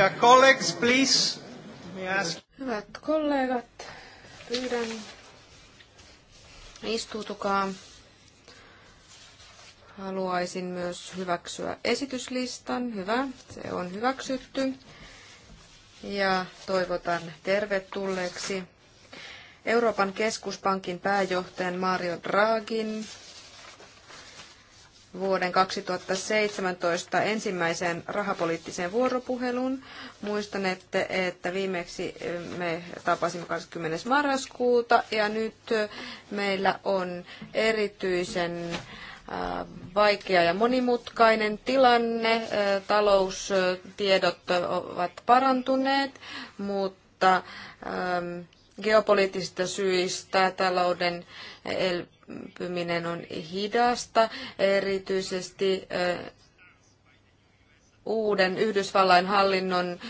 Dear colleagues, please. Hyvät kollegat, pyydän istuutukaa. Haluaisin myös hyväksyä esityslistan. Hyvä, se on hyväksytty. Ja toivotan tervetulleeksi Euroopan keskuspankin pääjohtajan Mario Draghin vuoden 2017 ensimmäiseen rahapoliittiseen vuoropuheluun. Muistanette, että viimeksi eh, me tapasimme 20. marraskuuta ja nyt eh, meillä on erityisen eh, vaikea ja monimutkainen tilanne. Taloustiedot ovat parantuneet, mutta geopoliittisista syistä talouden elpyminen on hidasta, erityisesti uuden Yhdysvallain hallinnon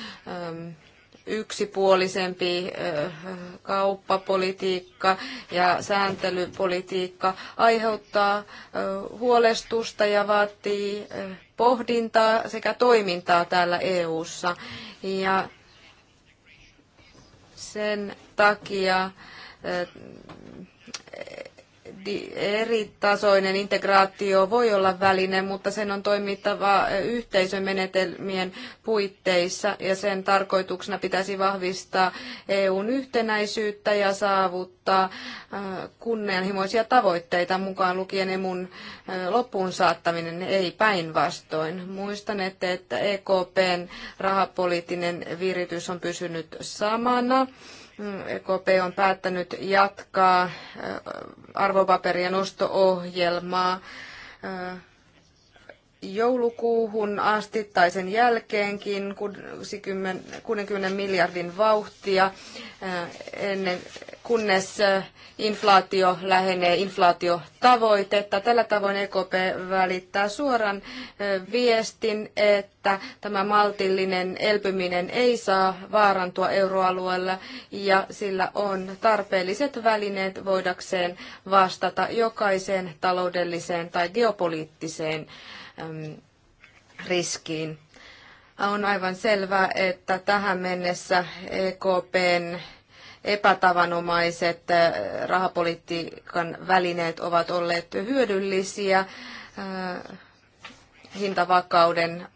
yksipuolisempi kauppapolitiikka ja sääntelypolitiikka aiheuttaa huolestusta ja vaatii pohdintaa sekä toimintaa täällä EU:ssa ja sen takia eri tasoinen integraatio voi olla väline, mutta sen on toimittava yhteisön menetelmien puitteissa ja sen tarkoituksena pitäisi vahvistaa EUn yhtenäisyyttä ja saavuttaa äh, kunnianhimoisia tavoitteita mukaan lukien emun äh, loppuun saattaminen, ei päinvastoin. Muistan, että EKPn e rahapoliittinen viritys on pysynyt samana EKP on päättänyt jatkaa arvopaperien osto-ohjelmaa joulukuuhun asti tai sen jälkeenkin 60 miljardin vauhtia ennen kunnes inflaatio lähenee inflaatiotavoitetta. Tällä tavoin EKP välittää suoran viestin, että tämä maltillinen elpyminen ei saa vaarantua euroalueella ja sillä on tarpeelliset välineet voidakseen vastata jokaiseen taloudelliseen tai geopoliittiseen riskiin. On aivan selvää, että tähän mennessä EKPn epätavanomaiset äh, rahapolitiikan välineet ovat olleet hyödyllisiä äh, hintavakauden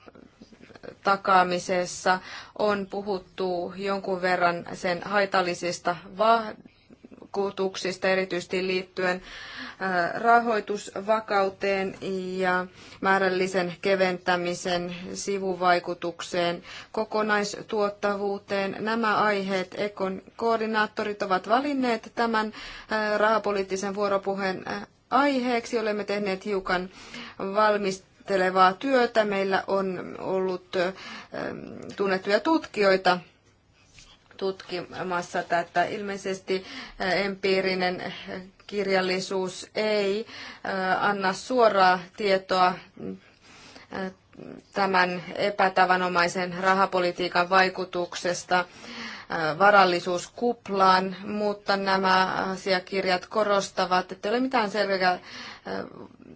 takaamisessa. On puhuttu jonkun verran sen haitallisista vakuutuksista, erityisesti liittyen rahoitusvakauteen ja määrällisen keventämisen sivuvaikutukseen, kokonaistuottavuuteen. Nämä aiheet Ekon koordinaattorit ovat valinneet tämän rahapoliittisen vuoropuheen aiheeksi. Olemme tehneet hiukan valmista työtä. Meillä on ollut tunnettuja tutkijoita tutkimassa tätä. Ilmeisesti äh, empiirinen äh, kirjallisuus ei äh, anna suoraa tietoa tämän epätavanomaisen rahapolitiikan vaikutuksesta varallisuuskuplaan, mutta nämä asiakirjat korostavat, että ei ole mitään selkeää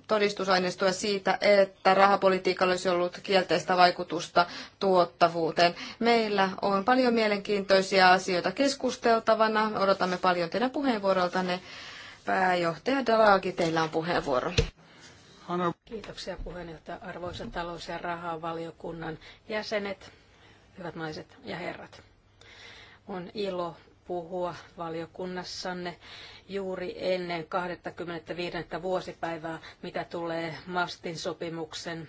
todistusaineistoa siitä, että rahapolitiikalla olisi ollut kielteistä vaikutusta tuottavuuteen. Meillä on paljon mielenkiintoisia asioita keskusteltavana. Odotamme paljon teidän puheenvuoroltanne. Pääjohtaja Dalaki, teillä on puheenvuoro. Kiitoksia puheenjohtaja, arvoisa talous- ja rahavaliokunnan jäsenet, hyvät naiset ja herrat. On ilo puhua valiokunnassanne juuri ennen 25. vuosipäivää, mitä tulee Mastin sopimuksen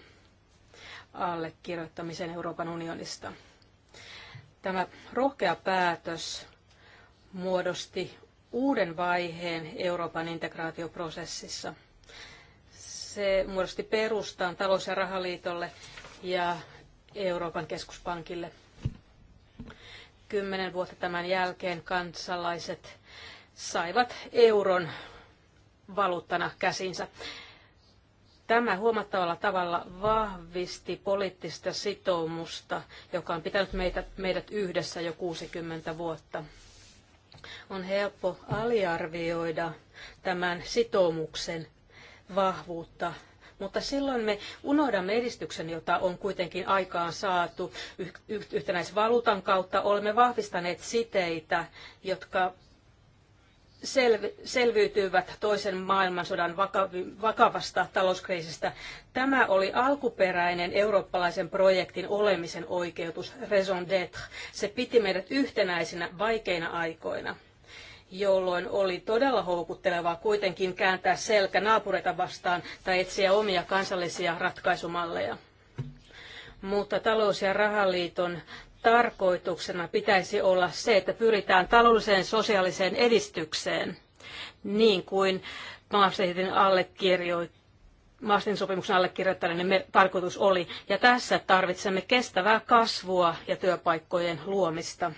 allekirjoittamisen Euroopan unionista. Tämä rohkea päätös muodosti uuden vaiheen Euroopan integraatioprosessissa. Se muodosti perustan talous- ja rahaliitolle ja Euroopan keskuspankille – Kymmenen vuotta tämän jälkeen kansalaiset saivat euron valuuttana käsinsä. Tämä huomattavalla tavalla vahvisti poliittista sitoumusta, joka on pitänyt meitä, meidät yhdessä jo 60 vuotta. On helppo aliarvioida tämän sitoumuksen vahvuutta mutta silloin me unohdamme edistyksen, jota on kuitenkin aikaan saatu yhtenäisvaluutan kautta. Olemme vahvistaneet siteitä, jotka selviytyivät toisen maailmansodan vakavasta talouskriisistä. Tämä oli alkuperäinen eurooppalaisen projektin olemisen oikeutus, raison d'être. Se piti meidät yhtenäisinä vaikeina aikoina jolloin oli todella houkuttelevaa kuitenkin kääntää selkä naapureita vastaan tai etsiä omia kansallisia ratkaisumalleja. Mutta talous- ja rahaliiton tarkoituksena pitäisi olla se, että pyritään taloudelliseen sosiaaliseen edistykseen, niin kuin Maastrichtin allekirjoitti Maastin sopimuksen allekirjoittaminen tarkoitus oli, ja tässä tarvitsemme kestävää kasvua ja työpaikkojen luomista.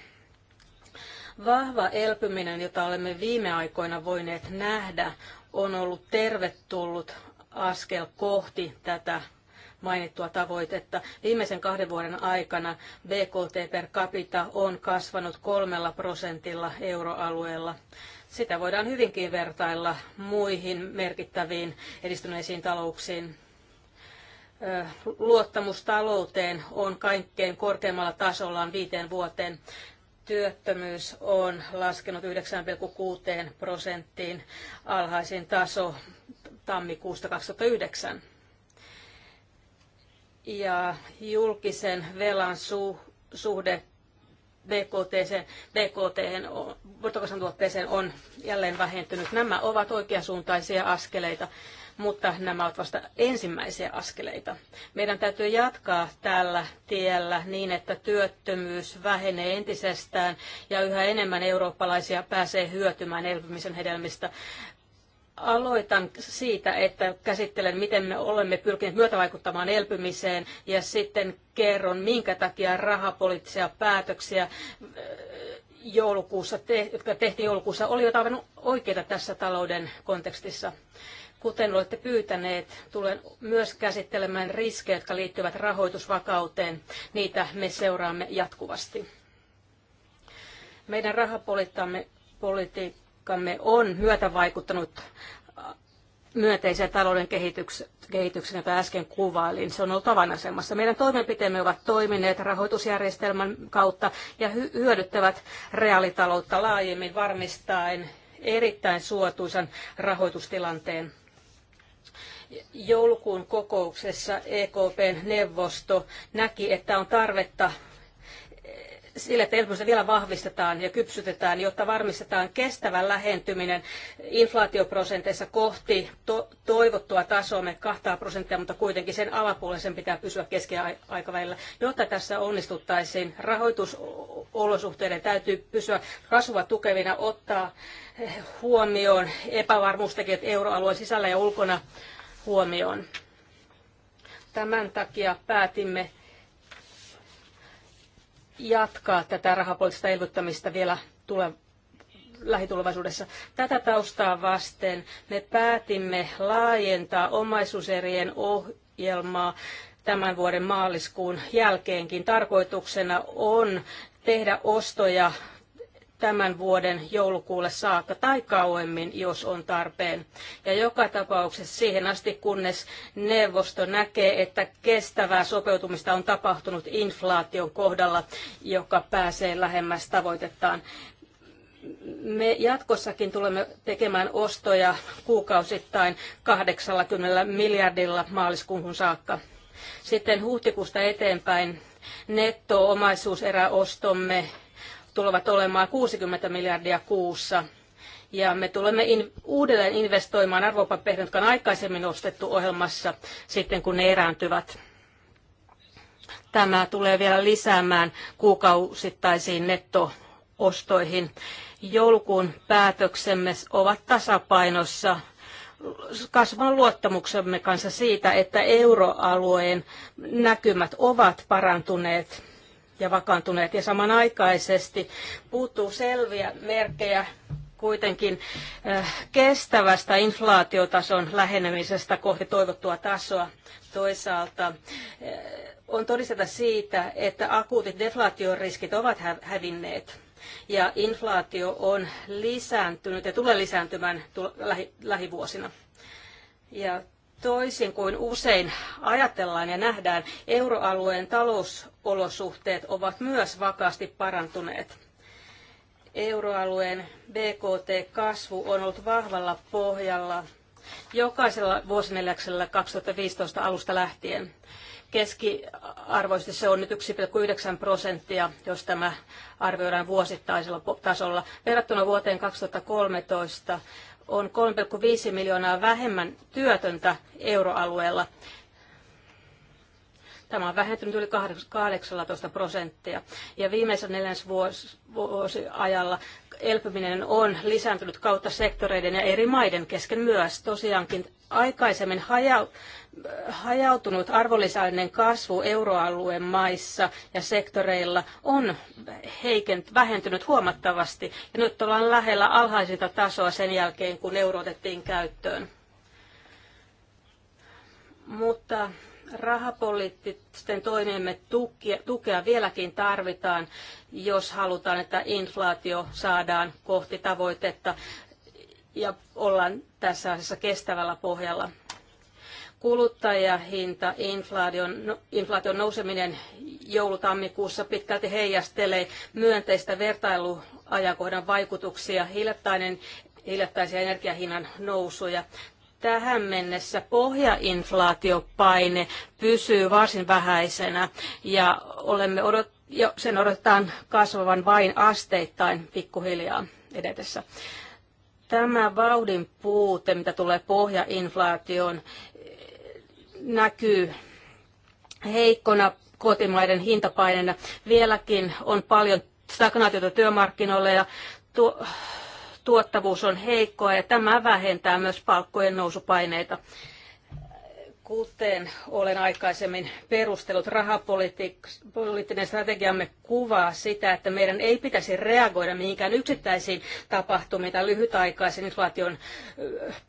Vahva elpyminen, jota olemme viime aikoina voineet nähdä, on ollut tervetullut askel kohti tätä mainittua tavoitetta. Viimeisen kahden vuoden aikana BKT per capita on kasvanut kolmella prosentilla euroalueella. Sitä voidaan hyvinkin vertailla muihin merkittäviin edistyneisiin talouksiin. Luottamus talouteen on kaikkein korkeimmalla tasollaan viiteen vuoteen työttömyys on laskenut 9,6 prosenttiin alhaisin taso tammikuusta 2009. Ja julkisen velan su- suhde BKT, BKT bruttokansantuotteeseen on jälleen vähentynyt. Nämä ovat oikeasuuntaisia askeleita mutta nämä ovat vasta ensimmäisiä askeleita. Meidän täytyy jatkaa tällä tiellä niin, että työttömyys vähenee entisestään ja yhä enemmän eurooppalaisia pääsee hyötymään elpymisen hedelmistä. Aloitan siitä, että käsittelen, miten me olemme pyrkineet myötävaikuttamaan elpymiseen ja sitten kerron, minkä takia rahapoliittisia päätöksiä eh, joulukuussa, jotka tehtiin joulukuussa, olivat aivan oikeita tässä talouden kontekstissa. Kuten olette pyytäneet, tulen myös käsittelemään riskejä, jotka liittyvät rahoitusvakauteen. Niitä me seuraamme jatkuvasti. Meidän rahapolitiikkamme on myötävaikuttanut myönteiseen talouden kehityksen, jota äsken kuvailin. Se on ollut avainasemassa. Meidän toimenpiteemme ovat toimineet rahoitusjärjestelmän kautta ja hyödyttävät reaalitaloutta laajemmin varmistaen erittäin suotuisan rahoitustilanteen. Joulukuun kokouksessa EKPn neuvosto näki, että on tarvetta eh, sille, että elpymistä vielä vahvistetaan ja kypsytetään, jotta varmistetaan kestävä lähentyminen inflaatioprosenteissa kohti to- toivottua tasoamme 2 prosenttia, mutta kuitenkin sen sen pitää pysyä keskiaikavälillä. Jotta tässä onnistuttaisiin, rahoitusolosuhteiden täytyy pysyä kasvua tukevina, ottaa huomioon epävarmuustekijät euroalueen sisällä ja ulkona huomioon. Tämän takia päätimme jatkaa tätä rahapoliittista elvyttämistä vielä tule, lähitulevaisuudessa. Tätä taustaa vasten me päätimme laajentaa omaisuuserien ohjelmaa tämän vuoden maaliskuun jälkeenkin. Tarkoituksena on tehdä ostoja tämän vuoden joulukuulle saakka tai kauemmin, jos on tarpeen. Ja joka tapauksessa siihen asti, kunnes neuvosto näkee, että kestävää sopeutumista on tapahtunut inflaation kohdalla, joka pääsee lähemmäs tavoitettaan. Me jatkossakin tulemme tekemään ostoja kuukausittain 80 miljardilla maaliskuuhun saakka. Sitten huhtikuusta eteenpäin netto-omaisuuseräostomme tulevat olemaan 60 miljardia kuussa. Ja me tulemme in, uudelleen investoimaan arvopapereihin, jotka on aikaisemmin ostettu ohjelmassa sitten, kun ne erääntyvät. Tämä tulee vielä lisäämään kuukausittaisiin nettoostoihin. Joulukuun päätöksemme ovat tasapainossa kasvan luottamuksemme kanssa siitä, että euroalueen näkymät ovat parantuneet ja vakaantuneet. Ja samanaikaisesti puuttuu selviä merkkejä kuitenkin eh, kestävästä inflaatiotason lähenemisestä kohti toivottua tasoa. Toisaalta eh, on todisteta siitä, että akuutit deflaatioriskit ovat hävinneet ja inflaatio on lisääntynyt ja tulee lisääntymään lähivuosina. Ja Toisin kuin usein ajatellaan ja nähdään, euroalueen talousolosuhteet ovat myös vakaasti parantuneet. Euroalueen BKT-kasvu on ollut vahvalla pohjalla jokaisella vuosineljäksellä 2015 alusta lähtien. Keskiarvoisesti se on nyt 1,9 prosenttia, jos tämä arvioidaan vuosittaisella tasolla. Verrattuna vuoteen 2013 on 3,5 miljoonaa vähemmän työtöntä euroalueella Tämä on vähentynyt yli 18 prosenttia. Ja viimeisen neljäs vuosiajalla elpyminen on lisääntynyt kautta sektoreiden ja eri maiden kesken myös. Tosiaankin aikaisemmin haja, hajautunut arvonlisäinen kasvu euroalueen maissa ja sektoreilla on heikent, vähentynyt huomattavasti. Ja nyt ollaan lähellä alhaisinta tasoa sen jälkeen, kun euro otettiin käyttöön. Mutta Rahapoliittisten toimiemme tukea vieläkin tarvitaan, jos halutaan, että inflaatio saadaan kohti tavoitetta ja ollaan tässä asiassa kestävällä pohjalla kuluttajahinta, inflaation, no, inflaation nouseminen joulutammikuussa pitkälti heijastelee myönteistä vertailuajankohdan vaikutuksia, hiljattainen, hiljattaisia energiahinnan nousuja tähän mennessä pohjainflaatiopaine pysyy varsin vähäisenä ja olemme odot- ja sen odotetaan kasvavan vain asteittain pikkuhiljaa edetessä. Tämä vauhdin puute, mitä tulee pohjainflaatioon, näkyy heikkona kotimaiden hintapainena. Vieläkin on paljon stagnaatiota työmarkkinoilla ja tuo, tuottavuus on heikkoa ja tämä vähentää myös palkkojen nousupaineita. Kuten olen aikaisemmin perustellut, rahapoliittinen strategiamme kuvaa sitä, että meidän ei pitäisi reagoida mihinkään yksittäisiin tapahtumiin tai lyhytaikaisiin inflaation,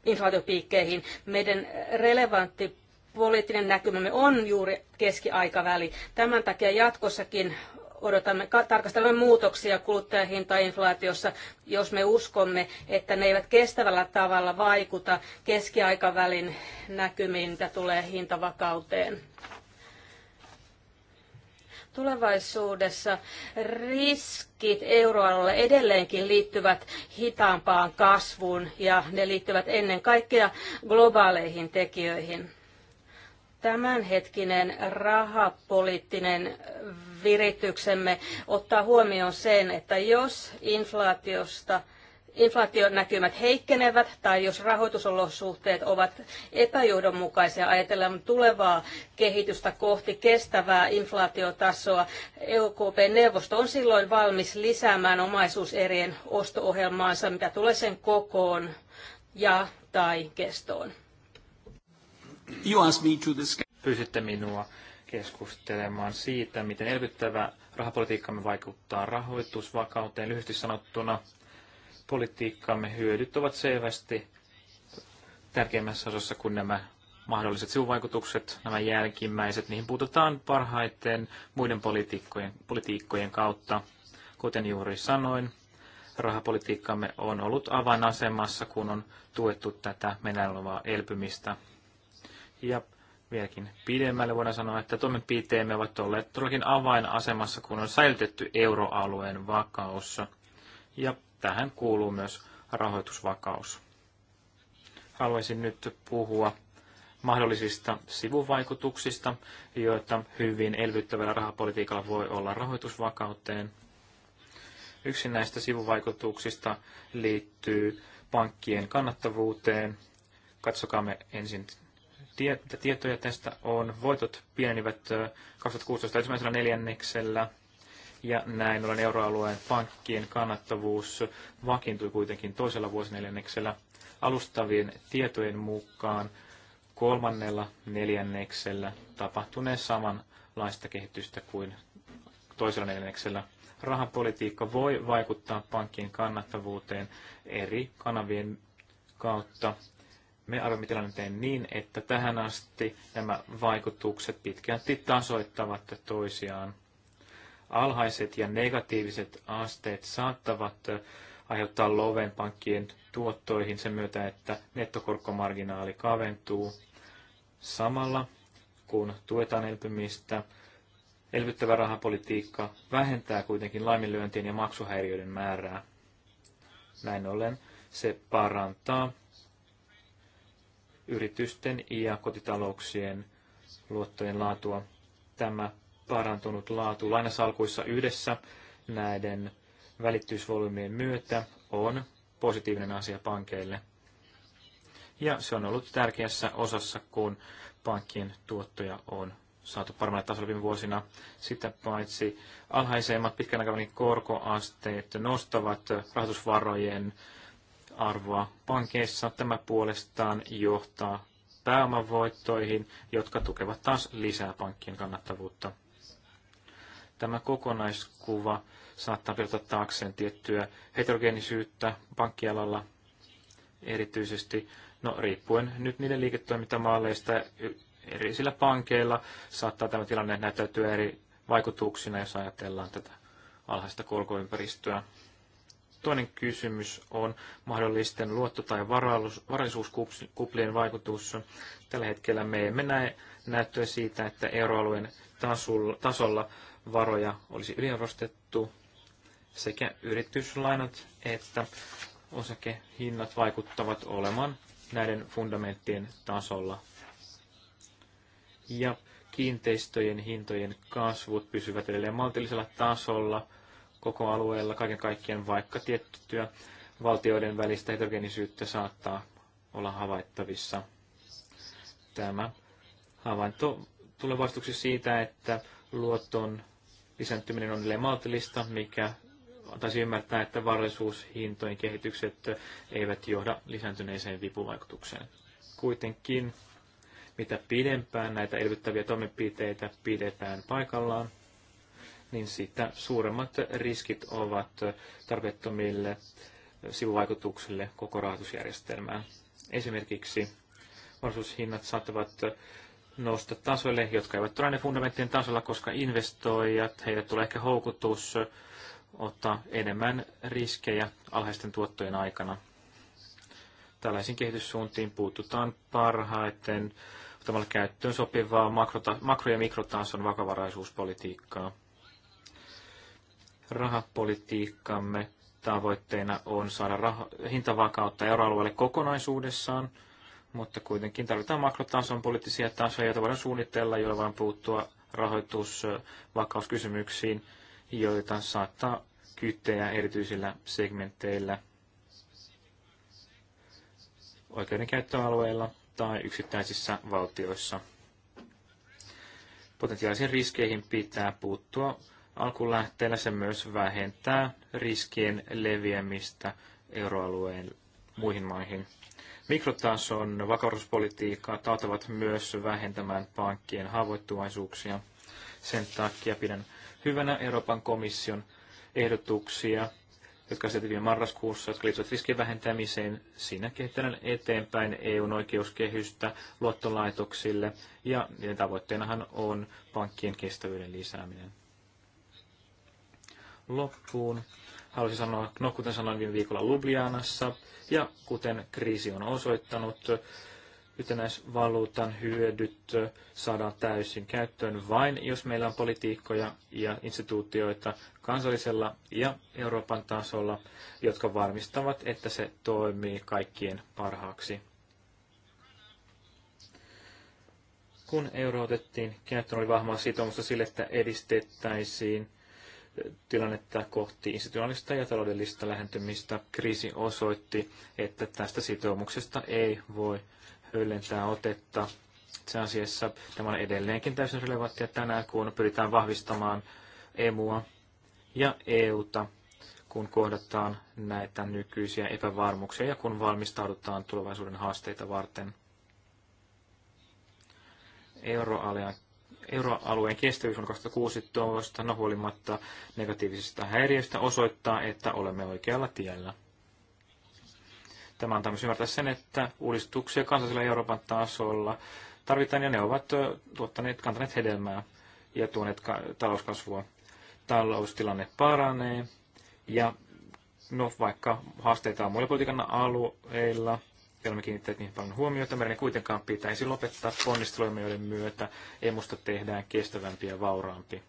inflaatiopiikkeihin. Meidän relevantti poliittinen näkymämme on juuri keskiaikaväli. Tämän takia jatkossakin odotamme, tarkastelemme muutoksia kuluttajahintainflaatiossa, jos me uskomme, että ne eivät kestävällä tavalla vaikuta keskiaikavälin näkymiin, mitä tulee hintavakauteen tulevaisuudessa riskit euroalueelle edelleenkin liittyvät hitaampaan kasvuun ja ne liittyvät ennen kaikkea globaaleihin tekijöihin. Tämänhetkinen rahapoliittinen virityksemme ottaa huomioon sen, että jos inflaatiosta inflaationäkymät heikkenevät tai jos rahoitusolosuhteet ovat epäjohdonmukaisia ajatellen tulevaa kehitystä kohti kestävää inflaatiotasoa, EUKP-neuvosto on silloin valmis lisäämään omaisuuserien osto-ohjelmaansa, mitä tulee sen kokoon ja tai kestoon. You me to discuss. minua keskustelemaan siitä, miten elvyttävä rahapolitiikkamme vaikuttaa rahoitusvakauteen. Lyhyesti sanottuna politiikkamme hyödyt ovat selvästi tärkeimmässä osassa kuin nämä mahdolliset sivuvaikutukset, nämä jälkimmäiset, niihin puututaan parhaiten muiden politiikkojen, politiikkojen kautta. Kuten juuri sanoin, rahapolitiikkamme on ollut avainasemassa, kun on tuettu tätä meneillään elpymistä. Ja vieläkin pidemmälle. Voidaan sanoa, että toimenpiteemme ovat olleet todellakin avainasemassa, kun on säilytetty euroalueen vakaus. Ja tähän kuuluu myös rahoitusvakaus. Haluaisin nyt puhua mahdollisista sivuvaikutuksista, joita hyvin elvyttävällä rahapolitiikalla voi olla rahoitusvakauteen. Yksi näistä sivuvaikutuksista liittyy pankkien kannattavuuteen. Katsokaamme ensin mitä tietoja tästä on. Voitot pienivät 2016 ensimmäisellä neljänneksellä ja näin ollen euroalueen pankkien kannattavuus vakiintui kuitenkin toisella vuosineljänneksellä alustavien tietojen mukaan kolmannella neljänneksellä tapahtuneen samanlaista kehitystä kuin toisella neljänneksellä. Rahapolitiikka voi vaikuttaa pankkien kannattavuuteen eri kanavien kautta me arvioimme tilanteen niin, että tähän asti nämä vaikutukset pitkälti tasoittavat toisiaan. Alhaiset ja negatiiviset asteet saattavat aiheuttaa loven pankkien tuottoihin sen myötä, että nettokorkomarginaali kaventuu samalla, kun tuetaan elpymistä. Elvyttävä rahapolitiikka vähentää kuitenkin laiminlyöntien ja maksuhäiriöiden määrää. Näin ollen se parantaa yritysten ja kotitalouksien luottojen laatua. Tämä parantunut laatu lainasalkuissa yhdessä näiden välittyysvolyymien myötä on positiivinen asia pankeille. Ja se on ollut tärkeässä osassa, kun pankkien tuottoja on saatu paremmalle tasolle viime vuosina. Sitä paitsi alhaisemmat pitkän aikavälin korkoasteet nostavat rahoitusvarojen arvoa pankeissa. Tämä puolestaan johtaa pääomavoittoihin, jotka tukevat taas lisää pankkien kannattavuutta. Tämä kokonaiskuva saattaa piirtää taakseen tiettyä heterogeenisyyttä pankkialalla erityisesti, no riippuen nyt niiden liiketoimintamalleista erisillä pankeilla saattaa tämä tilanne näyttäytyä eri vaikutuksina, jos ajatellaan tätä alhaista kolkoympäristöä. Toinen kysymys on mahdollisten luotto- tai varallisuuskuplien vaikutus. Tällä hetkellä me emme näe näyttöä siitä, että euroalueen tasolla varoja olisi yliarvostettu. Sekä yrityslainat että osakehinnat vaikuttavat olemaan näiden fundamenttien tasolla. Ja kiinteistöjen hintojen kasvut pysyvät edelleen maltillisella tasolla – koko alueella kaiken kaikkiaan, vaikka tiettyä valtioiden välistä heterogenisyyttä saattaa olla havaittavissa. Tämä havainto tulee vastuksi siitä, että luoton lisääntyminen on edelleen maltillista, mikä antaisi ymmärtää, että varallisuushintojen kehitykset eivät johda lisääntyneeseen vipuvaikutukseen. Kuitenkin, mitä pidempään näitä elvyttäviä toimenpiteitä pidetään paikallaan, niin sitä suuremmat riskit ovat tarpeettomille sivuvaikutuksille koko rahoitusjärjestelmään. Esimerkiksi varallisuushinnat saattavat nousta tasoille, jotka eivät ole fundamenttien tasolla, koska investoijat, heille tulee ehkä houkutus ottaa enemmän riskejä alhaisten tuottojen aikana. Tällaisiin kehityssuuntiin puututaan parhaiten ottamalla käyttöön sopivaa makro- ja mikrotason vakavaraisuuspolitiikkaa. Rahapolitiikkamme tavoitteena on saada rah- hintavakautta euroalueelle kokonaisuudessaan, mutta kuitenkin tarvitaan makrotason poliittisia tasoja, joita voidaan suunnitella, joilla voidaan puuttua rahoitusvakauskysymyksiin, joita saattaa kyttejä erityisillä segmenteillä oikeudenkäyttöalueilla tai yksittäisissä valtioissa. Potentiaalisiin riskeihin pitää puuttua alkulähteellä. Se myös vähentää riskien leviämistä euroalueen muihin maihin. Mikrotason vakautuspolitiikat auttavat myös vähentämään pankkien haavoittuvaisuuksia. Sen takia pidän hyvänä Euroopan komission ehdotuksia, jotka asetettiin marraskuussa, jotka liittyvät riskien vähentämiseen. Siinä kehitetään eteenpäin EUn oikeuskehystä luottolaitoksille ja niiden tavoitteenahan on pankkien kestävyyden lisääminen loppuun, haluaisin sanoa, no kuten sanoin viime viikolla Ljubljanassa, ja kuten kriisi on osoittanut, yhtenäisvaluutan hyödyt saadaan täysin käyttöön vain, jos meillä on politiikkoja ja instituutioita kansallisella ja Euroopan tasolla, jotka varmistavat, että se toimii kaikkien parhaaksi. Kun euro otettiin käyttöön, oli vahvaa sitoumusta sille, että edistettäisiin – tilannetta kohti institutionaalista ja taloudellista lähentymistä. Kriisi osoitti, että tästä sitoumuksesta ei voi höllentää otetta. Itse asiassa tämä on edelleenkin täysin relevanttia tänään, kun pyritään vahvistamaan EMUa ja EUta, kun kohdataan näitä nykyisiä epävarmuuksia ja kun valmistaudutaan tulevaisuuden haasteita varten. Euroalueen euroalueen kestävyys on 2016, no huolimatta negatiivisesta häiriöstä, osoittaa, että olemme oikealla tiellä. Tämä antaa myös ymmärtää sen, että uudistuksia kansallisella Euroopan tasolla tarvitaan ja ne ovat tuottaneet, kantaneet hedelmää ja tuoneet talouskasvua. Taloustilanne paranee ja no, vaikka haasteita on muilla politiikan alueilla – olemme kiinnittäneet niihin paljon huomiota. Meidän ei kuitenkaan pitäisi lopettaa ponnisteluja, joiden myötä emusta tehdään kestävämpi ja vauraampi.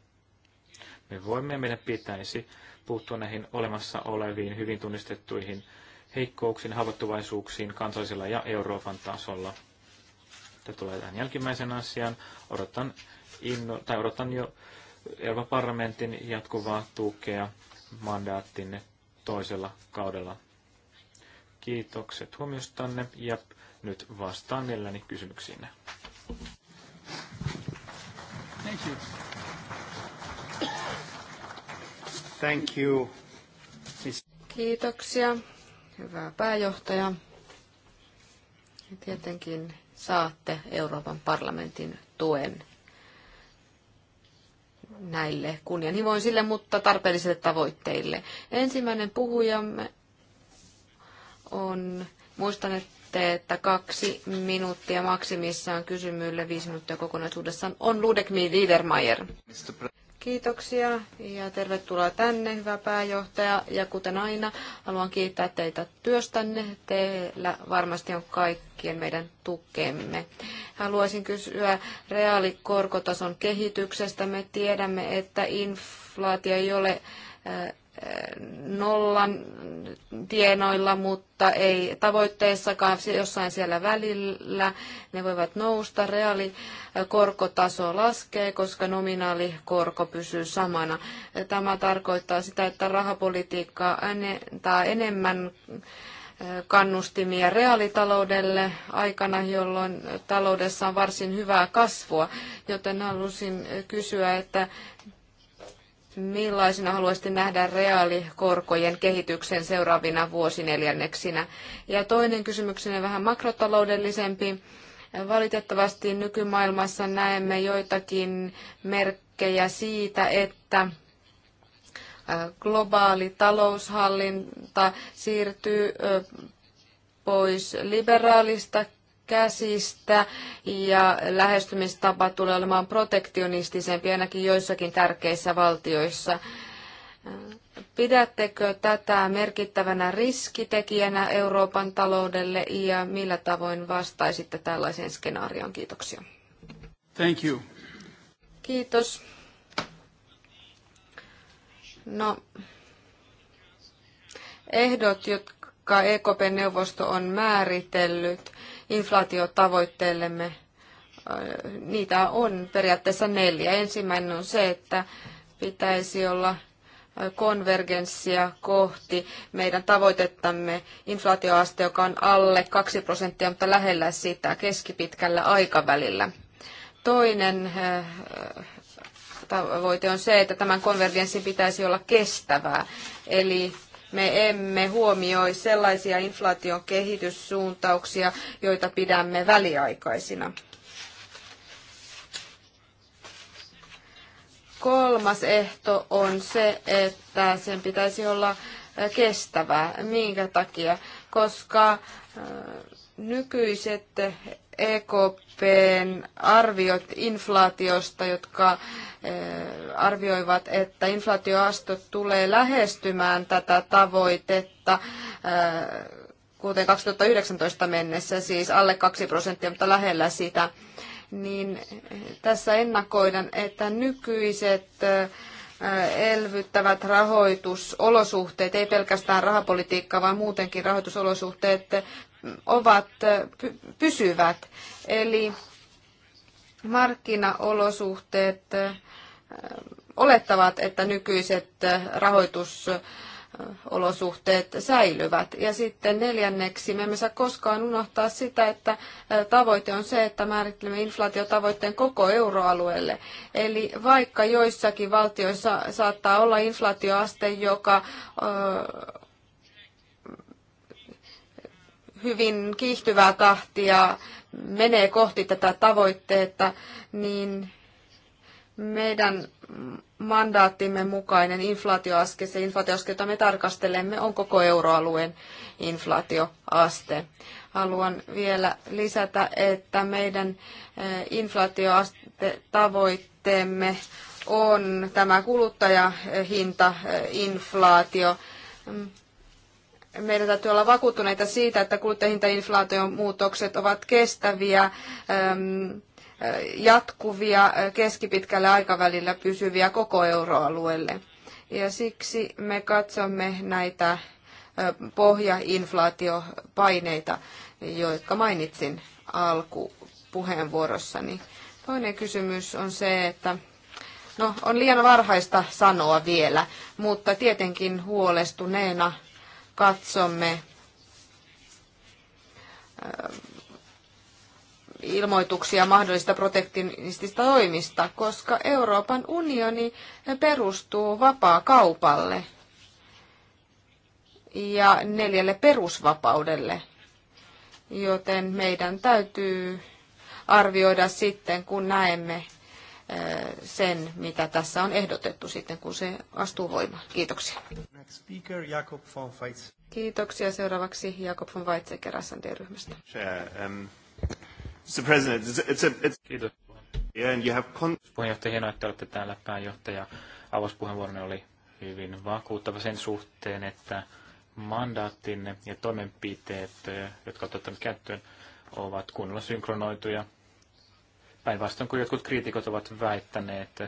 Me voimme ja meidän pitäisi puuttua näihin olemassa oleviin, hyvin tunnistettuihin heikkouksiin, haavoittuvaisuuksiin kansallisella ja Euroopan tasolla. Tämä tulee tähän jälkimmäisen asiaan. Odotan, inno, tai odotan jo Euroopan parlamentin jatkuvaa tukea mandaattinne toisella kaudella Kiitokset huomiostanne ja nyt vastaan mielelläni kysymyksiinne. Thank you. Thank you. Kiitoksia. hyvä pääjohtaja. Tietenkin saatte Euroopan parlamentin tuen näille kunnianhimoisille, mutta tarpeellisille tavoitteille. Ensimmäinen puhujamme on, muistan, että kaksi minuuttia maksimissaan kysymyille, viisi minuuttia kokonaisuudessaan, on Ludekmi Liedermayer. Kiitoksia ja tervetuloa tänne, hyvä pääjohtaja. Ja kuten aina, haluan kiittää teitä työstänne. Teillä varmasti on kaikkien meidän tukemme. Haluaisin kysyä reaalikorkotason kehityksestä. Me tiedämme, että inflaatio ei ole nollan tienoilla, mutta ei tavoitteissakaan jossain siellä välillä. Ne voivat nousta, reaalikorkotaso laskee, koska nominaalikorko pysyy samana. Tämä tarkoittaa sitä, että rahapolitiikka antaa enemmän kannustimia reaalitaloudelle aikana, jolloin taloudessa on varsin hyvää kasvua, joten halusin kysyä, että Millaisena haluaisitte nähdä reaalikorkojen kehityksen seuraavina vuosineljänneksinä? Ja toinen kysymykseni vähän makrotaloudellisempi. Valitettavasti nykymaailmassa näemme joitakin merkkejä siitä, että globaali taloushallinta siirtyy pois liberaalista käsistä ja lähestymistapa tulee olemaan protektionistisempi ainakin joissakin tärkeissä valtioissa. Pidättekö tätä merkittävänä riskitekijänä Euroopan taloudelle ja millä tavoin vastaisitte tällaiseen skenaarioon? Kiitoksia. Thank you. Kiitos. No, ehdot, jotka EKP-neuvosto on määritellyt, inflaatiotavoitteellemme. Niitä on periaatteessa neljä. Ensimmäinen on se, että pitäisi olla konvergenssia kohti meidän tavoitettamme inflaatioaste, joka on alle 2 prosenttia, mutta lähellä sitä keskipitkällä aikavälillä. Toinen tavoite on se, että tämän konvergenssin pitäisi olla kestävää, eli me emme huomioi sellaisia inflaation kehityssuuntauksia, joita pidämme väliaikaisina. Kolmas ehto on se, että sen pitäisi olla kestävää. Minkä takia? Koska Nykyiset EKPn arviot inflaatiosta, jotka eh, arvioivat, että inflaatioaste tulee lähestymään tätä tavoitetta eh, kuten 2019 mennessä, siis alle 2 prosenttia, mutta lähellä sitä, niin tässä ennakoidaan, että nykyiset eh, elvyttävät rahoitusolosuhteet, ei pelkästään rahapolitiikka, vaan muutenkin rahoitusolosuhteet ovat pysyvät. Eli markkinaolosuhteet olettavat, että nykyiset rahoitusolosuhteet säilyvät. Ja sitten neljänneksi, me emme saa koskaan unohtaa sitä, että tavoite on se, että määrittelemme inflaatiotavoitteen koko euroalueelle. Eli vaikka joissakin valtioissa saattaa olla inflaatioaste, joka hyvin kiihtyvää tahtia menee kohti tätä tavoitteetta, niin meidän mandaattimme mukainen inflaatioaske, se inflaatioaske, jota me tarkastelemme, on koko euroalueen inflaatioaste. Haluan vielä lisätä, että meidän eh, inflaatioastetavoitteemme on tämä kuluttajahintainflaatio meidän täytyy olla vakuuttuneita siitä, että kuluttajahintainflaation muutokset ovat kestäviä, ähm, äh, jatkuvia, äh, keskipitkällä aikavälillä pysyviä koko euroalueelle. Ja siksi me katsomme näitä äh, pohjainflaatiopaineita, jotka mainitsin alkupuheenvuorossani. Toinen kysymys on se, että no, on liian varhaista sanoa vielä, mutta tietenkin huolestuneena katsomme äh, ilmoituksia mahdollisista protektionistista toimista, koska Euroopan unioni perustuu vapaa kaupalle ja neljälle perusvapaudelle, joten meidän täytyy arvioida sitten, kun näemme sen, mitä tässä on ehdotettu sitten, kun se astuu voimaan. Kiitoksia. Next speaker, Jakob von Weitz. Kiitoksia. Seuraavaksi Jakob von Weizsäcker SND-ryhmästä. Um, Mr. President, Kiitos. Puheenjohtaja, hienoa, että olette täällä pääjohtaja. Avauspuheenvuoronne oli hyvin vakuuttava sen suhteen, että mandaattinne ja toimenpiteet, eh, jotka olette ottaneet käyttöön, ovat kunnolla synkronoituja päinvastoin kuin jotkut kriitikot ovat väittäneet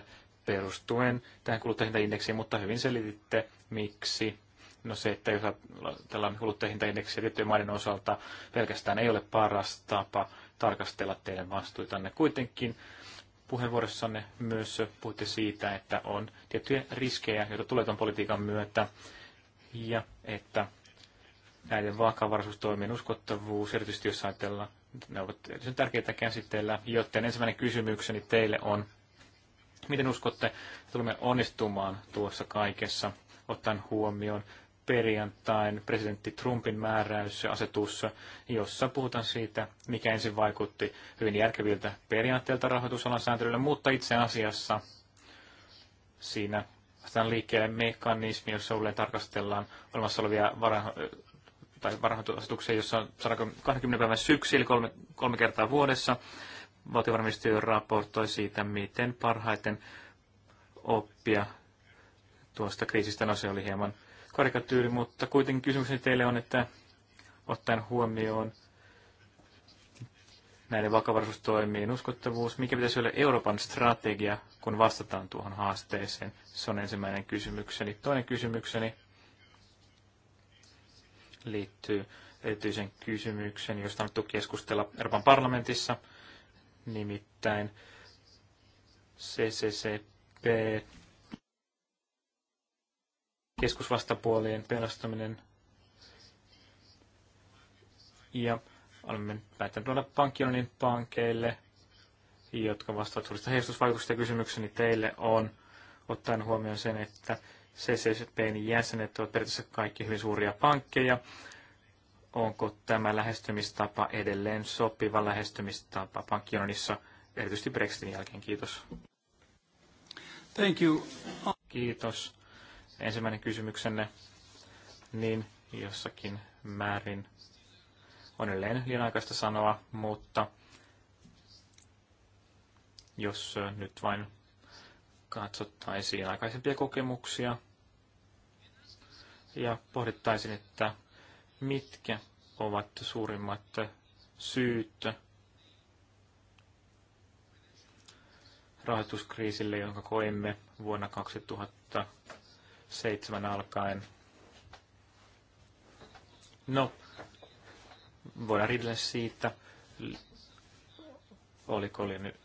perustuen tähän kuluttajahintaindeksiin, mutta hyvin selititte, miksi. No se, että jos ajatellaan kuluttajahintaindeksiä tiettyjen maiden osalta pelkästään ei ole paras tapa tarkastella teidän vastuitanne. Kuitenkin puheenvuorossanne myös puhutte siitä, että on tiettyjä riskejä, joita tulee tuon politiikan myötä, ja että näiden vakavaraisuustoimien uskottavuus, erityisesti jos ajatellaan ne ovat erityisen tärkeitä käsitellä, joten ensimmäinen kysymykseni teille on, miten uskotte, että tulemme onnistumaan tuossa kaikessa, ottaen huomioon perjantain presidentti Trumpin määräys ja asetus, jossa puhutaan siitä, mikä ensin vaikutti hyvin järkeviltä periaatteilta rahoitusalan sääntelylle, mutta itse asiassa siinä Tämä liikkeelle mekanismi, jossa uudelleen tarkastellaan olemassa olevia varain tai varhaisasetukseen, jossa on 120 päivän syksy, eli kolme, kolme kertaa vuodessa. Valtiovarainministeriö raportoi siitä, miten parhaiten oppia tuosta kriisistä. No se oli hieman karikatyyri, mutta kuitenkin kysymykseni teille on, että ottaen huomioon näiden vakavaraisuustoimien uskottavuus, mikä pitäisi olla Euroopan strategia, kun vastataan tuohon haasteeseen? Se on ensimmäinen kysymykseni. Toinen kysymykseni liittyy erityisen kysymyksen, josta on keskustella Euroopan parlamentissa, nimittäin CCCP keskusvastapuolien pelastaminen. Ja olemme päättäneet luoda pankkionin pankeille, jotka vastaavat suurista heijastusvaikutuksista kysymykseni teille on, ottaen huomioon sen, että CCCPn jäsenet ovat periaatteessa kaikki hyvin suuria pankkeja. Onko tämä lähestymistapa edelleen sopiva lähestymistapa pankkionissa, erityisesti Brexitin jälkeen? Kiitos. Thank you. Kiitos. Ensimmäinen kysymyksenne, niin jossakin määrin on edelleen liian aikaista sanoa, mutta jos nyt vain katsottaisiin aikaisempia kokemuksia ja pohdittaisiin, että mitkä ovat suurimmat syyt rahoituskriisille, jonka koimme vuonna 2007 alkaen. No, voidaan riidellä siitä, oliko oli nyt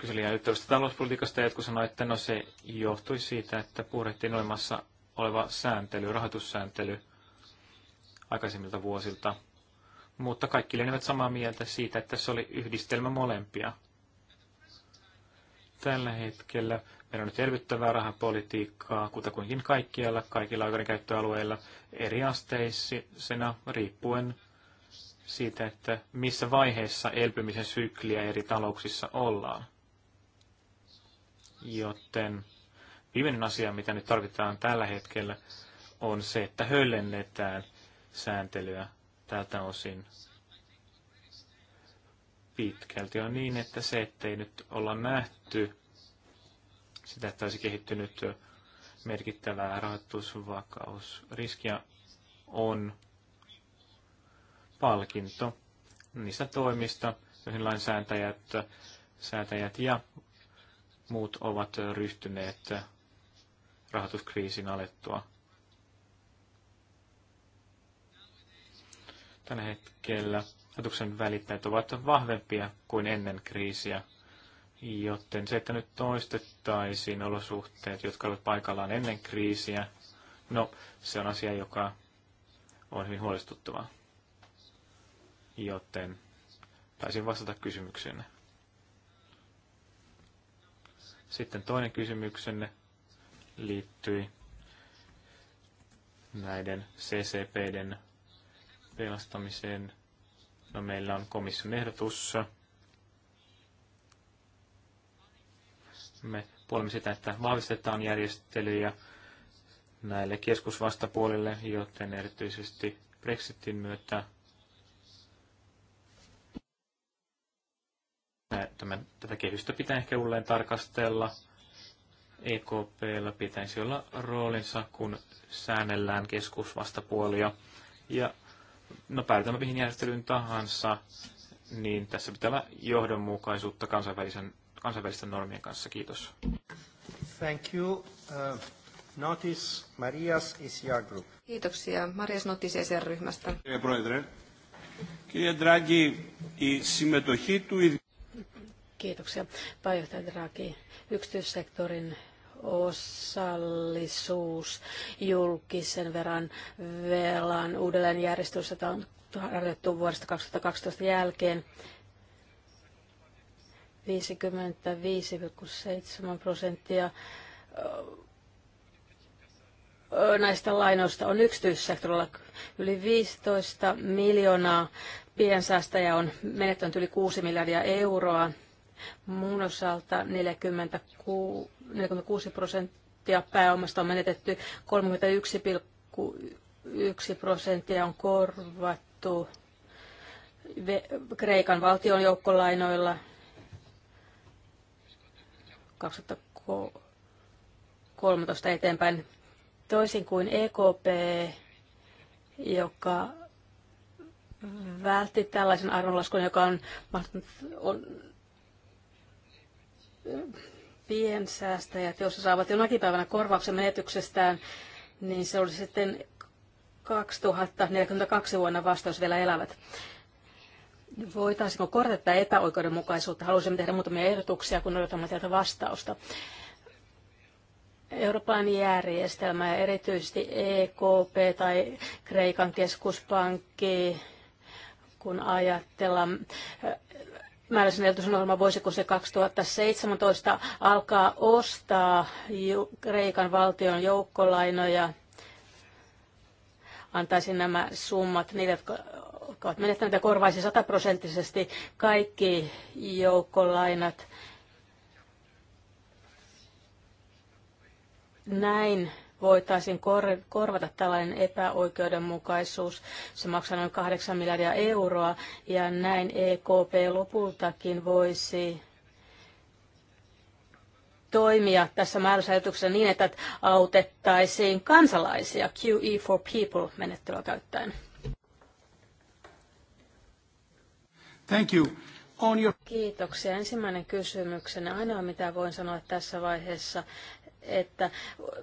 kyseli liian talouspolitiikasta, talouspolitiikasta. Jotkut sanoivat, että no se johtui siitä, että purettiin olemassa oleva sääntely, rahoitussääntely aikaisemmilta vuosilta. Mutta kaikki lienevät samaa mieltä siitä, että se oli yhdistelmä molempia. Tällä hetkellä meillä on nyt elvyttävää rahapolitiikkaa kutakuinkin kaikkialla, kaikilla oikeudenkäyttöalueilla eri asteisena riippuen siitä, että missä vaiheessa elpymisen sykliä eri talouksissa ollaan. Joten viimeinen asia, mitä nyt tarvitaan tällä hetkellä, on se, että höllennetään sääntelyä tältä osin pitkälti on niin, että se, ettei nyt olla nähty sitä, että olisi kehittynyt merkittävää rahoitusvakausriskiä, on palkinto niistä toimista, joihin lainsäätäjät säätäjät ja muut ovat ryhtyneet rahoituskriisin alettua. Tällä hetkellä rahoituksen välittäjät ovat vahvempia kuin ennen kriisiä, joten se, että nyt toistettaisiin olosuhteet, jotka olivat paikallaan ennen kriisiä, no se on asia, joka on hyvin huolestuttavaa. Joten taisin vastata kysymykseen. Sitten toinen kysymyksenne liittyi näiden CCPden pelastamiseen. No meillä on komission ehdotus. Me puolemme sitä, että vahvistetaan järjestelyjä näille keskusvastapuolille, joten erityisesti Brexitin myötä me tätä kehystä pitää ehkä uudelleen tarkastella. EKPllä pitäisi olla roolinsa, kun säännellään keskusvastapuolia. Ja no päätämme mihin järjestelyyn tahansa, niin tässä pitää olla johdonmukaisuutta kansainvälisen, kansainvälisten normien kanssa. Kiitos. Thank you. Uh, Notis Marias ECR Group. Kiitoksia. Marias Notis ECR-ryhmästä. Κύριε Πρόεδρε, κύριε η συμμετοχή του Kiitoksia. Pääjohtaja Draghi, yksityissektorin osallisuus julkisen veran velan uudelleenjärjestelyssä on harjoitettu vuodesta 2012 jälkeen. 55,7 prosenttia näistä lainoista on yksityissektorilla yli 15 miljoonaa. Piensäästäjä on menettänyt yli 6 miljardia euroa Muun osalta 46 prosenttia pääomasta on menetetty, 31,1 prosenttia on korvattu Kreikan valtion joukkolainoilla 2013 eteenpäin. Toisin kuin EKP, joka vältti tällaisen arvonlaskun, joka on, on piensäästäjät, jos saavat jonakin päivänä korvauksen menetyksestään, niin se olisi sitten 2042 vuonna vastaus vielä elävät. Voitaisiinko korjata tätä epäoikeudenmukaisuutta? Haluaisimme tehdä muutamia ehdotuksia, kun odotamme täältä vastausta. Euroopan järjestelmä ja erityisesti EKP tai Kreikan keskuspankki, kun ajatellaan määräisen elvytysohjelma, voisiko se 2017 alkaa ostaa Kreikan valtion joukkolainoja, antaisin nämä summat niille, jotka ovat menettäneet ja korvaisi sataprosenttisesti kaikki joukkolainat. Näin voitaisiin kor- korvata tällainen epäoikeudenmukaisuus. Se maksaa noin 8 miljardia euroa ja näin EKP lopultakin voisi toimia tässä määräysajatuksessa niin, että autettaisiin kansalaisia QE for People-menettelyä käyttäen. Thank you. On your... Kiitoksia. Ensimmäinen kysymyksenä. Ainoa mitä voin sanoa tässä vaiheessa, että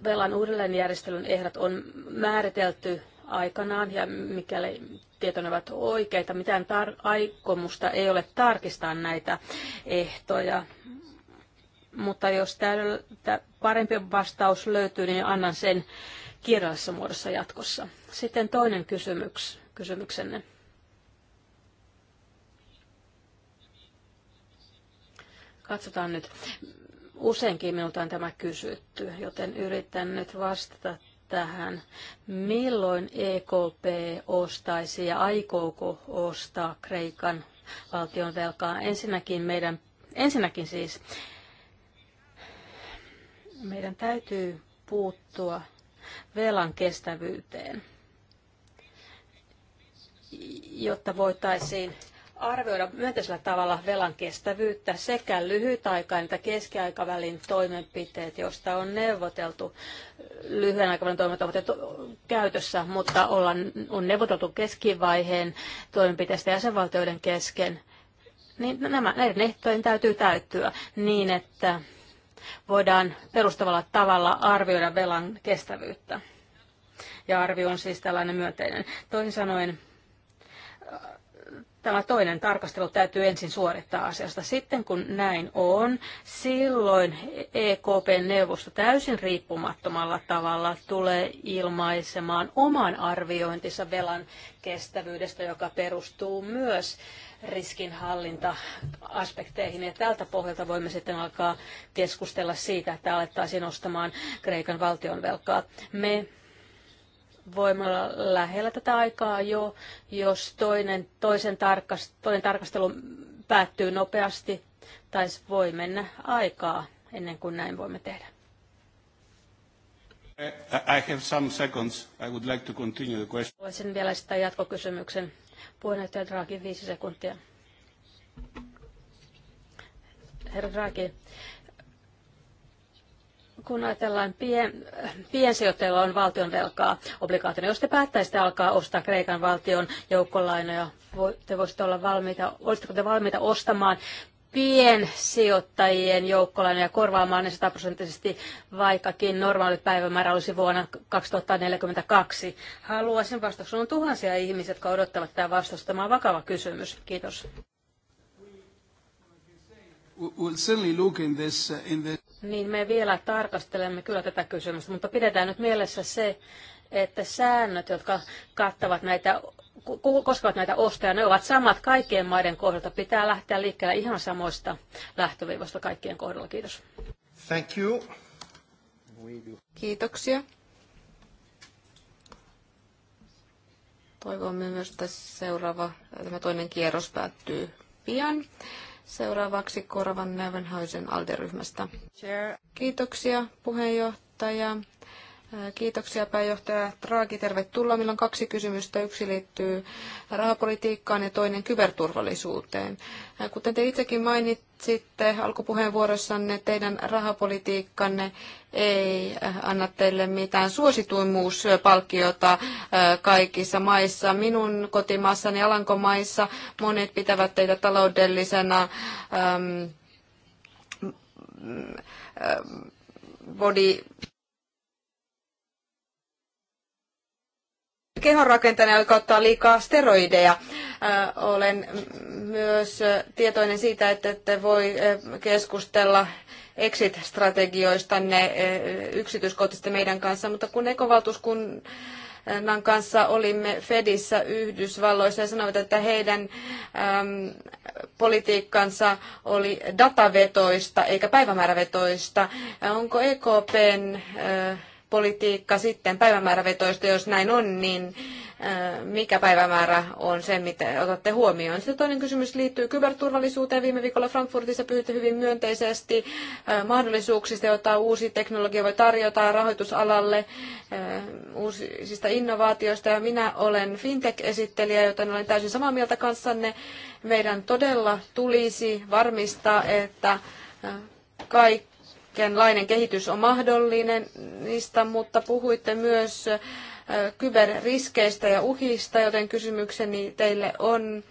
velan uudelleenjärjestelyn ehdot on määritelty aikanaan ja mikäli tieto ovat oikeita, mitään tar- aikomusta ei ole tarkistaa näitä ehtoja. Mutta jos täydeltä parempi vastaus löytyy, niin annan sen kirjallisessa muodossa jatkossa. Sitten toinen kysymyks, kysymyksenne. Katsotaan nyt, Useinkin minulta on tämä kysytty, joten yritän nyt vastata tähän. Milloin EKP ostaisi ja aikooko ostaa Kreikan valtion velkaa? Ensinnäkin meidän, ensinnäkin siis meidän täytyy puuttua velan kestävyyteen, jotta voitaisiin arvioida myönteisellä tavalla velan kestävyyttä sekä lyhytaikainen että keskiaikavälin toimenpiteet, joista on neuvoteltu. Lyhyen aikavälin toimet ovat käytössä, mutta ollaan, on neuvoteltu keskivaiheen toimenpiteistä jäsenvaltioiden kesken. Niin nämä, näiden ehtojen täytyy täyttyä niin, että voidaan perustavalla tavalla arvioida velan kestävyyttä. Ja arvio on siis tällainen myönteinen. Toisin sanoen, tämä toinen tarkastelu täytyy ensin suorittaa asiasta. Sitten kun näin on, silloin EKPn neuvosto täysin riippumattomalla tavalla tulee ilmaisemaan oman arviointinsa velan kestävyydestä, joka perustuu myös riskinhallinta-aspekteihin. Ja tältä pohjalta voimme sitten alkaa keskustella siitä, että alettaisiin ostamaan Kreikan valtionvelkaa. Me Voimalla lähellä tätä aikaa jo, jos toinen, toisen tarkas, toinen tarkastelu päättyy nopeasti, tai voi mennä aikaa ennen kuin näin voimme tehdä. I have some seconds. I would like to continue the question. Voisin vielä sitä jatkokysymyksen. Puheenjohtaja Draghi, viisi sekuntia. Herra Draghi, kun ajatellaan, pien, piensijoittajilla on valtion velkaa obligaationa. Niin jos te päättäisitte alkaa ostaa Kreikan valtion joukkolainoja, te voisitte olla valmiita, olisitteko te valmiita ostamaan piensijoittajien joukkolainoja korvaamaan ne sataprosenttisesti, vaikkakin normaali päivämäärä olisi vuonna 2042? Haluaisin vastauksen. On tuhansia ihmisiä, jotka odottavat tämä vastausta. Tämä on vakava kysymys. Kiitos. Uh, niin me vielä tarkastelemme kyllä tätä kysymystä, mutta pidetään nyt mielessä se, että säännöt, jotka kattavat näitä koskevat näitä ostoja, ne ovat samat kaikkien maiden kohdalta. Pitää lähteä liikkeelle ihan samoista lähtöviivasta kaikkien kohdalla. Kiitos. Thank you. Kiitoksia. Toivomme myös, että seuraava tämä toinen kierros päättyy pian. Seuraavaksi Korvan Nevenhäysen alderyhmästä. Kiitoksia puheenjohtaja. Kiitoksia pääjohtaja Draagi, tervetuloa. Meillä on kaksi kysymystä. Yksi liittyy rahapolitiikkaan ja toinen kyberturvallisuuteen. Kuten te itsekin mainitsitte alkupuheenvuorossanne, teidän rahapolitiikkanne ei anna teille mitään suosituimmuuspalkkiota kaikissa maissa. Minun kotimaassani Alankomaissa monet pitävät teitä taloudellisena ähm, ähm, body kehonrakentajana, joka ottaa liikaa steroideja. Olen myös tietoinen siitä, että te voi keskustella exit-strategioistanne yksityiskohtaisesti meidän kanssa, mutta kun ekovaltuuskunnan kanssa olimme Fedissä Yhdysvalloissa ja sanoivat, että heidän äm, politiikkansa oli datavetoista eikä päivämäärävetoista. Onko EKPn äh, politiikka sitten päivämäärävetoista, jos näin on, niin äh, mikä päivämäärä on se, mitä otatte huomioon. Sitten toinen kysymys liittyy kyberturvallisuuteen. Viime viikolla Frankfurtissa puhuitte hyvin myönteisesti äh, mahdollisuuksista, joita uusi teknologia voi tarjota rahoitusalalle, äh, uusista innovaatioista. Ja minä olen fintech-esittelijä, joten olen täysin samaa mieltä kanssanne. Meidän todella tulisi varmistaa, että kaikki kaikenlainen kehitys on mahdollinen niistä, mutta puhuitte myös kyberriskeistä ja uhista, joten kysymykseni teille on,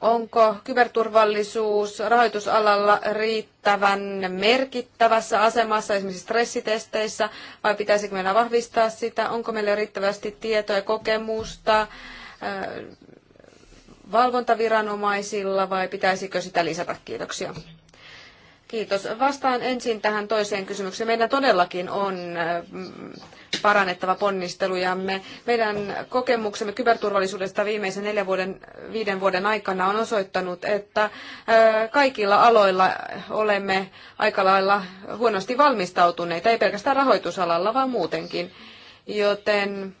onko kyberturvallisuus rahoitusalalla riittävän merkittävässä asemassa esimerkiksi stressitesteissä vai pitäisikö meillä vahvistaa sitä? Onko meillä riittävästi tietoa ja kokemusta valvontaviranomaisilla vai pitäisikö sitä lisätä? Kiitoksia. Kiitos. Vastaan ensin tähän toiseen kysymykseen. Meillä todellakin on mm, parannettava ponnistelujamme. Meidän kokemuksemme kyberturvallisuudesta viimeisen neljän vuoden, viiden vuoden aikana on osoittanut, että kaikilla aloilla olemme aika lailla huonosti valmistautuneita, ei pelkästään rahoitusalalla, vaan muutenkin. Joten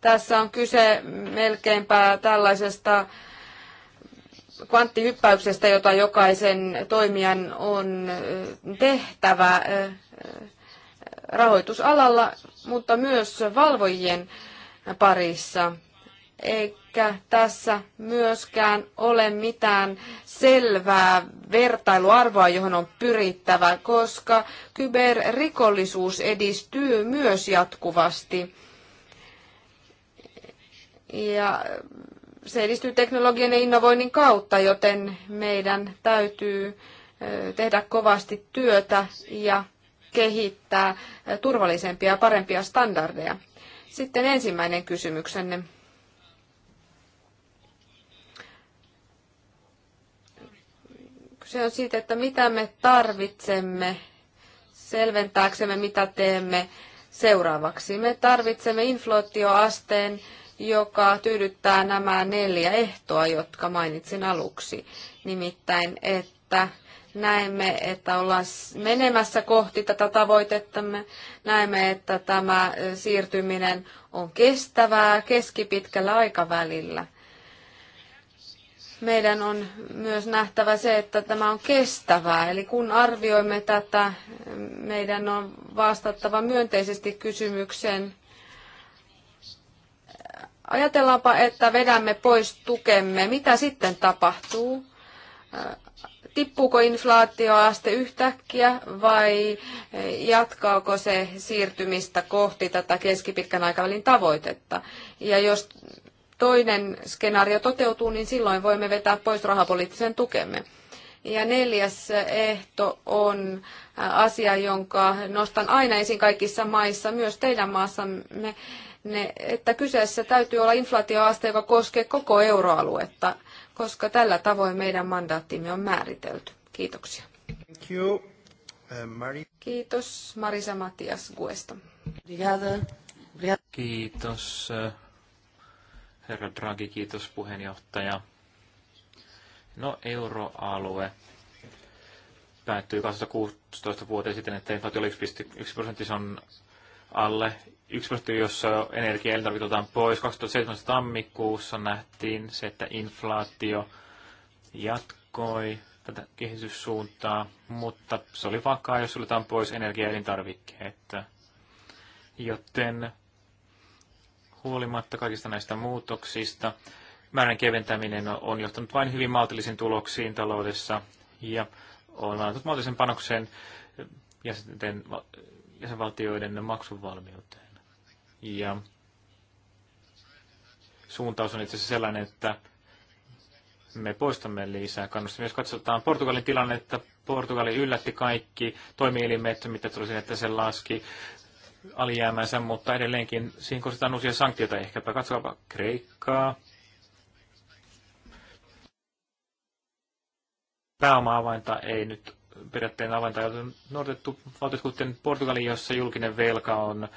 tässä on kyse melkeinpä tällaisesta kvanttihyppäyksestä, jota jokaisen toimijan on tehtävä rahoitusalalla, mutta myös valvojien parissa. Eikä tässä myöskään ole mitään selvää vertailuarvoa, johon on pyrittävä, koska kyberrikollisuus edistyy myös jatkuvasti. Ja se edistyy teknologian ja innovoinnin kautta, joten meidän täytyy tehdä kovasti työtä ja kehittää turvallisempia ja parempia standardeja. Sitten ensimmäinen kysymyksenne. se on siitä, että mitä me tarvitsemme selventääksemme, mitä teemme seuraavaksi. Me tarvitsemme inflaatioasteen joka tyydyttää nämä neljä ehtoa, jotka mainitsin aluksi. Nimittäin, että näemme, että ollaan menemässä kohti tätä tavoitettamme. Näemme, että tämä siirtyminen on kestävää keskipitkällä aikavälillä. Meidän on myös nähtävä se, että tämä on kestävää. Eli kun arvioimme tätä, meidän on vastattava myönteisesti kysymykseen, Ajatellaanpa, että vedämme pois tukemme. Mitä sitten tapahtuu? Tippuuko inflaatioaste yhtäkkiä vai jatkaako se siirtymistä kohti tätä keskipitkän aikavälin tavoitetta? Ja jos toinen skenaario toteutuu, niin silloin voimme vetää pois rahapoliittisen tukemme. Ja neljäs ehto on asia, jonka nostan aina esiin kaikissa maissa, myös teidän maassamme ne, että kyseessä täytyy olla inflaatioaste, joka koskee koko euroaluetta, koska tällä tavoin meidän mandaattimme on määritelty. Kiitoksia. Thank you. Uh, Mari. Kiitos Marisa Matias Guesta. Kiitos uh, herra Draghi, kiitos puheenjohtaja. No euroalue päättyy 2016 vuoteen siten, että inflaatio oli 1,1 prosentti, se on alle yksi prosentti, jossa energia otetaan pois. 2017 tammikuussa nähtiin se, että inflaatio jatkoi tätä kehityssuuntaa, mutta se oli vakaa, jos suljetaan pois energia- elintarvikkeet. Joten huolimatta kaikista näistä muutoksista, määrän keventäminen on johtanut vain hyvin maltillisiin tuloksiin taloudessa ja on annettu maltillisen panoksen jäsenten, jäsenvaltioiden maksuvalmiuteen. Ja suuntaus on itse asiassa sellainen, että me poistamme lisää kannustimia. Jos katsotaan Portugalin tilannetta, Portugali yllätti kaikki toimielimet, mitä tuli että se laski alijäämänsä, mutta edelleenkin siihen kohdistetaan uusia sanktioita. Ehkäpä katsokaapa Kreikkaa. Pääoma-avainta ei nyt periaatteen avainta ole noudatettu valtiot, kuten Portugali, jossa julkinen velka on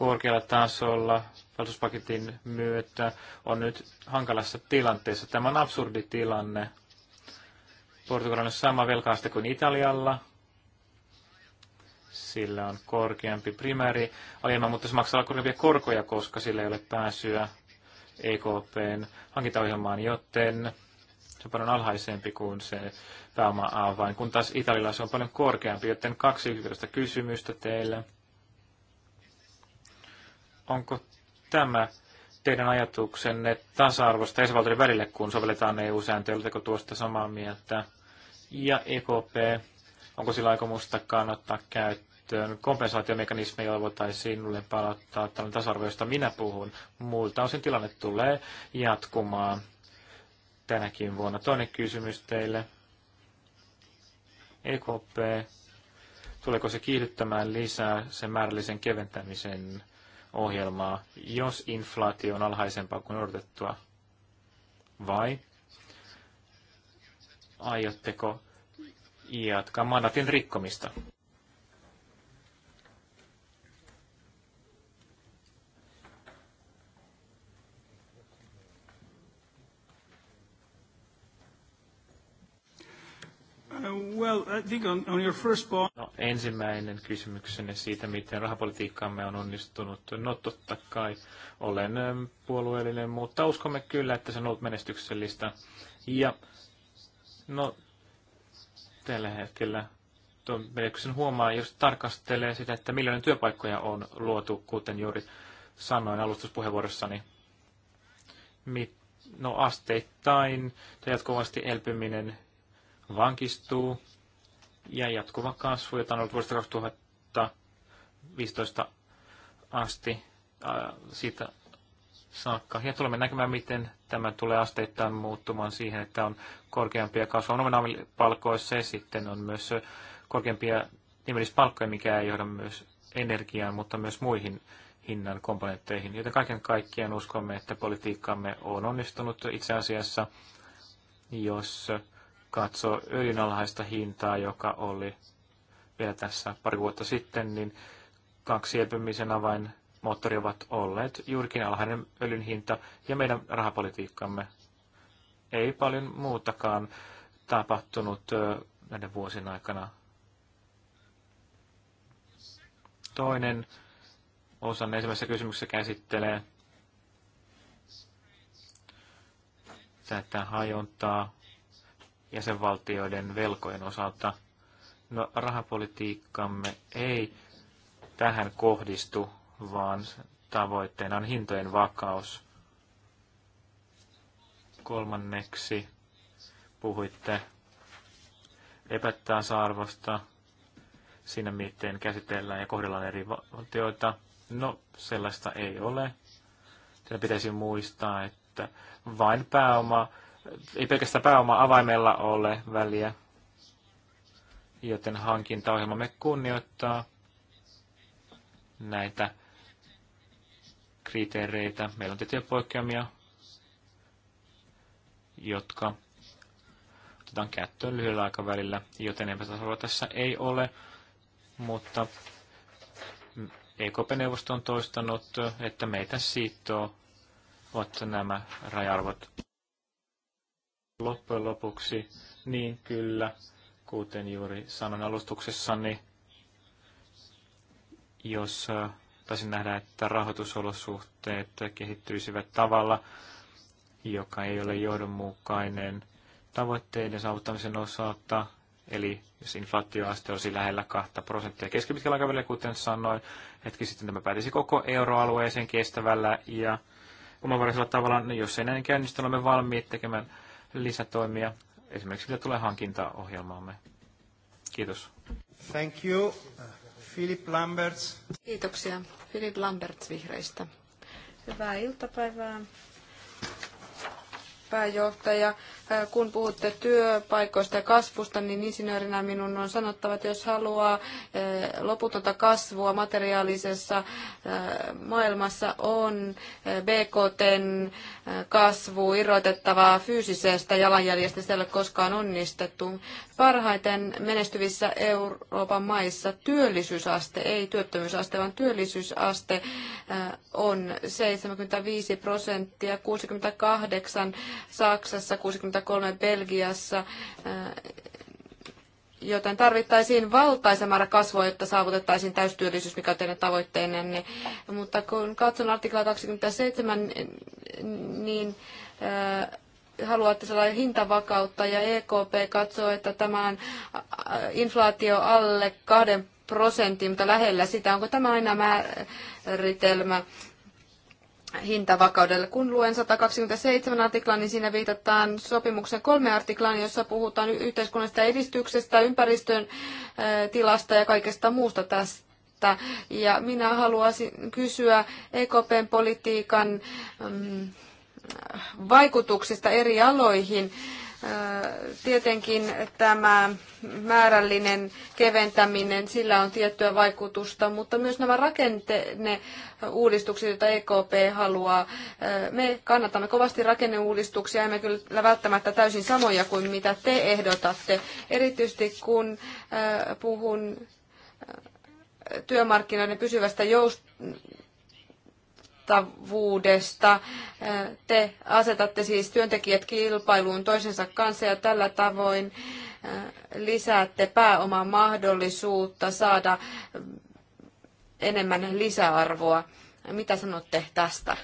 korkealla tasolla valituspaketin myötä on nyt hankalassa tilanteessa. Tämä on absurdi tilanne. Portugalilla on sama velkaaste kuin Italialla. Sillä on korkeampi primääri alijäämä, mutta se maksaa korkeampia korkoja, koska sillä ei ole pääsyä EKPn hankintaohjelmaan, joten se on paljon alhaisempi kuin se pääoma A, vain kun taas Italialla se on paljon korkeampi, joten kaksi yksinkertaista kysymystä teille Onko tämä teidän ajatuksenne tasa-arvosta esivaltojen välille, kun sovelletaan EU-sääntöjä? Oletteko tuosta samaa mieltä? Ja EKP, onko sillä aikomustakaan ottaa käyttöön kompensaatiomekanismeja, joilla voitaisiin sinulle palauttaa tällainen tasa-arvo, josta minä puhun? Muilta osin tilanne tulee jatkumaan tänäkin vuonna. Toinen kysymys teille. EKP, tuleeko se kiihdyttämään lisää sen määrällisen keventämisen ohjelmaa, jos inflaatio on alhaisempaa kuin odotettua? Vai aiotteko jatkaa mandatin rikkomista? Uh, well, I think on, on your first point... No, ensimmäinen kysymyksenne siitä, miten rahapolitiikkaamme on onnistunut. No totta kai olen ähm, puolueellinen, mutta uskomme kyllä, että se on ollut menestyksellistä. Ja no, tällä hetkellä tuon huomaa, jos tarkastelee sitä, että millainen työpaikkoja on luotu, kuten juuri sanoin alustuspuheenvuorossani. Mit, no asteittain, jatkuvasti elpyminen vankistuu ja jatkuva kasvu, jota on ollut vuodesta 2015 asti ää, siitä saakka. Ja tulemme näkemään, miten tämä tulee asteittain muuttumaan siihen, että on korkeampia kasvua nominaalipalkoissa ja sitten on myös korkeampia nimellispalkkoja, mikä ei johda myös energiaan, mutta myös muihin hinnan komponentteihin. Joten kaiken kaikkiaan uskomme, että politiikkamme on onnistunut itse asiassa, jos katsoo öljyn alhaista hintaa, joka oli vielä tässä pari vuotta sitten, niin kaksi elpymisen avain moottori ovat olleet juurikin alhainen öljyn hinta ja meidän rahapolitiikkamme. Ei paljon muutakaan tapahtunut näiden vuosien aikana. Toinen osa ensimmäisessä kysymyksessä käsittelee tätä hajontaa jäsenvaltioiden velkojen osalta. No, rahapolitiikkamme ei tähän kohdistu, vaan tavoitteena on hintojen vakaus. Kolmanneksi puhuitte epätasa-arvosta, siinä miten käsitellään ja kohdellaan eri valtioita. No, sellaista ei ole. Siinä pitäisi muistaa, että vain pääoma ei pelkästään pääoma-avaimella ole väliä, joten hankintaohjelmamme kunnioittaa näitä kriteereitä. Meillä on tiettyjä poikkeamia, jotka otetaan käyttöön lyhyellä aikavälillä, joten epätasolla tässä ei ole, mutta EKP-neuvosto on toistanut, että meitä siittoo ovat nämä raja loppujen lopuksi, niin kyllä, kuten juuri sanon alustuksessani, jos äh, taisin nähdä, että rahoitusolosuhteet kehittyisivät tavalla, joka ei ole johdonmukainen tavoitteiden saavuttamisen osalta, eli jos inflaatioaste olisi lähellä 2 prosenttia keskipitkällä aikavälillä, kuten sanoin, hetki sitten tämä päätisi koko euroalueeseen kestävällä ja omavaraisella tavalla, niin jos ei näin käynnistä, niin olemme valmiit tekemään lisätoimia. Esimerkiksi mitä tulee hankintaohjelmaamme. Kiitos. Thank you. Philip Lamberts. Kiitoksia. Philip Lamberts vihreistä. Hyvää iltapäivää pääjohtaja, kun puhutte työpaikoista ja kasvusta, niin insinöörinä minun on sanottava, että jos haluaa loputonta kasvua materiaalisessa maailmassa, on BKTn kasvu irrotettava fyysisestä jalanjäljestä, siellä koskaan onnistettu parhaiten menestyvissä Euroopan maissa työllisyysaste, ei työttömyysaste, vaan työllisyysaste äh, on 75 prosenttia, 68 Saksassa, 63 Belgiassa, äh, joten tarvittaisiin valtaisen määrä kasvua, jotta saavutettaisiin täystyöllisyys, mikä on teidän tavoitteenne. Mutta kun katson artiklaa 27, niin äh, haluatte sellainen hintavakautta ja EKP katsoo, että tämä on äh, inflaatio alle kahden prosentin, mutta lähellä sitä. Onko tämä aina määritelmä? hintavakaudelle. Kun luen 127 artiklaa, niin siinä viitataan sopimuksen kolme artiklaan, jossa puhutaan yhteiskunnallisesta edistyksestä, ympäristön äh, tilasta ja kaikesta muusta tästä. Ja minä haluaisin kysyä EKPn politiikan mm, vaikutuksista eri aloihin. Tietenkin tämä määrällinen keventäminen, sillä on tiettyä vaikutusta, mutta myös nämä rakenne uudistukset, joita EKP haluaa. Me kannatamme kovasti rakenneuudistuksia, emme kyllä välttämättä täysin samoja kuin mitä te ehdotatte, erityisesti kun puhun työmarkkinoiden pysyvästä joust kannattavuudesta. Te asetatte siis työntekijät kilpailuun toisensa kanssa ja tällä tavoin äh, lisäätte pääoman mahdollisuutta saada äh, enemmän lisäarvoa. Mitä sanotte tästä?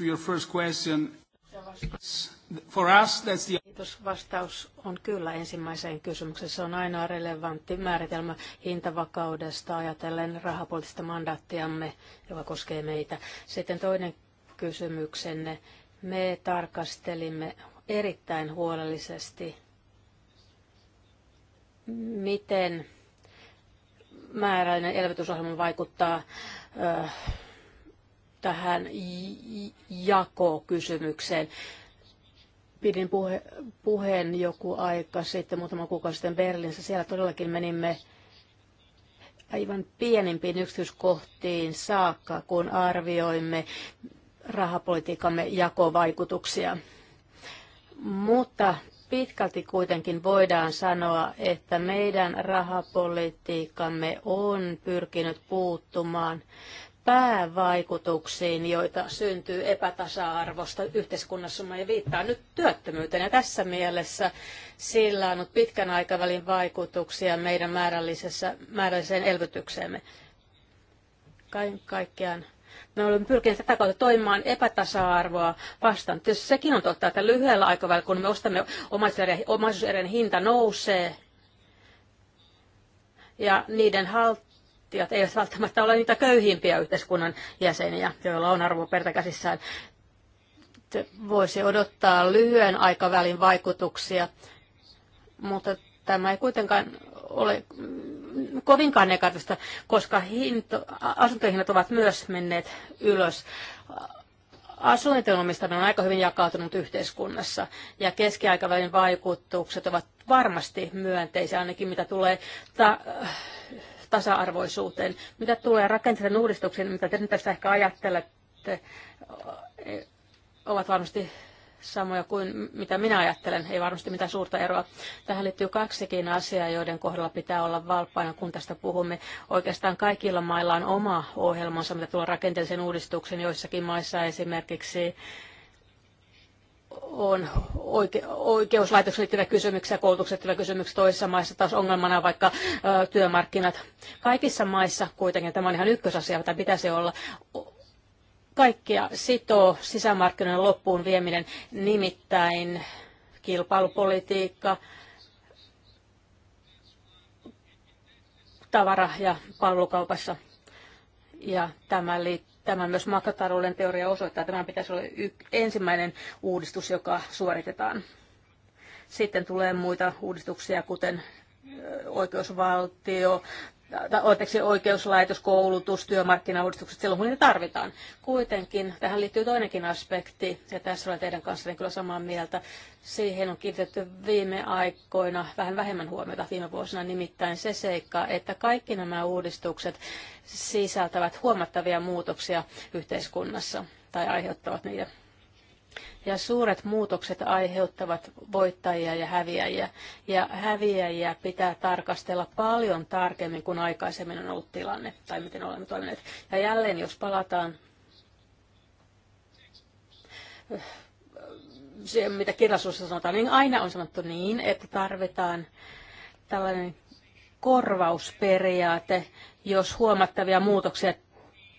your first question. For us, that's the... Kiitos. Vastaus on kyllä ensimmäiseen kysymykseen. Se on ainoa relevantti määritelmä hintavakaudesta ajatellen rahapoliittista mandaattiamme, joka koskee meitä. Sitten toinen kysymyksenne. Me tarkastelimme erittäin huolellisesti, miten määräinen elvytysohjelma vaikuttaa tähän jakokysymykseen. Pidin puhe, puheen joku aika sitten, muutama kuukausi sitten Berliinissä. Siellä todellakin menimme aivan pienimpiin yksityiskohtiin saakka, kun arvioimme rahapolitiikamme jakovaikutuksia. Mutta pitkälti kuitenkin voidaan sanoa, että meidän rahapolitiikkamme on pyrkinyt puuttumaan päävaikutuksiin, joita syntyy epätasa-arvosta yhteiskunnassa. ja viittaa nyt työttömyyteen. Ja tässä mielessä sillä on ollut pitkän aikavälin vaikutuksia meidän määrällisessä, määrälliseen elvytykseemme. Kaiken kaikkiaan me olemme pyrkineet tätä kautta toimimaan epätasa-arvoa vastaan. Tietysti sekin on totta, että lyhyellä aikavälillä, kun me ostamme omaisuuserien hinta nousee ja niiden halt voittajat eivät välttämättä ole niitä köyhimpiä yhteiskunnan jäseniä, joilla on arvoperta käsissään. Voisi odottaa lyhyen aikavälin vaikutuksia, mutta tämä ei kuitenkaan ole mm, kovinkaan negatiivista, koska hinto, asuntohinnat ovat myös menneet ylös. Asuntojen omistaminen on aika hyvin jakautunut yhteiskunnassa ja keskiaikavälin vaikutukset ovat varmasti myönteisiä, ainakin mitä tulee ta- tasa-arvoisuuteen. Mitä tulee rakenteiden uudistuksiin, mitä te nyt tässä ehkä ajattelette, ovat varmasti samoja kuin mitä minä ajattelen, ei varmasti mitään suurta eroa. Tähän liittyy kaksikin asiaa, joiden kohdalla pitää olla valppaina, kun tästä puhumme. Oikeastaan kaikilla mailla on oma ohjelmansa, mitä tulee rakenteellisen uudistuksen joissakin maissa esimerkiksi on oike- oikeuslaitoksen liittyviä kysymyksiä, koulutukset liittyviä kysymyksiä toisissa maissa, taas ongelmana vaikka ö, työmarkkinat. Kaikissa maissa kuitenkin, tämä on ihan ykkösasia, mitä pitäisi olla, kaikkia sitoo sisämarkkinoiden loppuun vieminen, nimittäin kilpailupolitiikka, tavara- ja palvelukaupassa. Ja tämä liittyy Tämä myös matkatalouden teoria osoittaa, että tämä pitäisi olla ensimmäinen uudistus, joka suoritetaan. Sitten tulee muita uudistuksia, kuten oikeusvaltio, oletteko oikeuslaitos, koulutus, työmarkkinauudistukset silloin, kun niitä tarvitaan. Kuitenkin tähän liittyy toinenkin aspekti, ja tässä olen teidän kanssanne kyllä samaa mieltä. Siihen on kiinnitetty viime aikoina vähän vähemmän huomiota viime vuosina, nimittäin se seikka, että kaikki nämä uudistukset sisältävät huomattavia muutoksia yhteiskunnassa tai aiheuttavat niitä ja suuret muutokset aiheuttavat voittajia ja häviäjiä. Ja häviäjiä pitää tarkastella paljon tarkemmin kuin aikaisemmin on ollut tilanne tai miten olemme toimineet. Ja jälleen, jos palataan se, mitä kirjallisuudessa sanotaan, niin aina on sanottu niin, että tarvitaan tällainen korvausperiaate, jos huomattavia muutoksia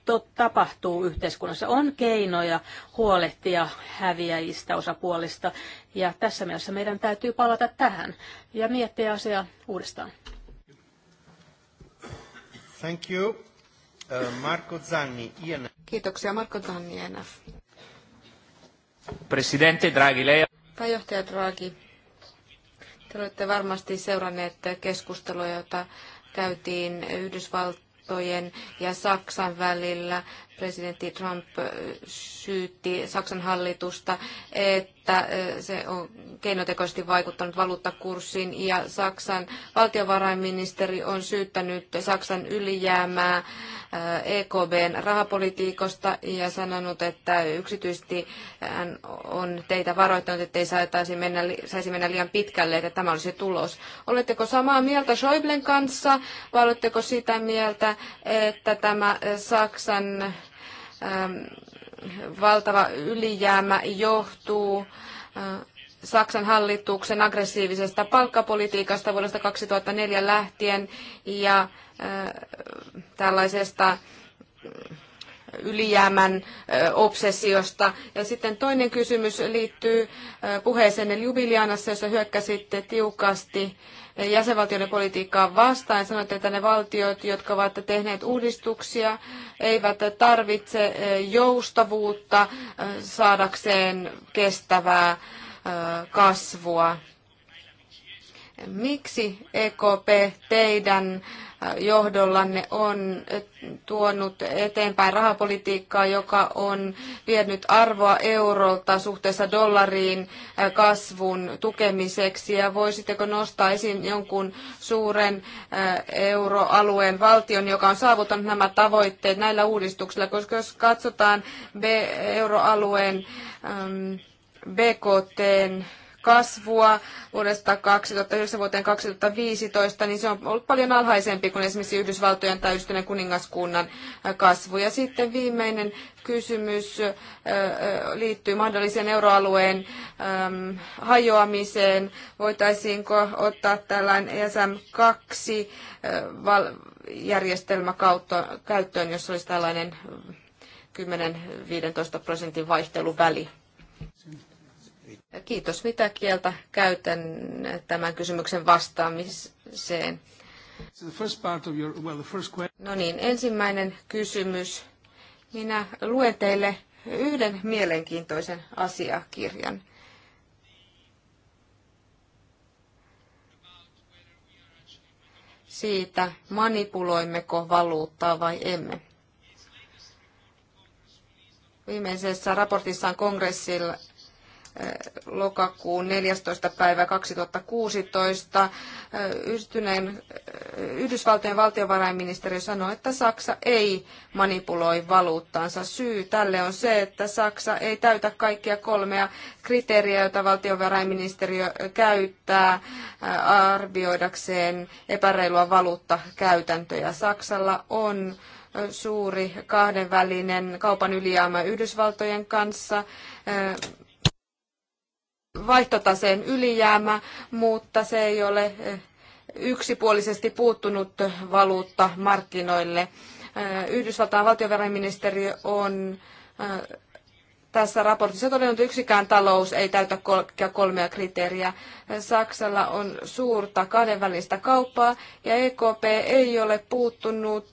to- tapahtuu yhteiskunnassa. On keinoja huolehtia häviäjistä osapuolista ja tässä mielessä meidän täytyy palata tähän ja miettiä asiaa uudestaan. Thank you. Uh, Marco Zanni, Kiitoksia Marco Zanni, INF. Presidente Draghi, lei... Pääjohtaja Draghi, te olette varmasti seuranneet keskustelua, jota käytiin Yhdysvalt liittojen ja Saksan välillä presidentti Trump syytti Saksan hallitusta, että se on keinotekoisesti vaikuttanut valuuttakurssiin ja Saksan valtiovarainministeri on syyttänyt Saksan ylijäämää EKBn rahapolitiikosta ja sanonut, että yksityisesti hän on teitä varoittanut, että ei saisi mennä, saisi mennä liian pitkälle, että tämä olisi tulos. Oletteko samaa mieltä Schäublen kanssa vai oletteko sitä mieltä, että tämä Saksan Ähm, valtava ylijäämä johtuu äh, Saksan hallituksen aggressiivisesta palkkapolitiikasta vuodesta 2004 lähtien ja äh, tällaisesta äh, ylijäämän obsessiosta. Ja sitten toinen kysymys liittyy puheeseen Ljubiljanassa, jossa hyökkäsitte tiukasti jäsenvaltioiden politiikkaa vastaan. Sanoitte, että ne valtiot, jotka ovat tehneet uudistuksia, eivät tarvitse e, joustavuutta e, saadakseen kestävää e, kasvua. Miksi EKP teidän johdollanne on tuonut eteenpäin rahapolitiikkaa, joka on vienyt arvoa eurolta suhteessa dollariin äh, kasvun tukemiseksi. Ja voisitteko nostaa esiin jonkun suuren äh, euroalueen valtion, joka on saavuttanut nämä tavoitteet näillä uudistuksilla, koska jos katsotaan euroalueen BKTn kasvua vuodesta 2009 vuoteen 2015, niin se on ollut paljon alhaisempi kuin esimerkiksi Yhdysvaltojen tai yhdistyneen kuningaskunnan kasvu. Ja sitten viimeinen kysymys liittyy mahdolliseen euroalueen hajoamiseen. Voitaisiinko ottaa tällainen ESM2 järjestelmä kautta, käyttöön, jos olisi tällainen 10-15 prosentin vaihteluväli? Kiitos, mitä kieltä käytän tämän kysymyksen vastaamiseen. No niin, ensimmäinen kysymys. Minä luen teille yhden mielenkiintoisen asiakirjan. Siitä, manipuloimmeko valuuttaa vai emme. Viimeisessä raportissaan kongressilla lokakuun 14. päivä 2016 yhdistyneen, Yhdysvaltojen valtiovarainministeriö sanoi, että Saksa ei manipuloi valuuttaansa. Syy tälle on se, että Saksa ei täytä kaikkia kolmea kriteeriä, joita valtiovarainministeriö käyttää arvioidakseen epäreilua valuuttakäytäntöjä. Saksalla on suuri kahdenvälinen kaupan ylijäämä Yhdysvaltojen kanssa vaihtotaseen ylijäämä, mutta se ei ole eh, yksipuolisesti puuttunut valuutta markkinoille. Eh, Yhdysvaltain valtiovarainministeriö on eh, tässä raportissa todennut, että yksikään talous ei täytä kolmea kriteeriä. Saksalla on suurta kahdenvälistä kauppaa ja EKP ei ole puuttunut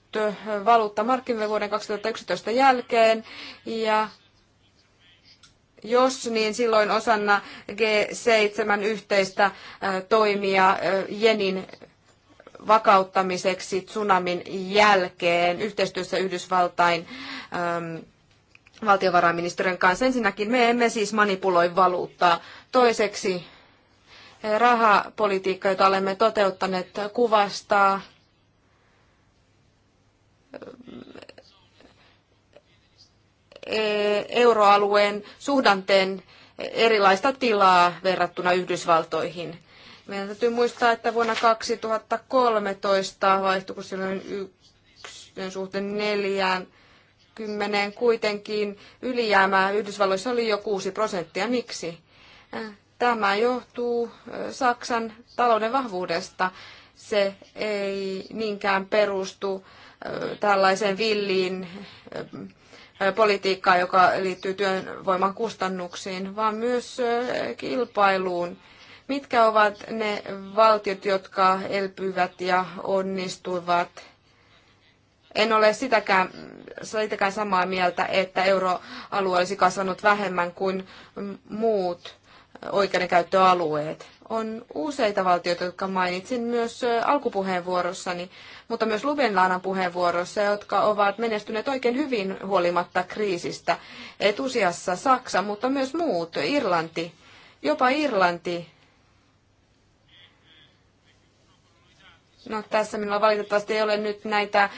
valuuttamarkkinoille vuoden 2011 jälkeen ja jos niin, silloin osana G7 yhteistä äh, toimia äh, Jenin vakauttamiseksi tsunamin jälkeen yhteistyössä Yhdysvaltain äm, valtiovarainministeriön kanssa. Ensinnäkin me emme siis manipuloi valuuttaa. Toiseksi äh, rahapolitiikka, jota olemme toteuttaneet, kuvastaa Eh, euroalueen suhdanteen erilaista tilaa verrattuna Yhdysvaltoihin. Meidän täytyy muistaa, että vuonna 2013 silloin yksikön suhteen neljään kymmeneen kuitenkin ylijäämää Yhdysvalloissa oli jo 6 prosenttia. Miksi? Äh, tämä johtuu äh, Saksan talouden vahvuudesta. Se ei niinkään perustu äh, tällaiseen villiin politiikkaa, joka liittyy työvoiman kustannuksiin, vaan myös kilpailuun. Mitkä ovat ne valtiot, jotka elpyvät ja onnistuvat? En ole sitäkään, sitäkään samaa mieltä, että euroalue olisi kasvanut vähemmän kuin muut oikeudenkäyttöalueet on useita valtioita, jotka mainitsin myös alkupuheenvuorossani, mutta myös Lubenlaanan puheenvuorossa, jotka ovat menestyneet oikein hyvin huolimatta kriisistä. Etusijassa Saksa, mutta myös muut, Irlanti, jopa Irlanti. No tässä minulla valitettavasti ei ole nyt näitä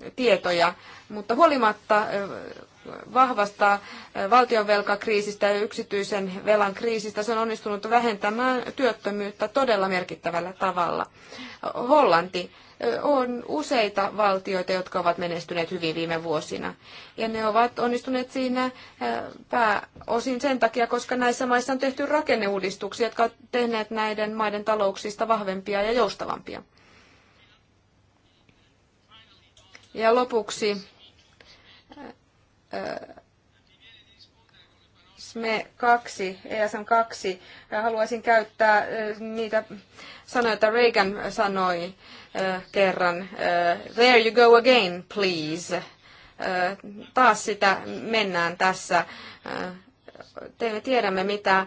ö, tietoja, mutta huolimatta vahvasta valtionvelkakriisistä ja yksityisen velan kriisistä. Se on onnistunut vähentämään työttömyyttä todella merkittävällä tavalla. Hollanti on useita valtioita, jotka ovat menestyneet hyvin viime vuosina. Ja ne ovat onnistuneet siinä pääosin sen takia, koska näissä maissa on tehty rakenneuudistuksia, jotka ovat tehneet näiden maiden talouksista vahvempia ja joustavampia. Ja lopuksi SME 2, ESM 2, haluaisin käyttää niitä sanoja, joita Reagan sanoi kerran. There you go again, please. Taas sitä mennään tässä teemme, tiedämme, mitä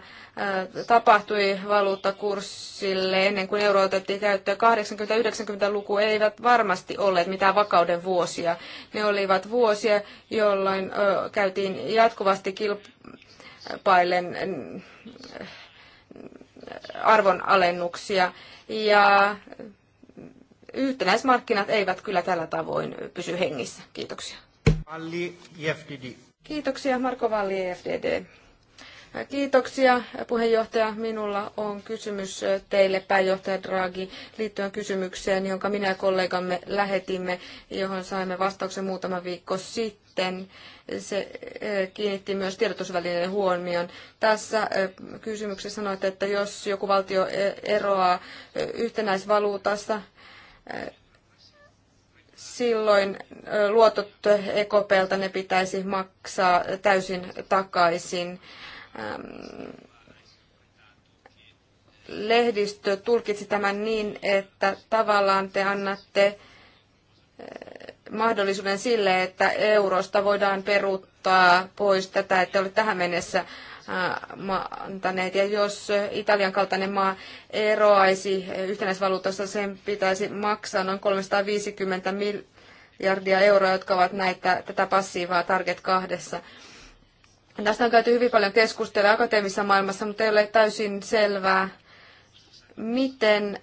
tapahtui valuuttakurssille ennen kuin euro otettiin käyttöön. 80-90-luku eivät varmasti olleet mitään vakauden vuosia. Ne olivat vuosia, jolloin käytiin jatkuvasti kilpailen mm, arvonalennuksia. Ja yhtenäismarkkinat eivät kyllä tällä tavoin pysy hengissä. Kiitoksia. Kiitoksia Marko Valli, FDD. Kiitoksia puheenjohtaja. Minulla on kysymys teille pääjohtaja Draghi liittyen kysymykseen, jonka minä ja kollegamme lähetimme, johon saimme vastauksen muutama viikko sitten. Se eh, kiinnitti myös tiedotusvälineen huomion. Tässä eh, kysymyksessä sanoitte, että jos joku valtio eh, eroaa yhtenäisvaluutasta, silloin luotot EKPltä e ne pitäisi maksaa täysin takaisin. Ähm, lehdistö tulkitsi tämän niin, että tavallaan te annatte äh, mahdollisuuden sille, että eurosta voidaan peruuttaa pois tätä, että ole tähän mennessä äh, antaneet. Ja jos Italian kaltainen maa eroaisi yhtenäisvaluutassa, sen pitäisi maksaa noin 350 miljardia euroa, jotka ovat näitä, tätä passiivaa Target kahdessa. Tästä on käyty hyvin paljon keskustelua akateemisessa maailmassa, mutta ei ole täysin selvää, miten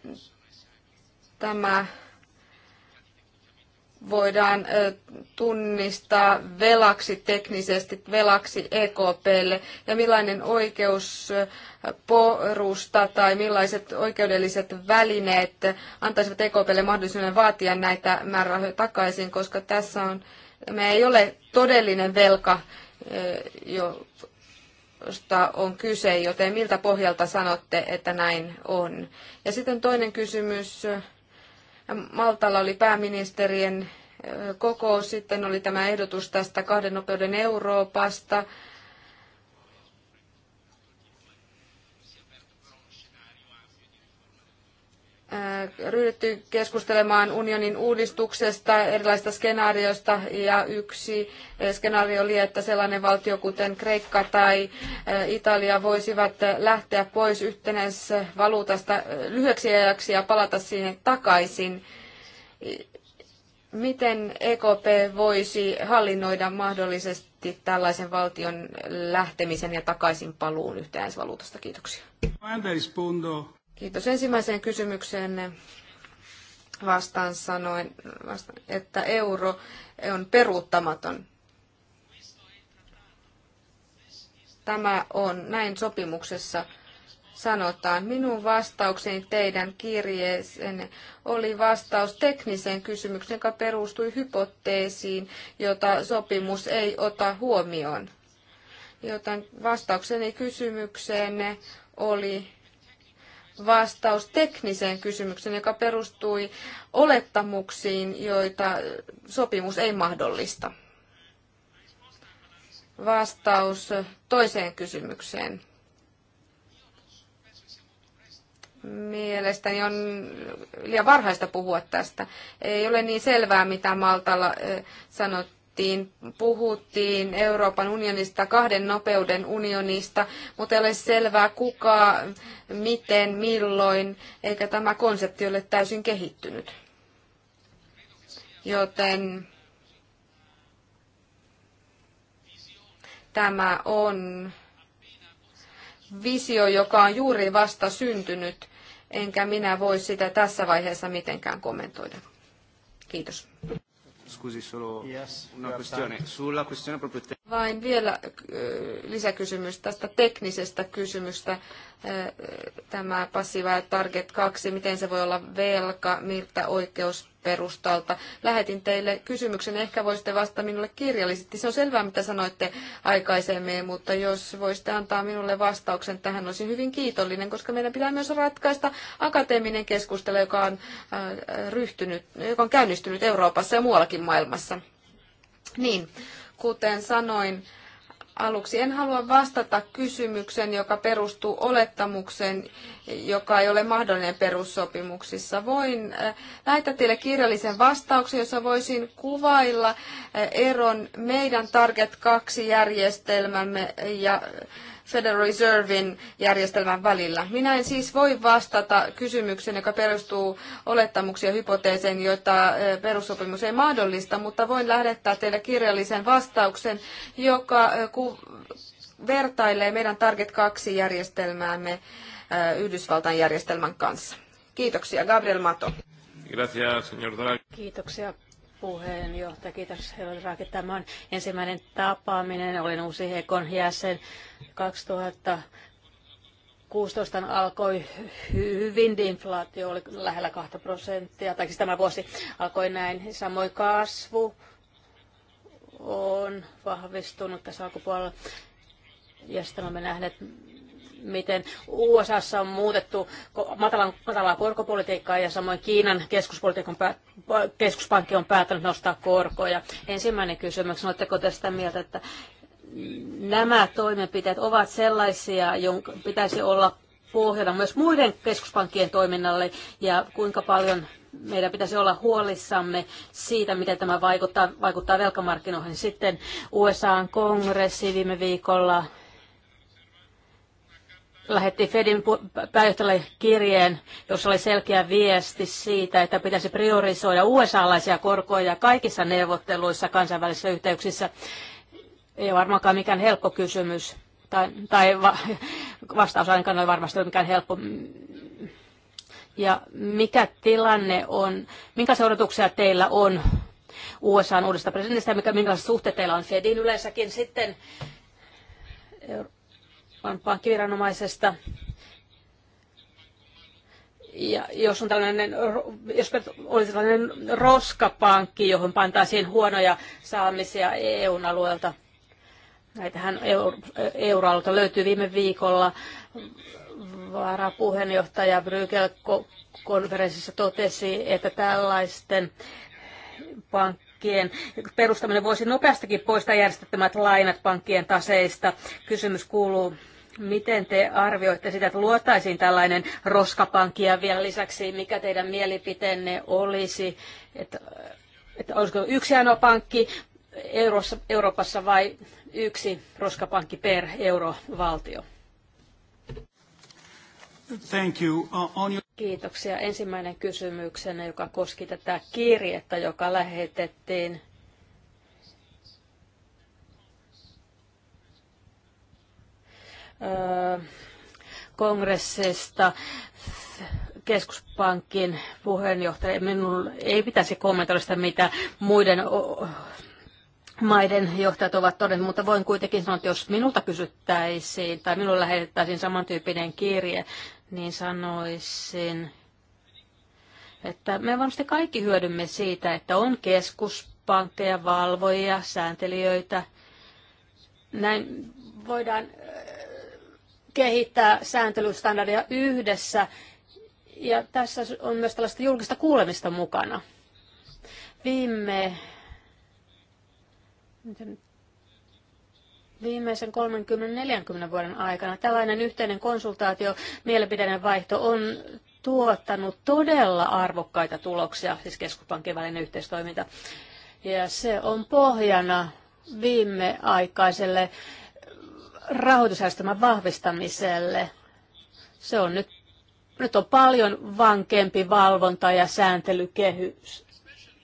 tämä voidaan tunnistaa velaksi teknisesti, velaksi EKPlle ja millainen oikeusporusta tai millaiset oikeudelliset välineet antaisivat EKPlle mahdollisuuden vaatia näitä määrärahoja takaisin, koska tässä on, me ei ole todellinen velka josta on kyse, joten miltä pohjalta sanotte, että näin on? Ja sitten toinen kysymys. Maltalla oli pääministerien kokous, sitten oli tämä ehdotus tästä kahden nopeuden Euroopasta. Äh, ryhdytty keskustelemaan unionin uudistuksesta, erilaisista skenaarioista, ja yksi äh, skenaario oli, että sellainen valtio kuten Kreikka tai äh, Italia voisivat lähteä pois yhtenäisvaluutasta lyhyeksi ajaksi ja palata siihen takaisin. Miten EKP voisi hallinnoida mahdollisesti tällaisen valtion lähtemisen ja takaisin paluun yhtenäisvaluutasta? Kiitoksia. Kiitos ensimmäiseen kysymykseenne. Vastaan sanoin, että euro on peruuttamaton. Tämä on näin sopimuksessa sanotaan. Minun vastaukseni teidän kirjeeseen oli vastaus tekniseen kysymykseen, joka perustui hypoteesiin, jota sopimus ei ota huomioon. Joten vastaukseni kysymykseenne oli vastaus tekniseen kysymykseen, joka perustui olettamuksiin, joita sopimus ei mahdollista. Vastaus toiseen kysymykseen. Mielestäni on liian varhaista puhua tästä. Ei ole niin selvää, mitä Maltalla eh, sanot, tehtiin. Puhuttiin Euroopan unionista, kahden nopeuden unionista, mutta ei ole selvää kuka, miten, milloin, eikä tämä konsepti ole täysin kehittynyt. Joten tämä on visio, joka on juuri vasta syntynyt, enkä minä voi sitä tässä vaiheessa mitenkään kommentoida. Kiitos scusi, solo yes, una questione. Time. Sulla questione proprio te- Vain vielä äh, lisäkysymys tästä teknisestä kysymystä. Äh, äh, tämä passiva target 2, miten se voi olla velka, miltä oikeus perustalta. Lähetin teille kysymyksen, ehkä voisitte vastata minulle kirjallisesti. Se on selvää, mitä sanoitte aikaisemmin, mutta jos voisitte antaa minulle vastauksen tähän, olisin hyvin kiitollinen, koska meidän pitää myös ratkaista akateeminen keskustelu, joka on, äh, ryhtynyt, joka on käynnistynyt Euroopassa ja muuallakin maailmassa. Niin, kuten sanoin, aluksi. En halua vastata kysymykseen, joka perustuu olettamukseen, joka ei ole mahdollinen perussopimuksissa. Voin äh, lähettää teille kirjallisen vastauksen, jossa voisin kuvailla äh, eron meidän Target 2-järjestelmämme ja Federal Reservein järjestelmän välillä. Minä en siis voi vastata kysymykseen, joka perustuu olettamuksia hypoteeseen, joita eh, perussopimus ei mahdollista, mutta voin lähettää teille kirjallisen vastauksen, joka eh, vertailee meidän Target 2 järjestelmäämme eh, Yhdysvaltain järjestelmän kanssa. Kiitoksia, Gabriel Mato. Kiitoksia puheenjohtaja. Kiitos herra Raaki. Tämä on ensimmäinen tapaaminen. Olen uusi Hekon jäsen 2016 alkoi hyvin, inflaatio oli lähellä 2 prosenttia, tai siis tämä vuosi alkoi näin. Samoin kasvu on vahvistunut tässä alkupuolella. Ja sitten olemme nähneet miten USAssa on muutettu matalan, matalaa korkopolitiikkaa ja samoin Kiinan keskuspolitiikan keskuspankki on päättänyt nostaa korkoja. Ensimmäinen kysymys, oletteko tästä mieltä, että nämä toimenpiteet ovat sellaisia, jonka pitäisi olla pohjana myös muiden keskuspankkien toiminnalle ja kuinka paljon meidän pitäisi olla huolissamme siitä, miten tämä vaikuttaa, vaikuttaa velkamarkkinoihin. Sitten USAn kongressi viime viikolla lähetti Fedin pääjohtajalle kirjeen, jossa oli selkeä viesti siitä, että pitäisi priorisoida USA-laisia korkoja kaikissa neuvotteluissa kansainvälisissä yhteyksissä. Ei varmaankaan mikään helppo kysymys, tai, tai va- vastaus ainakaan ei varmasti ole mikään helppo. Ja mikä tilanne on, minkä odotuksia teillä on USAn uudesta presidentistä, mikä, minkälaiset suhteet teillä on Fedin yleensäkin sitten pankkiviranomaisesta. Ja jos, on tällainen, jos olisi tällainen roskapankki, johon pantaisiin huonoja saamisia EUn alueelta, näitähän euroalueelta löytyy viime viikolla, varapuheenjohtaja Brygel konferenssissa totesi, että tällaisten pank- pankkien perustaminen voisi nopeastikin poistaa järjestettömät lainat pankkien taseista. Kysymys kuuluu, Miten te arvioitte sitä, että luotaisiin tällainen roskapankki ja vielä lisäksi, mikä teidän mielipiteenne olisi, että, että olisiko yksi ainoa pankki Euroopassa vai yksi roskapankki per eurovaltio? Thank you. Uh, on your... Kiitoksia. Ensimmäinen kysymyksenä, joka koski tätä kirjettä, joka lähetettiin öö, kongressista keskuspankin puheenjohtaja. Minun ei pitäisi kommentoida sitä, mitä muiden maiden johtajat ovat todenneet, mutta voin kuitenkin sanoa, että jos minulta kysyttäisiin tai minulle lähetettäisiin samantyyppinen kirje, niin sanoisin, että me varmasti kaikki hyödymme siitä, että on keskuspankkeja, valvojia, sääntelijöitä. Näin voidaan kehittää sääntelystandardia yhdessä. Ja tässä on myös tällaista julkista kuulemista mukana. Viime Viimeisen 30-40 vuoden aikana tällainen yhteinen konsultaatio, mielipiteiden vaihto on tuottanut todella arvokkaita tuloksia, siis keskuspankin välinen yhteistoiminta. Ja se on pohjana viimeaikaiselle rahoitusjärjestelmän vahvistamiselle. Se on nyt, nyt on paljon vankempi valvonta ja sääntelykehys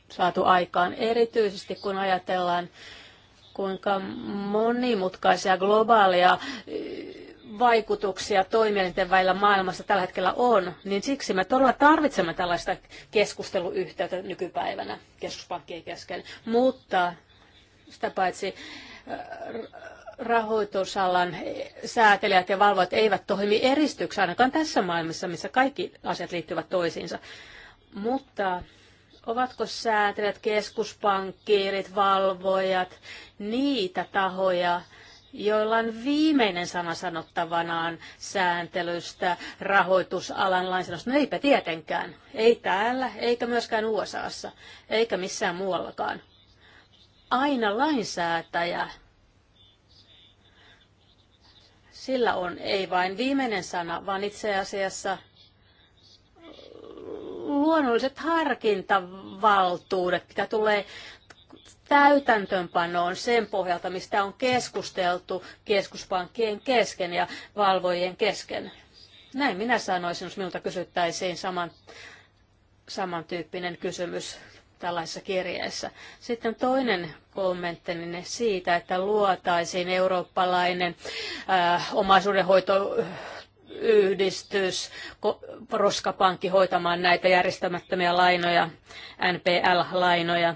saatu aikaan, erityisesti kun ajatellaan kuinka monimutkaisia globaaleja vaikutuksia toimielinten välillä maailmassa tällä hetkellä on, niin siksi me todella tarvitsemme tällaista keskusteluyhteyttä nykypäivänä keskuspankkien kesken. Mutta sitä paitsi rahoitusalan säätelijät ja valvojat eivät toimi eristyksi ainakaan tässä maailmassa, missä kaikki asiat liittyvät toisiinsa. Mutta Ovatko säätelijät, keskuspankkiirit, valvojat, niitä tahoja, joilla on viimeinen sana sanottavanaan sääntelystä, rahoitusalan lainsäädännöstä. No eipä tietenkään. Ei täällä, eikä myöskään USAssa, eikä missään muuallakaan. Aina lainsäätäjä. Sillä on ei vain viimeinen sana, vaan itse asiassa – luonnolliset harkintavaltuudet, mitä tulee täytäntöönpanoon sen pohjalta, mistä on keskusteltu keskuspankkien kesken ja valvojien kesken. Näin minä sanoisin, jos minulta kysyttäisiin saman, samantyyppinen kysymys tällaisessa kirjeessä. Sitten toinen kommenttini siitä, että luotaisiin eurooppalainen äh, omaisuudenhoito yhdistys, Roskapankki hoitamaan näitä järjestämättömiä lainoja, NPL-lainoja.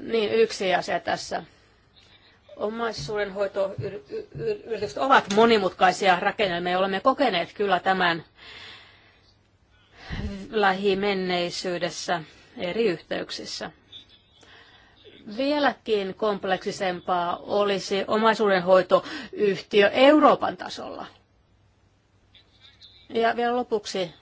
Niin yksi asia tässä. Omaisuudenhoitoyritykset ovat monimutkaisia rakennelmia. Olemme kokeneet kyllä tämän lähimenneisyydessä eri yhteyksissä. Vieläkin kompleksisempaa olisi omaisuudenhoitoyhtiö Euroopan tasolla – ja vielä lopuksi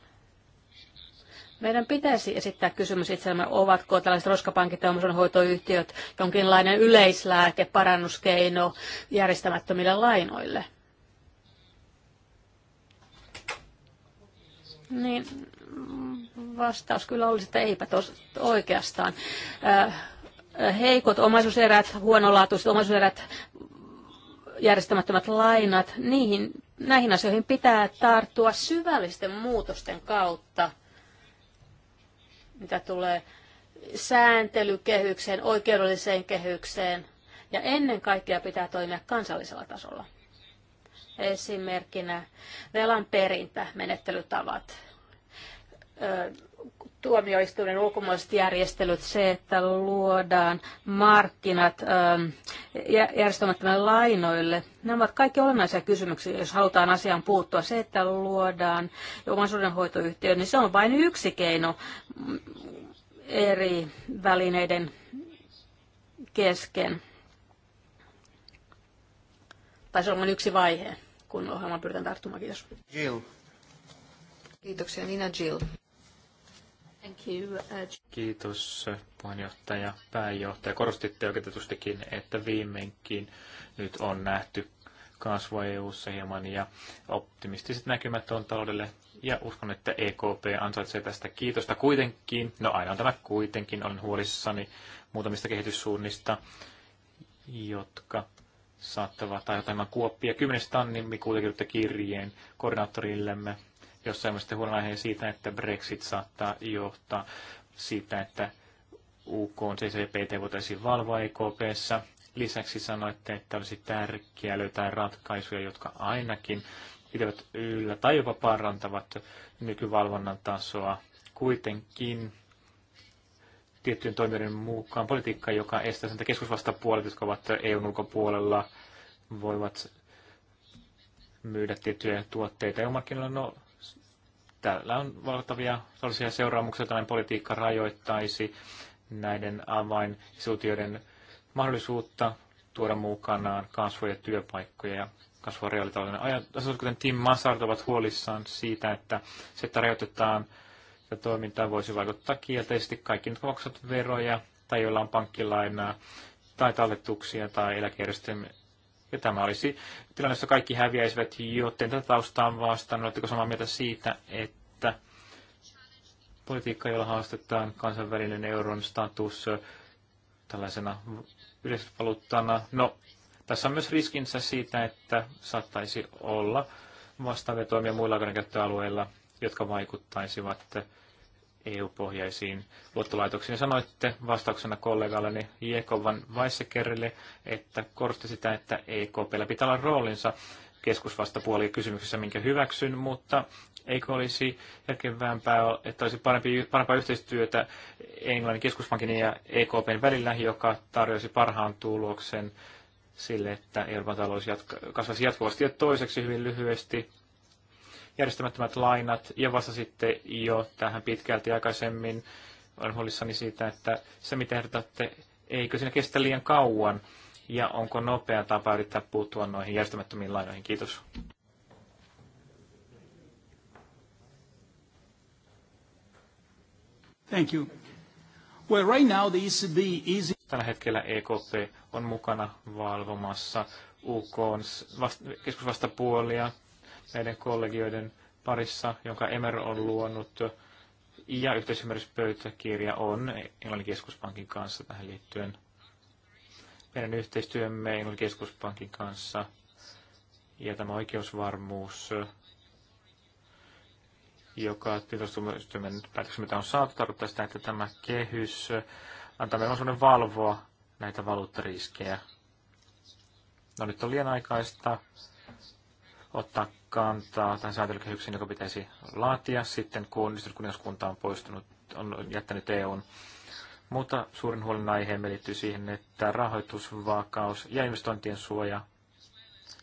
meidän pitäisi esittää kysymys itsellemme, ovatko tällaiset roskapankit ja hoitoyhtiöt jonkinlainen yleislääke, parannuskeino järjestämättömille lainoille? Niin vastaus kyllä olisi, että eipä tos, oikeastaan. Heikot omaisuuserät, huonolaatuiset omaisuuserät, järjestämättömät lainat, niihin näihin asioihin pitää tarttua syvällisten muutosten kautta, mitä tulee sääntelykehykseen, oikeudelliseen kehykseen, ja ennen kaikkea pitää toimia kansallisella tasolla. Esimerkkinä velan perintä, menettelytavat, tuomioistuimen ulkomaiset järjestelyt, se, että luodaan markkinat ähm, järjestämättömille lainoille, nämä ovat kaikki olennaisia kysymyksiä, jos halutaan asiaan puuttua. Se, että luodaan omaisuudenhoitoyhtiö, niin se on vain yksi keino eri välineiden kesken. Tai se on vain yksi vaihe, kun ohjelma pyritään tarttumaan. Kiitos. Jill. Kiitoksia, Nina Jill. Uh, Kiitos puheenjohtaja, pääjohtaja. Korostitte oikeutetustikin, että viimeinkin nyt on nähty kasvua EU-ssa hieman ja optimistiset näkymät on taloudelle ja uskon, että EKP ansaitsee tästä kiitosta kuitenkin. No aina on tämä kuitenkin, olen huolissani muutamista kehityssuunnista, jotka saattavat aiheuttaa kuoppia. 10. tammikuuta kirjoitte kirjeen koordinaattorillemme jossain vaiheessa huolenaiheen siitä, että Brexit saattaa johtaa siitä, että UK on CCPT voitaisiin valvoa EKPssä. Lisäksi sanoitte, että olisi tärkeää löytää ratkaisuja, jotka ainakin pitävät yllä tai jopa parantavat nykyvalvonnan tasoa. Kuitenkin tiettyjen toimijoiden mukaan politiikka, joka estää sen, että keskusvastapuolet, jotka ovat EUn ulkopuolella, voivat myydä tiettyjä tuotteita EU-markkinoilla. No, tällä on valtavia sellaisia seuraamuksia, tällainen politiikka rajoittaisi näiden avainsuutioiden mahdollisuutta tuoda mukanaan kasvoja työpaikkoja ja kasvua reaalitalouden ajatus, kuten Tim Massard ovat huolissaan siitä, että se, että rajoitetaan ja toimintaan voisi vaikuttaa kielteisesti kaikki, jotka maksavat veroja tai joilla on pankkilainaa tai talletuksia tai eläkejärjestelmiä ja tämä olisi tilanne, jossa kaikki häviäisivät, joten tätä taustaa vastaan. Oletteko samaa mieltä siitä, että politiikka, jolla haastetaan kansainvälinen euron status tällaisena yleisvaluuttana, no tässä on myös riskinsä siitä, että saattaisi olla vastaavia toimia muilla käyttöalueilla, jotka vaikuttaisivat EU-pohjaisiin luottolaitoksiin. Sanoitte vastauksena kollegalleni Jekovan Weissekerille, että korosti sitä, että EKPllä pitää olla roolinsa keskusvastapuoli kysymyksessä, minkä hyväksyn, mutta eikö olisi järkevämpää, että olisi parempi, parempaa yhteistyötä Englannin keskuspankin ja EKPn välillä, joka tarjoaisi parhaan tuloksen sille, että Euroopan talous jatka, kasvaisi jatkuvasti. Ja toiseksi hyvin lyhyesti järjestämättömät lainat ja sitten jo tähän pitkälti aikaisemmin. Olen huolissani siitä, että se mitä ehdotatte, eikö siinä kestä liian kauan ja onko nopea tapa yrittää puuttua noihin järjestämättömiin lainoihin. Kiitos. Thank you. Well, right now the ECB is... Tällä hetkellä EKP on mukana valvomassa UK keskusvastapuolia näiden kollegioiden parissa, jonka Emer on luonut, ja yhteisymmärryspöytäkirja on Englannin keskuspankin kanssa tähän liittyen. Meidän yhteistyömme Englannin keskuspankin kanssa ja tämä oikeusvarmuus, joka tietoistumistyömen mitä on saatu, tarkoittaa sitä, että tämä kehys antaa meidän osuuden valvoa näitä valuuttariskejä. No nyt on liian aikaista ottaa kantaa tämän sääntelykehykseen, joka pitäisi laatia sitten, kun kuningaskunta on poistunut, on jättänyt EUn. Mutta suurin huolenaiheemme liittyy siihen, että rahoitusvakaus ja investointien suoja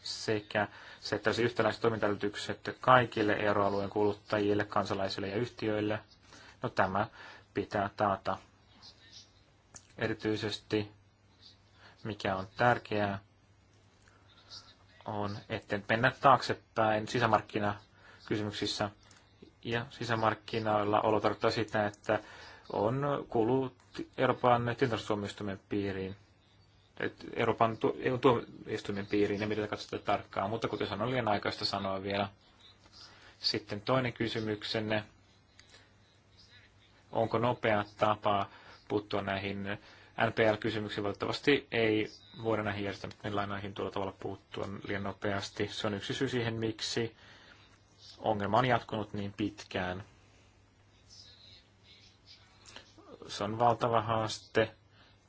sekä se, että olisi yhtäläiset toimintaedellytykset kaikille euroalueen kuluttajille, kansalaisille ja yhtiöille. No tämä pitää taata erityisesti, mikä on tärkeää, on, että mennä taaksepäin sisämarkkinakysymyksissä. Ja sisämarkkinoilla olo tarkoittaa sitä, että on kuuluu Euroopan tilintarkastustuomioistuimen piiriin. Euroopan tu- tuomioistuimen piiriin ja mitä katsotaan tarkkaan. Mutta kuten sanoin, liian aikaista sanoa vielä. Sitten toinen kysymyksenne. Onko nopea tapa puuttua näihin NPL-kysymyksiä valitettavasti ei voida näihin järjestämisen lainoihin tuolla tavalla puuttua liian nopeasti. Se on yksi syy siihen, miksi ongelma on jatkunut niin pitkään. Se on valtava haaste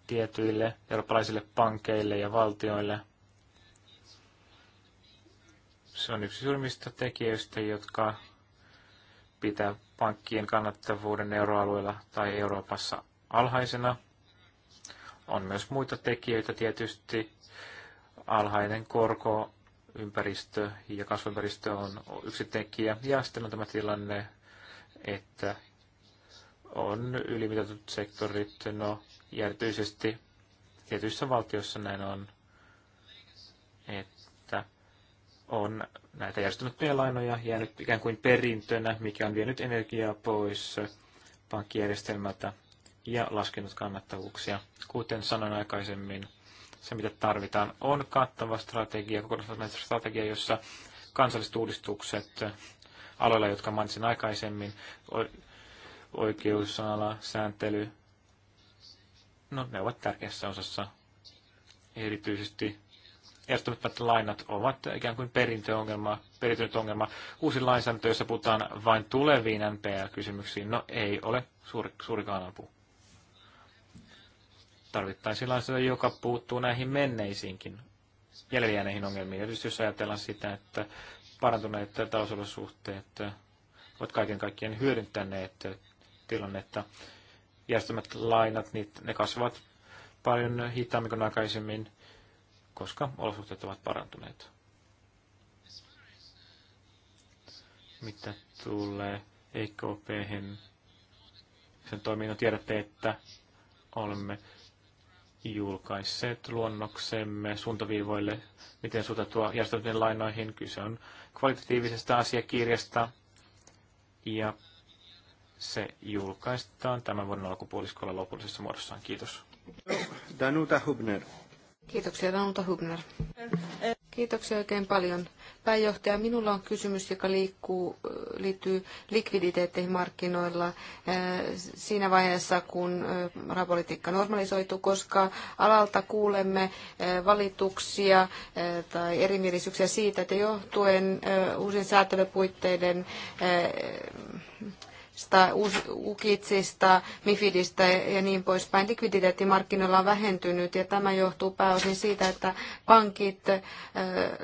tietyille eurooppalaisille pankeille ja valtioille. Se on yksi suurimmista tekijöistä, jotka pitää pankkien kannattavuuden euroalueella tai Euroopassa alhaisena – on myös muita tekijöitä tietysti. Alhainen korko, ympäristö ja kasvuympäristö on yksi tekijä. Ja sitten on tämä tilanne, että on ylimitatut sektorit, no ja erityisesti tietyissä valtioissa näin on, että on näitä järjestämättömiä lainoja jäänyt ikään kuin perintönä, mikä on vienyt energiaa pois pankkijärjestelmältä ja laskenut kannattavuuksia. Kuten sanoin aikaisemmin, se mitä tarvitaan on kattava strategia, kokonaisvaltainen strategia, jossa kansalliset uudistukset aloilla, jotka mainitsin aikaisemmin, oikeusala, sääntely, no ne ovat tärkeässä osassa. Erityisesti ehdottomat lainat ovat ikään kuin perintöongelma, peritynyt ongelma. Uusi lainsäädäntö, jossa puhutaan vain tuleviin NPL-kysymyksiin, no ei ole suuri, suurikaan apu tarvittaisiin lainsäädäntö, joka puuttuu näihin menneisiinkin jäljiäneihin ongelmiin. Erityisesti jos ajatellaan sitä, että parantuneet talousolosuhteet ovat kaiken kaikkien hyödyntäneet tilannetta. Järjestelmät lainat, ne kasvavat paljon hitaammin kuin aikaisemmin, koska olosuhteet ovat parantuneet. Mitä tulee EKP, sen toiminnon tiedätte, että olemme julkaisseet luonnoksemme suuntaviivoille, miten suhtautua järjestelmien lainoihin. Kyse on kvalitatiivisesta asiakirjasta ja se julkaistaan tämän vuoden alkupuoliskolla lopullisessa muodossaan. Kiitos. Danuta Hubner. Kiitoksia Danuta Hubner. Kiitoksia oikein paljon. Pääjohtaja, minulla on kysymys, joka liikkuu, liittyy likviditeetteihin markkinoilla äh, siinä vaiheessa, kun äh, rahapolitiikka normalisoituu, koska alalta kuulemme äh, valituksia tai erimielisyyksiä siitä, että johtuen uusien säätelypuitteiden ukitsista, mifidistä ja niin poispäin. Likviditeettimarkkinoilla on vähentynyt ja tämä johtuu pääosin siitä, että pankit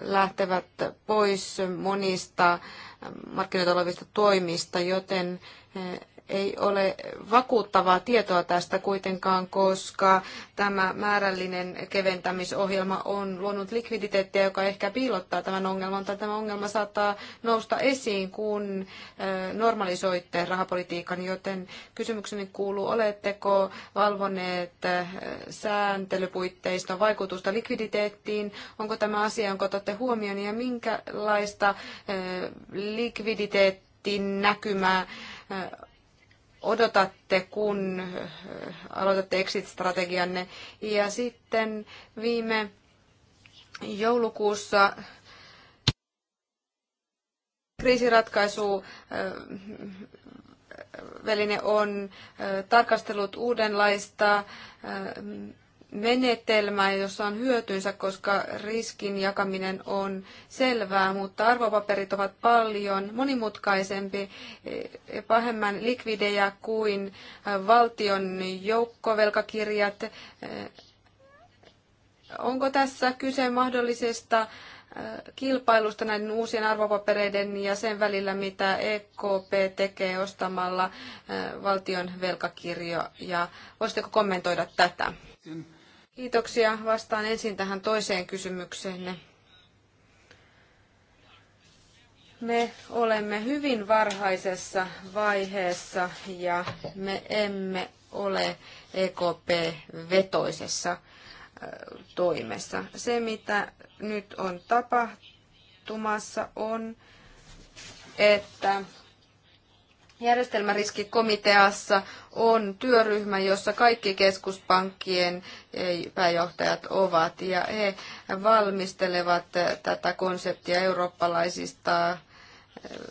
lähtevät pois monista markkinoita olevista toimista, joten ei ole vakuuttavaa tietoa tästä kuitenkaan, koska tämä määrällinen keventämisohjelma on luonut likviditeettiä, joka ehkä piilottaa tämän ongelman, tai tämä ongelma saattaa nousta esiin, kun normalisoitte rahapolitiikan, joten kysymykseni kuuluu, oletteko valvoneet sääntelypuitteiston vaikutusta likviditeettiin, onko tämä asia, jonka otatte huomioon, ja minkälaista likviditeettiä näkymää odotatte, kun äh, aloitatte exit-strategianne. Ja sitten viime joulukuussa kriisiratkaisu äh, väline on äh, tarkastellut uudenlaista menetelmä, jossa on hyötynsä, koska riskin jakaminen on selvää, mutta arvopaperit ovat paljon monimutkaisempi ja eh, pahemman likvidejä kuin valtion joukkovelkakirjat. Eh, onko tässä kyse mahdollisesta eh, kilpailusta näiden uusien arvopapereiden ja sen välillä, mitä EKP tekee ostamalla valtion velkakirjoja. Voisitteko kommentoida tätä? Kiitoksia. Vastaan ensin tähän toiseen kysymykseenne. Me olemme hyvin varhaisessa vaiheessa ja me emme ole EKP-vetoisessa toimessa. Se, mitä nyt on tapahtumassa, on, että Järjestelmäriskikomiteassa on työryhmä, jossa kaikki keskuspankkien e, pääjohtajat ovat ja he valmistelevat tätä konseptia eurooppalaisista e,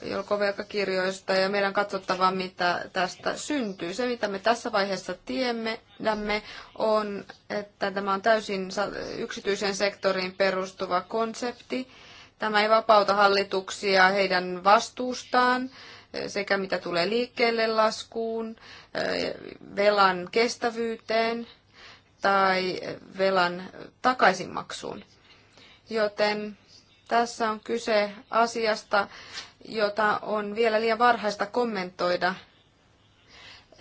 jolkovelkakirjoista ja meidän katsottava, mitä tästä syntyy. Se, mitä me tässä vaiheessa tiedämme, on, että tämä on täysin yksityisen sektoriin perustuva konsepti. Tämä ei vapauta hallituksia heidän vastuustaan sekä mitä tulee liikkeelle laskuun, eh, velan kestävyyteen tai velan takaisinmaksuun. Joten tässä on kyse asiasta, jota on vielä liian varhaista kommentoida.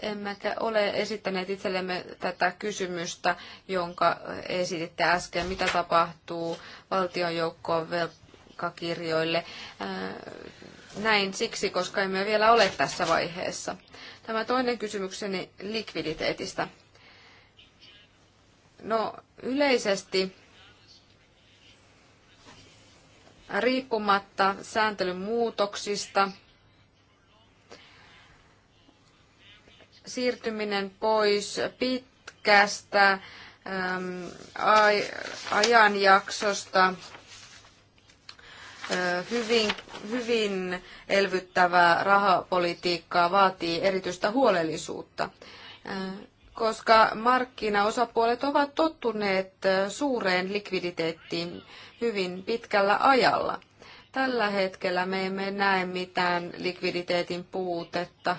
Emmekä ole esittäneet itsellemme tätä kysymystä, jonka esititte äsken, mitä tapahtuu valtionjoukkoon velkakirjoille. Eh, näin siksi, koska emme vielä ole tässä vaiheessa. Tämä toinen kysymykseni likviditeetistä. No yleisesti riippumatta sääntelyn muutoksista, siirtyminen pois pitkästä äm, ajanjaksosta, hyvin, hyvin elvyttävää rahapolitiikkaa vaatii erityistä huolellisuutta, koska markkinaosapuolet ovat tottuneet suureen likviditeettiin hyvin pitkällä ajalla. Tällä hetkellä me emme näe mitään likviditeetin puutetta.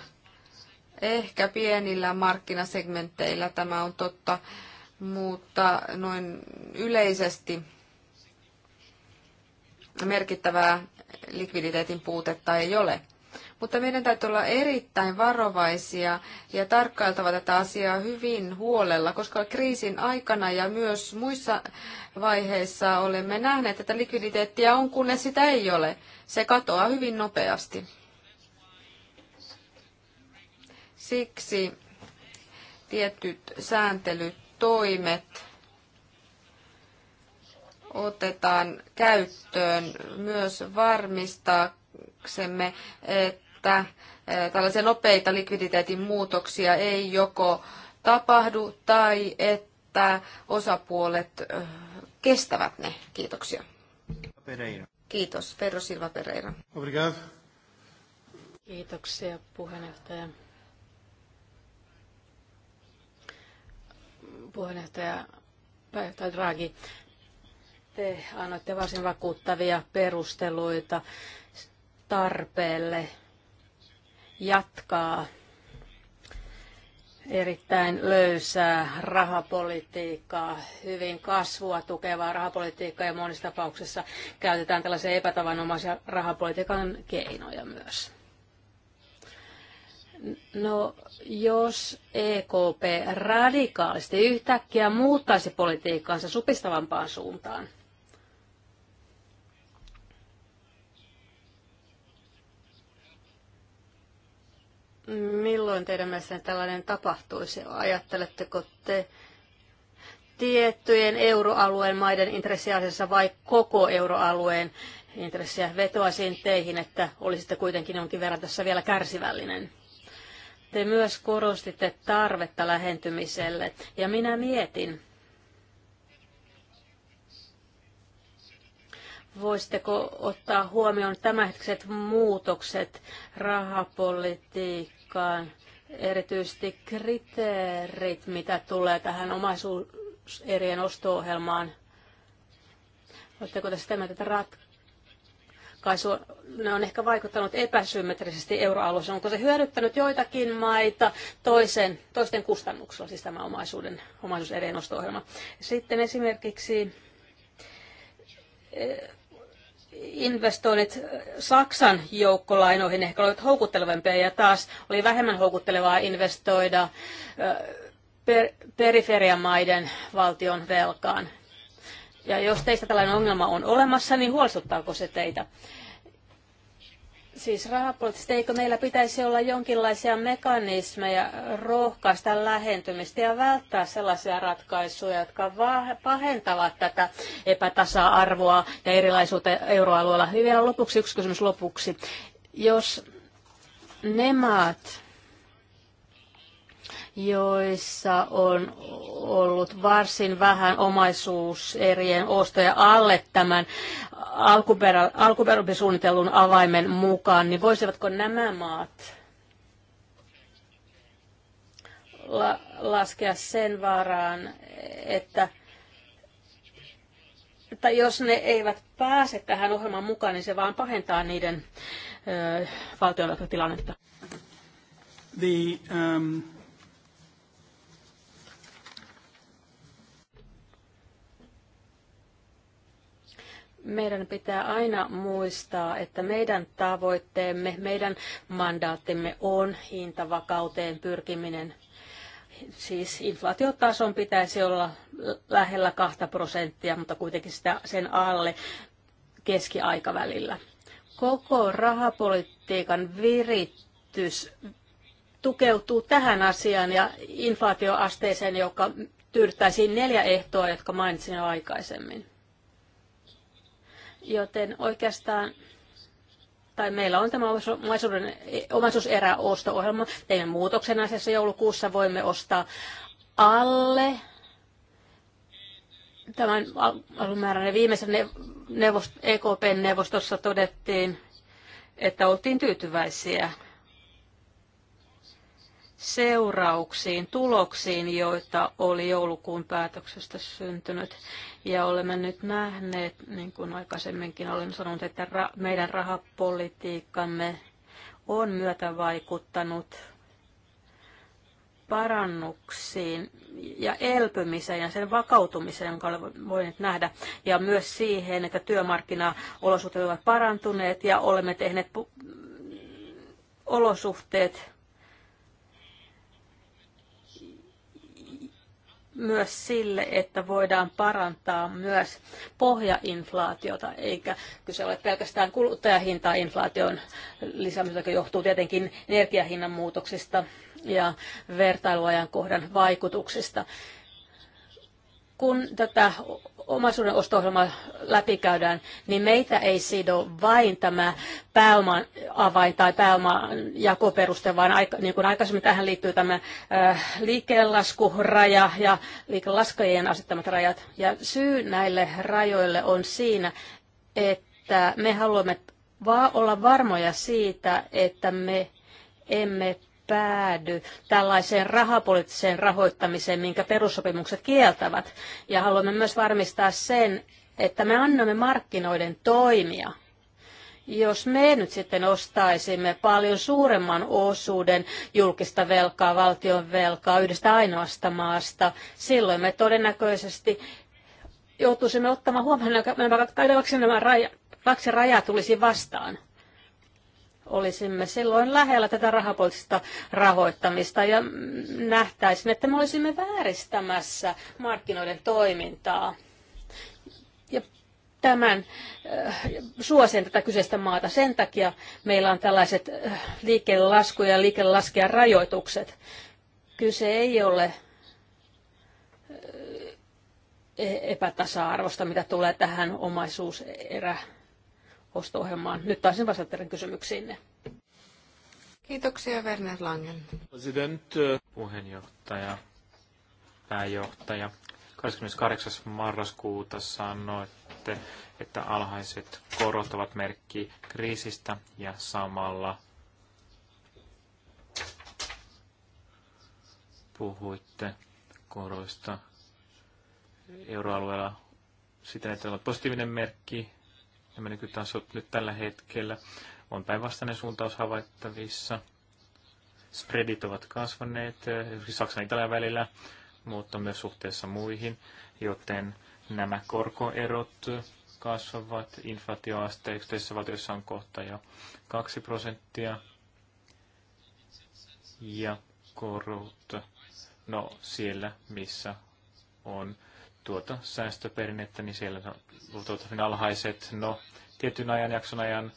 Ehkä pienillä markkinasegmenteillä tämä on totta, mutta noin yleisesti merkittävää likviditeetin puutetta ei ole. Mutta meidän täytyy olla erittäin varovaisia ja tarkkailtava tätä asiaa hyvin huolella, koska kriisin aikana ja myös muissa vaiheissa olemme nähneet, että likviditeettiä on, kunnes sitä ei ole. Se katoaa hyvin nopeasti. Siksi tietyt sääntelytoimet otetaan käyttöön myös varmistaaksemme, että tällaisia nopeita likviditeetin muutoksia ei joko tapahdu tai että osapuolet kestävät ne. Kiitoksia. Pereira. Kiitos. Pedro Silva Pereira. Obrigado. Kiitoksia puheenjohtaja. Puheenjohtaja, puheenjohtaja Draghi, te annoitte varsin vakuuttavia perusteluita tarpeelle jatkaa erittäin löysää rahapolitiikkaa, hyvin kasvua tukevaa rahapolitiikkaa ja monissa tapauksissa käytetään tällaisia epätavanomaisia rahapolitiikan keinoja myös. No, jos EKP radikaalisti yhtäkkiä muuttaisi politiikkaansa supistavampaan suuntaan, Milloin teidän mielestänne tällainen tapahtuisi? Ajatteletteko te tiettyjen euroalueen maiden intressiasiassa vai koko euroalueen intressiä? Vetoaisin teihin, että olisitte kuitenkin jonkin verran tässä vielä kärsivällinen. Te myös korostitte tarvetta lähentymiselle ja minä mietin, voisitteko ottaa huomioon tämänhetkiset muutokset rahapolitiikkaan? mukaan erityisesti kriteerit, mitä tulee tähän omaisuuserien osto-ohjelmaan. Oletteko te sitä mieltä, että ratkaisu ne on ehkä vaikuttanut epäsymmetrisesti euroalueessa. Onko se hyödyttänyt joitakin maita toisen, toisten kustannuksella, siis tämä omaisuuden, omaisuuserien osto-ohjelma? Sitten esimerkiksi investoinnit Saksan joukkolainoihin ehkä olivat houkuttelevampia ja taas oli vähemmän houkuttelevaa investoida per, periferiamaiden valtion velkaan. Ja jos teistä tällainen ongelma on olemassa, niin huolestuttaako se teitä? siis rahapoliittisesti, eikö meillä pitäisi olla jonkinlaisia mekanismeja rohkaista lähentymistä ja välttää sellaisia ratkaisuja, jotka pahentavat tätä epätasa-arvoa ja erilaisuutta euroalueella. Hyvin vielä lopuksi yksi kysymys lopuksi. Jos ne maat, joissa on ollut varsin vähän omaisuuserien ostoja alle tämän alkuperäisuunnitelun avaimen mukaan, niin voisivatko nämä maat la- laskea sen varaan, että että jos ne eivät pääse tähän ohjelmaan mukaan, niin se vaan pahentaa niiden ö, valtionvelkatilannetta. The, um... meidän pitää aina muistaa, että meidän tavoitteemme, meidän mandaattimme on hintavakauteen pyrkiminen. Siis inflaatiotason pitäisi olla lähellä 2 prosenttia, mutta kuitenkin sitä sen alle keskiaikavälillä. Koko rahapolitiikan viritys tukeutuu tähän asiaan ja inflaatioasteeseen, joka tyydyttäisiin neljä ehtoa, jotka mainitsin jo aikaisemmin. Joten oikeastaan tai meillä on tämä omaisuuden, omaisuuserä ohjelma Teimme muutoksen asiassa joulukuussa, voimme ostaa alle tämän alumääräinen viimeisen neuvost, e neuvostossa todettiin, että oltiin tyytyväisiä seurauksiin, tuloksiin, joita oli joulukuun päätöksestä syntynyt. Ja olemme nyt nähneet, niin kuin aikaisemminkin olen sanonut, että ra- meidän rahapolitiikkamme on vaikuttanut parannuksiin ja elpymiseen ja sen vakautumiseen, jonka olemme nähdä, ja myös siihen, että työmarkkinaolosuhteet ovat parantuneet ja olemme tehneet olosuhteet myös sille, että voidaan parantaa myös pohjainflaatiota, eikä kyse ole pelkästään kuluttajahintaa inflaation lisäämisestä, joka johtuu tietenkin energiahinnan muutoksista ja kohdan vaikutuksista. Kun tätä omaisuuden osto-ohjelma läpikäydään, niin meitä ei sido vain tämä pääoman avain tai pääoman jakoperuste, vaan aika, niin kuin aikaisemmin tähän liittyy tämä äh, liikelaskuraja ja liikelaskajien asettamat rajat. Ja syy näille rajoille on siinä, että me haluamme olla varmoja siitä, että me emme päädy tällaiseen rahapoliittiseen rahoittamiseen, minkä perussopimukset kieltävät. Ja haluamme myös varmistaa sen, että me annamme markkinoiden toimia. Jos me nyt sitten ostaisimme paljon suuremman osuuden julkista velkaa, valtion velkaa yhdestä ainoasta maasta, silloin me todennäköisesti joutuisimme ottamaan huomioon, että nämä kaksi rajaa tulisi vastaan olisimme silloin lähellä tätä rahapoliittista rahoittamista ja nähtäisin, että me olisimme vääristämässä markkinoiden toimintaa. Ja tämän äh, suosien tätä kyseistä maata. Sen takia meillä on tällaiset äh, liikelasku- ja liikelaskijan rajoitukset. Kyse ei ole äh, e-, epätasa-arvosta, mitä tulee tähän omaisuuserä osto-ohjelmaan. Nyt taisin vastata teidän kysymyksiinne. Kiitoksia Werner Langen. President, äh, puheenjohtaja, pääjohtaja. 28. marraskuuta sanoitte, että alhaiset korot ovat merkki kriisistä ja samalla puhuitte koroista euroalueella siten, että on positiivinen merkki nämä nykytasot nyt tällä hetkellä. On päinvastainen suuntaus havaittavissa. Spreadit ovat kasvaneet Saksan ja Italian välillä, mutta myös suhteessa muihin, joten nämä korkoerot kasvavat. Inflaatioaste yksittäisissä valtioissa on kohta jo 2 prosenttia. Ja korot, no siellä missä on tuota säästöperinnettä, niin siellä on luultavasti hyvin alhaiset. No, tietyn ajan jakson ajan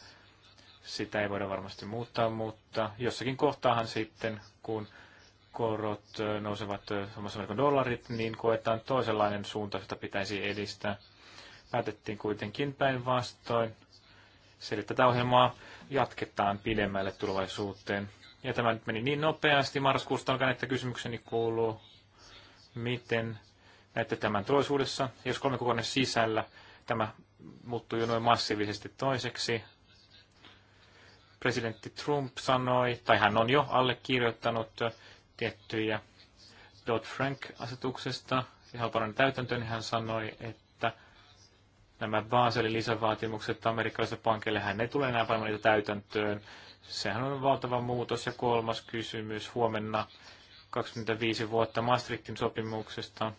sitä ei voida varmasti muuttaa, mutta jossakin kohtaahan sitten, kun korot nousevat samassa kuin dollarit, niin koetaan toisenlainen suunta, jota pitäisi edistää. Päätettiin kuitenkin päinvastoin. Sillä tätä ohjelmaa jatketaan pidemmälle tulevaisuuteen. Ja tämä nyt meni niin nopeasti. Marraskuusta alkaen, että kysymykseni kuuluu, miten näette tämän toisuudessa. Jos kolme kokoinen sisällä tämä muuttuu jo noin massiivisesti toiseksi, presidentti Trump sanoi, tai hän on jo allekirjoittanut tiettyjä Dodd-Frank-asetuksesta, ihan paljon täytäntöön, niin hän sanoi, että nämä Baselin lisävaatimukset amerikkalaisille pankeille, hän ei tule enää paljon niitä täytäntöön. Sehän on valtava muutos. Ja kolmas kysymys huomenna 25 vuotta Maastrichtin sopimuksesta.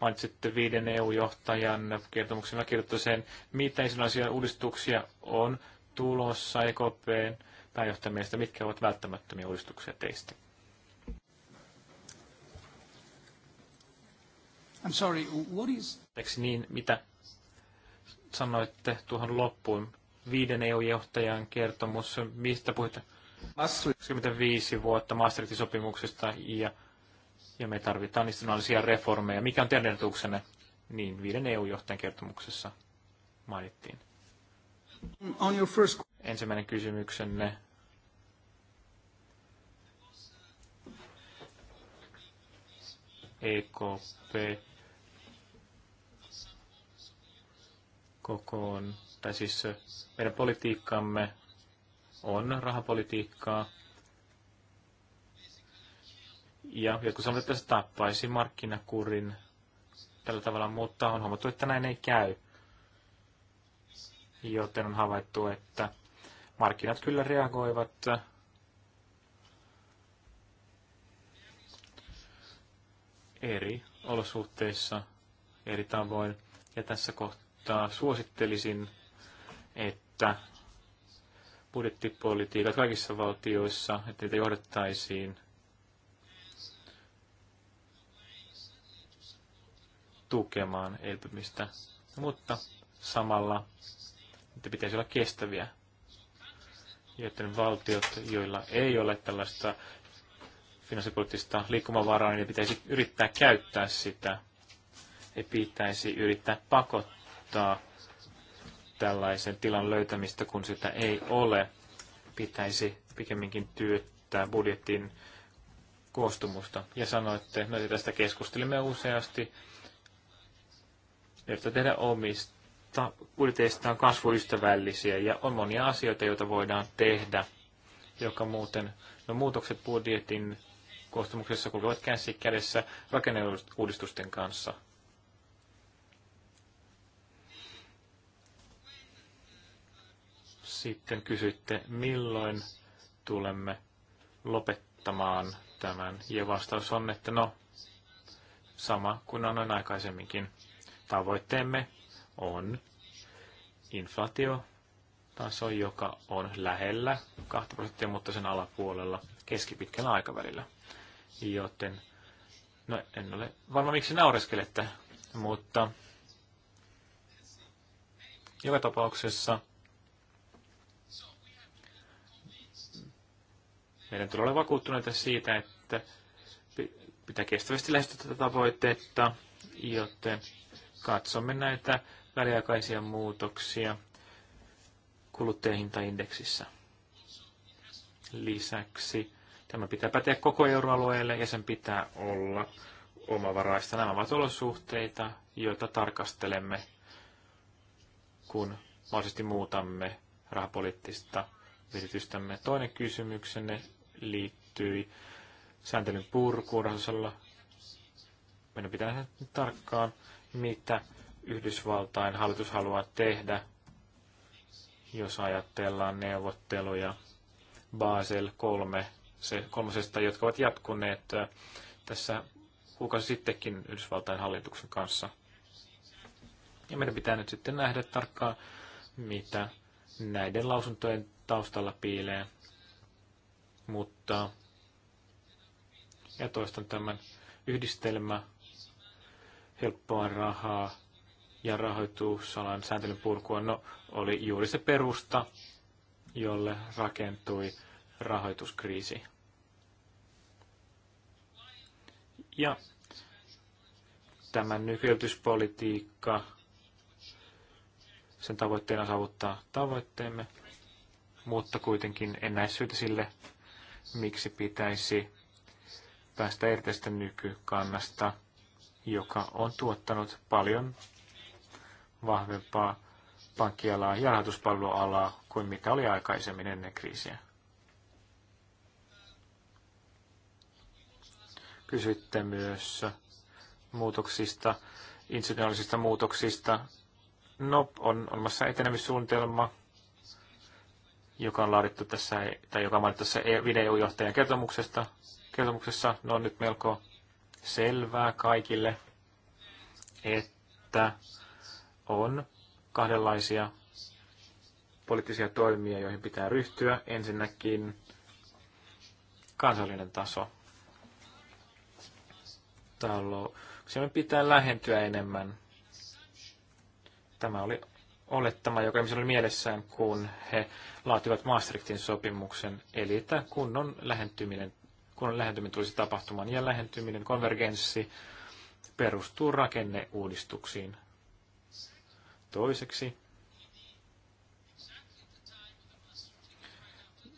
Mainitsitte viiden EU-johtajan kertomuksen. Mä sen, mitä sellaisia uudistuksia on tulossa EKPn pääjohtajan Mitkä ovat välttämättömiä uudistuksia teistä? I'm sorry, what is... teksi niin, mitä sanoitte tuohon loppuun? Viiden EU-johtajan kertomus, mistä puhutte? 25 vuotta Maastrichtin sopimuksesta ja ja me tarvitaan institutionaalisia reformeja. Mikä on teidän ehdotuksenne? Niin, viiden EU-johtajan kertomuksessa mainittiin. On your first... Ensimmäinen kysymyksenne. EKP kokoon, tai siis meidän politiikkamme on rahapolitiikkaa, ja jotkut sanovat, että se tappaisi markkinakurin tällä tavalla, mutta on huomattu, että näin ei käy. Joten on havaittu, että markkinat kyllä reagoivat eri olosuhteissa eri tavoin. Ja tässä kohtaa suosittelisin, että budjettipolitiikat kaikissa valtioissa, että niitä johdettaisiin tukemaan elpymistä, mutta samalla että pitäisi olla kestäviä. Joten valtiot, joilla ei ole tällaista finanssipoliittista liikkumavaraa, niin pitäisi yrittää käyttää sitä. Ei pitäisi yrittää pakottaa tällaisen tilan löytämistä, kun sitä ei ole. Pitäisi pikemminkin työttää budjetin koostumusta. Ja sanoitte, no tästä keskustelimme useasti yrittää tehdä omista budjeteistaan kasvuystävällisiä ja on monia asioita, joita voidaan tehdä, joka muuten, no muutokset budjetin koostumuksessa kulkevat käsi kädessä rakenneuudistusten kanssa. Sitten kysytte, milloin tulemme lopettamaan tämän. Ja vastaus on, että no, sama kuin on aikaisemminkin. Tavoitteemme on inflaatiotaso, joka on lähellä 2 prosenttia, mutta sen alapuolella keskipitkällä aikavälillä. Joten, no en ole varma miksi naureskelette, mutta joka tapauksessa meidän tulee olla vakuuttuneita siitä, että pitää kestävästi lähestyä tätä tavoitetta, joten katsomme näitä väliaikaisia muutoksia kuluttajahintaindeksissä. Lisäksi tämä pitää päteä koko euroalueelle ja sen pitää olla omavaraista. Nämä ovat olosuhteita, joita tarkastelemme, kun mahdollisesti muutamme rahapoliittista viritystämme. Toinen kysymyksenne liittyi sääntelyn purkuun rahoitusalla. Meidän pitää nähdä tarkkaan, mitä Yhdysvaltain hallitus haluaa tehdä, jos ajatellaan neuvotteluja Basel 3, se, kolmosesta, jotka ovat jatkuneet äh, tässä kuukausi sittenkin Yhdysvaltain hallituksen kanssa. Ja meidän pitää nyt sitten nähdä tarkkaan, mitä näiden lausuntojen taustalla piilee. Mutta, ja toistan tämän yhdistelmä helppoa rahaa ja rahoitusalan sääntelyn purkua, no, oli juuri se perusta, jolle rakentui rahoituskriisi. Ja tämä nykyeltyspolitiikka, sen tavoitteena saavuttaa tavoitteemme, mutta kuitenkin en näe syytä sille, miksi pitäisi päästä irti tästä nykykannasta joka on tuottanut paljon vahvempaa pankkialaa ja rahoituspalvelualaa kuin mikä oli aikaisemmin ennen kriisiä. Kysytte myös muutoksista, institutionaalisista muutoksista. No, on olemassa etenemissuunnitelma, joka on laadittu tässä, tai joka on tässä e- videojohtajan e Kertomuksessa, no on nyt melko selvää kaikille, että on kahdenlaisia poliittisia toimia, joihin pitää ryhtyä. Ensinnäkin kansallinen taso. Talo. Siellä pitää lähentyä enemmän. Tämä oli olettama, joka ihmisellä oli mielessään, kun he laativat Maastrichtin sopimuksen, eli että kunnon lähentyminen kun lähentyminen tulisi tapahtumaan. Ja lähentyminen, konvergenssi, perustuu rakenneuudistuksiin. Toiseksi,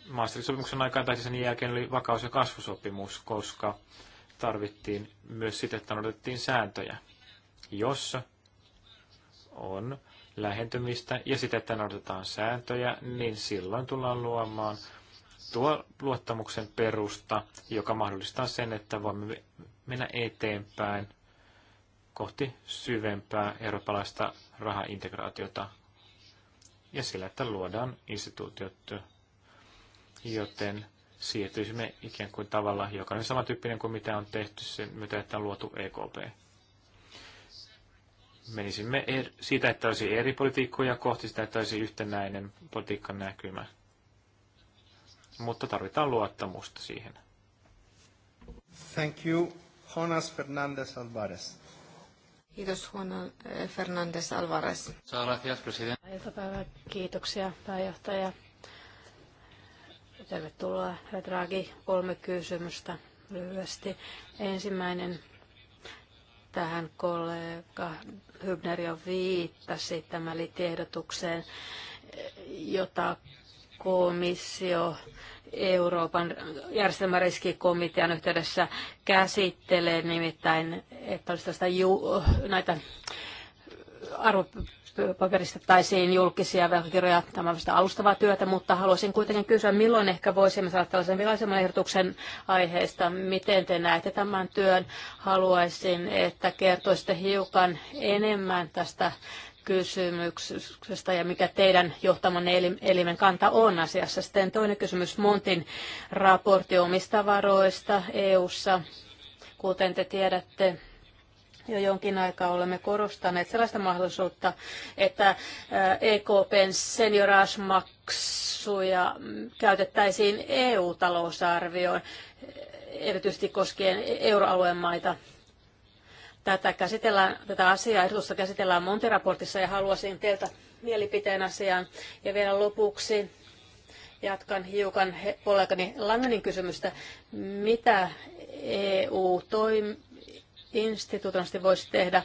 Maastrichtin sopimuksen aikaan tai siis sen jälkeen oli vakaus- ja kasvusopimus, koska tarvittiin myös sitä, että noudatettiin sääntöjä. Jos on lähentymistä ja sitä, että noudatetaan sääntöjä, niin silloin tullaan luomaan tuo luottamuksen perusta, joka mahdollistaa sen, että voimme mennä eteenpäin kohti syvempää eurooppalaista rahaintegraatiota ja sillä, että luodaan instituutiot, joten siirtyisimme ikään kuin tavalla, joka on samantyyppinen kuin mitä on tehty sen myötä, että on luotu EKP. Menisimme er, siitä, että olisi eri politiikkoja kohti sitä, että olisi yhtenäinen politiikan näkymä mutta tarvitaan luottamusta siihen. Thank you, Jonas Fernandez Alvarez. Kiitos Juan Fernandez Alvarez. Iltapäivää. Kiitoksia pääjohtaja. Tervetuloa, herra Draghi. Kolme kysymystä lyhyesti. Ensimmäinen tähän kollega Hübner jo viittasi. Tämä liittyy ehdotukseen, jota komissio Euroopan järjestelmäriskikomitean yhteydessä käsittelee nimittäin, että olisi tästä ju- näitä arvopaperistettaisiin julkisia velkakirjoja. Tämä on sitä alustavaa työtä, mutta haluaisin kuitenkin kysyä, milloin ehkä voisimme saada tällaisen virallisemman ehdotuksen aiheesta. Miten te näette tämän työn? Haluaisin, että kertoisitte hiukan enemmän tästä kysymyksestä ja mikä teidän johtamanne elimen kanta on asiassa. Sitten toinen kysymys, Montin raportti omista varoista EU-ssa. Kuten te tiedätte, jo jonkin aikaa olemme korostaneet sellaista mahdollisuutta, että EKPn senioraasmaksuja käytettäisiin EU-talousarvioon, erityisesti koskien euroalueen maita Tätä, käsitellään, tätä asiaa ehdotusta käsitellään Monti-raportissa ja haluaisin teiltä mielipiteen asiaan. Ja vielä lopuksi jatkan hiukan kollegani Langenin kysymystä. Mitä EU toim- voisi tehdä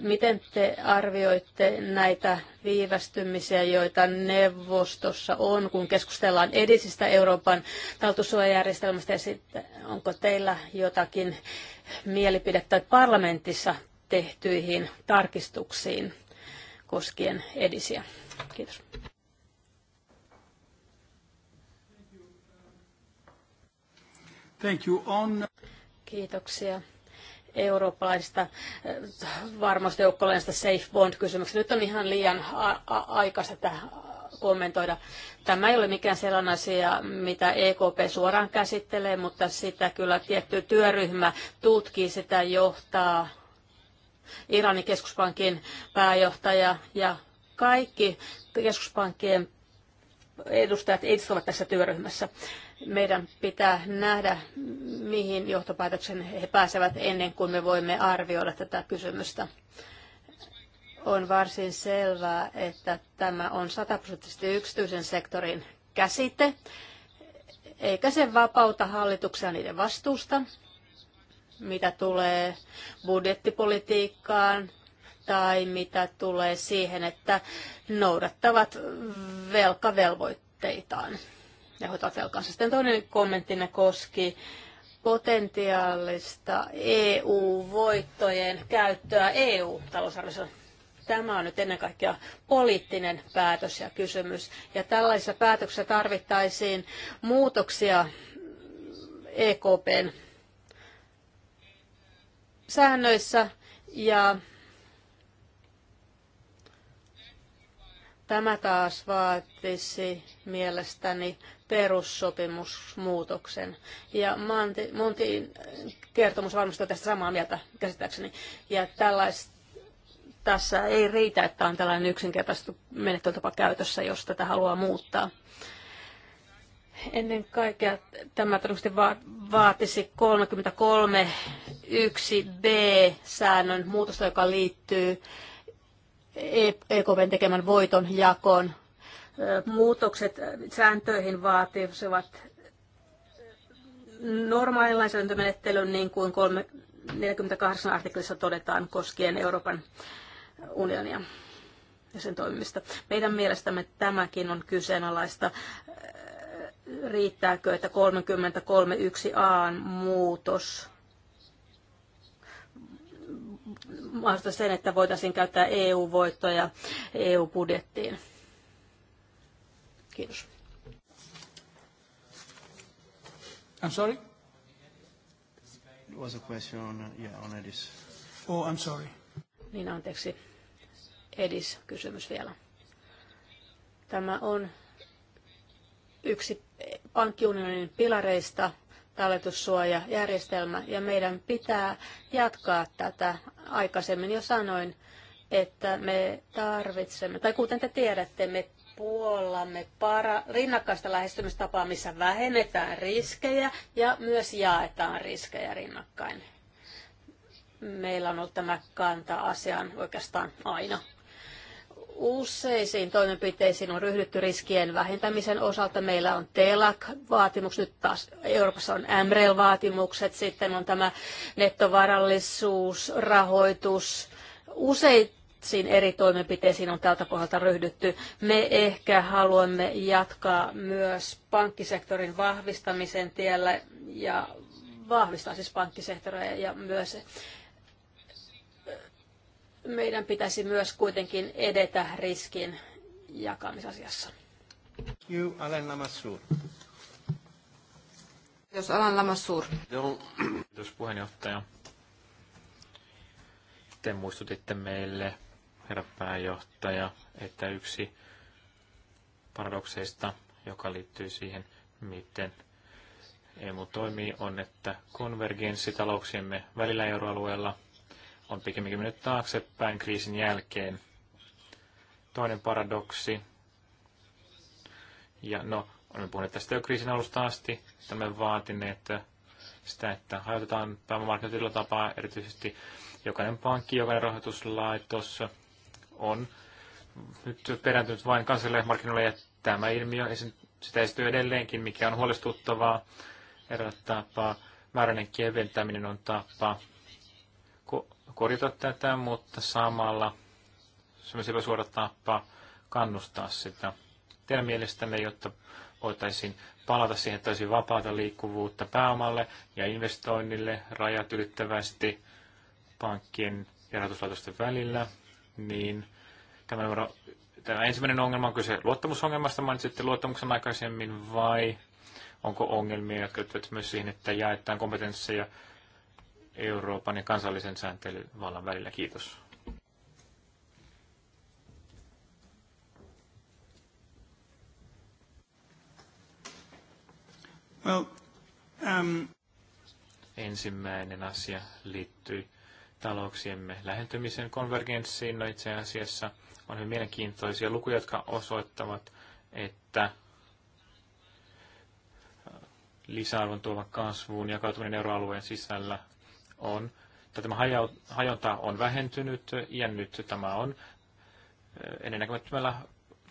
Miten te arvioitte näitä viivästymisiä, joita neuvostossa on, kun keskustellaan edisistä Euroopan taltusuojajärjestelmästä ja sitten onko teillä jotakin mielipidettä parlamentissa tehtyihin tarkistuksiin koskien edisiä? Kiitos. Thank you. On... Kiitoksia eurooppalaisista eh, varmuusjoukkolaisista safe bond-kysymyksestä. Nyt on ihan liian aikaista kommentoida. Tämä ei ole mikään sellainen asia, mitä EKP suoraan käsittelee, mutta sitä kyllä tietty työryhmä tutkii, sitä johtaa Iranin keskuspankin pääjohtaja ja kaikki keskuspankkien edustajat edistävät tässä työryhmässä meidän pitää nähdä, mihin johtopäätöksen he pääsevät ennen kuin me voimme arvioida tätä kysymystä. On varsin selvää, että tämä on sataprosenttisesti yksityisen sektorin käsite, eikä se vapauta hallituksia niiden vastuusta, mitä tulee budjettipolitiikkaan tai mitä tulee siihen, että noudattavat velkavelvoitteitaan ja hoitavat velkaansa. Sitten toinen ne koski potentiaalista EU-voittojen käyttöä EU-talousarviossa. Tämä on nyt ennen kaikkea poliittinen päätös ja kysymys. Ja tällaisessa päätöksessä tarvittaisiin muutoksia EKPn säännöissä ja tämä taas vaatisi mielestäni perussopimusmuutoksen. Ja Monti, Montin kertomus varmasti on tästä samaa mieltä käsittääkseni. Ja tässä ei riitä, että on tällainen yksinkertaisesti menettelytapa käytössä, jos tätä haluaa muuttaa. Ennen kaikkea tämä todennäköisesti vaatisi 33.1b-säännön muutosta, joka liittyy e- EKVn tekemän voiton jakoon muutokset sääntöihin vaativat normaalin lainsäädäntömenettelyn, niin kuin 48 artiklissa todetaan koskien Euroopan unionia ja sen toimimista. Meidän mielestämme tämäkin on kyseenalaista. Riittääkö, että 33.1a muutos mahdollista sen, että voitaisiin käyttää EU-voittoja EU-budjettiin? Kiitos. I'm sorry? It was a question on, yeah, on Edis. Oh, I'm sorry. Niin anteeksi. Edis kysymys vielä. Tämä on yksi pankkiunionin pilareista, talletussuojajärjestelmä, ja meidän pitää jatkaa tätä. Aikaisemmin jo sanoin, että me tarvitsemme, tai kuten te tiedätte, me puollamme para, rinnakkaista lähestymistapaa, missä vähennetään riskejä ja myös jaetaan riskejä rinnakkain. Meillä on ollut tämä kanta asiaan oikeastaan aina. Useisiin toimenpiteisiin on ryhdytty riskien vähentämisen osalta. Meillä on TELAC-vaatimukset, nyt taas Euroopassa on MREL-vaatimukset, sitten on tämä nettovarallisuus, rahoitus, useita millaisiin eri toimenpiteisiin on tältä pohjalta ryhdytty. Me ehkä haluamme jatkaa myös pankkisektorin vahvistamisen tiellä ja vahvistaa siis pankkisektoria ja myös eh, meidän pitäisi myös kuitenkin edetä riskin jakamisasiassa. You, Alan Lamassoure. Jos Alan Lamassur. Joo, kiitos puheenjohtaja. Te muistutitte meille herra pääjohtaja, että yksi paradokseista, joka liittyy siihen, miten EMU toimii, on, että konvergenssi talouksiemme välillä euroalueella on pikemminkin mennyt taaksepäin kriisin jälkeen. Toinen paradoksi, ja no, olemme puhuneet tästä jo kriisin alusta asti, että me vaatineet sitä, että hajotetaan pääomamarkkinat tapaa erityisesti jokainen pankki, jokainen rahoituslaitos on nyt perääntynyt vain kansallisille ja tämä ilmiö sitä esityy edelleenkin, mikä on huolestuttavaa. Eräällä tapaa määräinen keventäminen on tapa korjata tätä, mutta samalla semmoisella suora tapa kannustaa sitä. Teidän mielestänne, jotta voitaisiin palata siihen, että olisi vapaata liikkuvuutta pääomalle ja investoinnille rajat ylittävästi pankkien ja rahoituslaitosten välillä – niin tämä, numero, tämä ensimmäinen ongelma, onko se luottamusongelmasta, mainitsitte luottamuksen aikaisemmin, vai onko ongelmia, jotka liittyvät myös siihen, että jaetaan kompetensseja Euroopan ja kansallisen sääntelyvallan välillä? Kiitos. Well, um... Ensimmäinen asia liittyy talouksiemme lähentymisen konvergenssiin. No itse asiassa on hyvin mielenkiintoisia lukuja, jotka osoittavat, että lisäarvon tuovan kasvuun jakautuminen euroalueen sisällä on, tai tämä hajonta on vähentynyt ja nyt tämä on eh, ennennäkemättömällä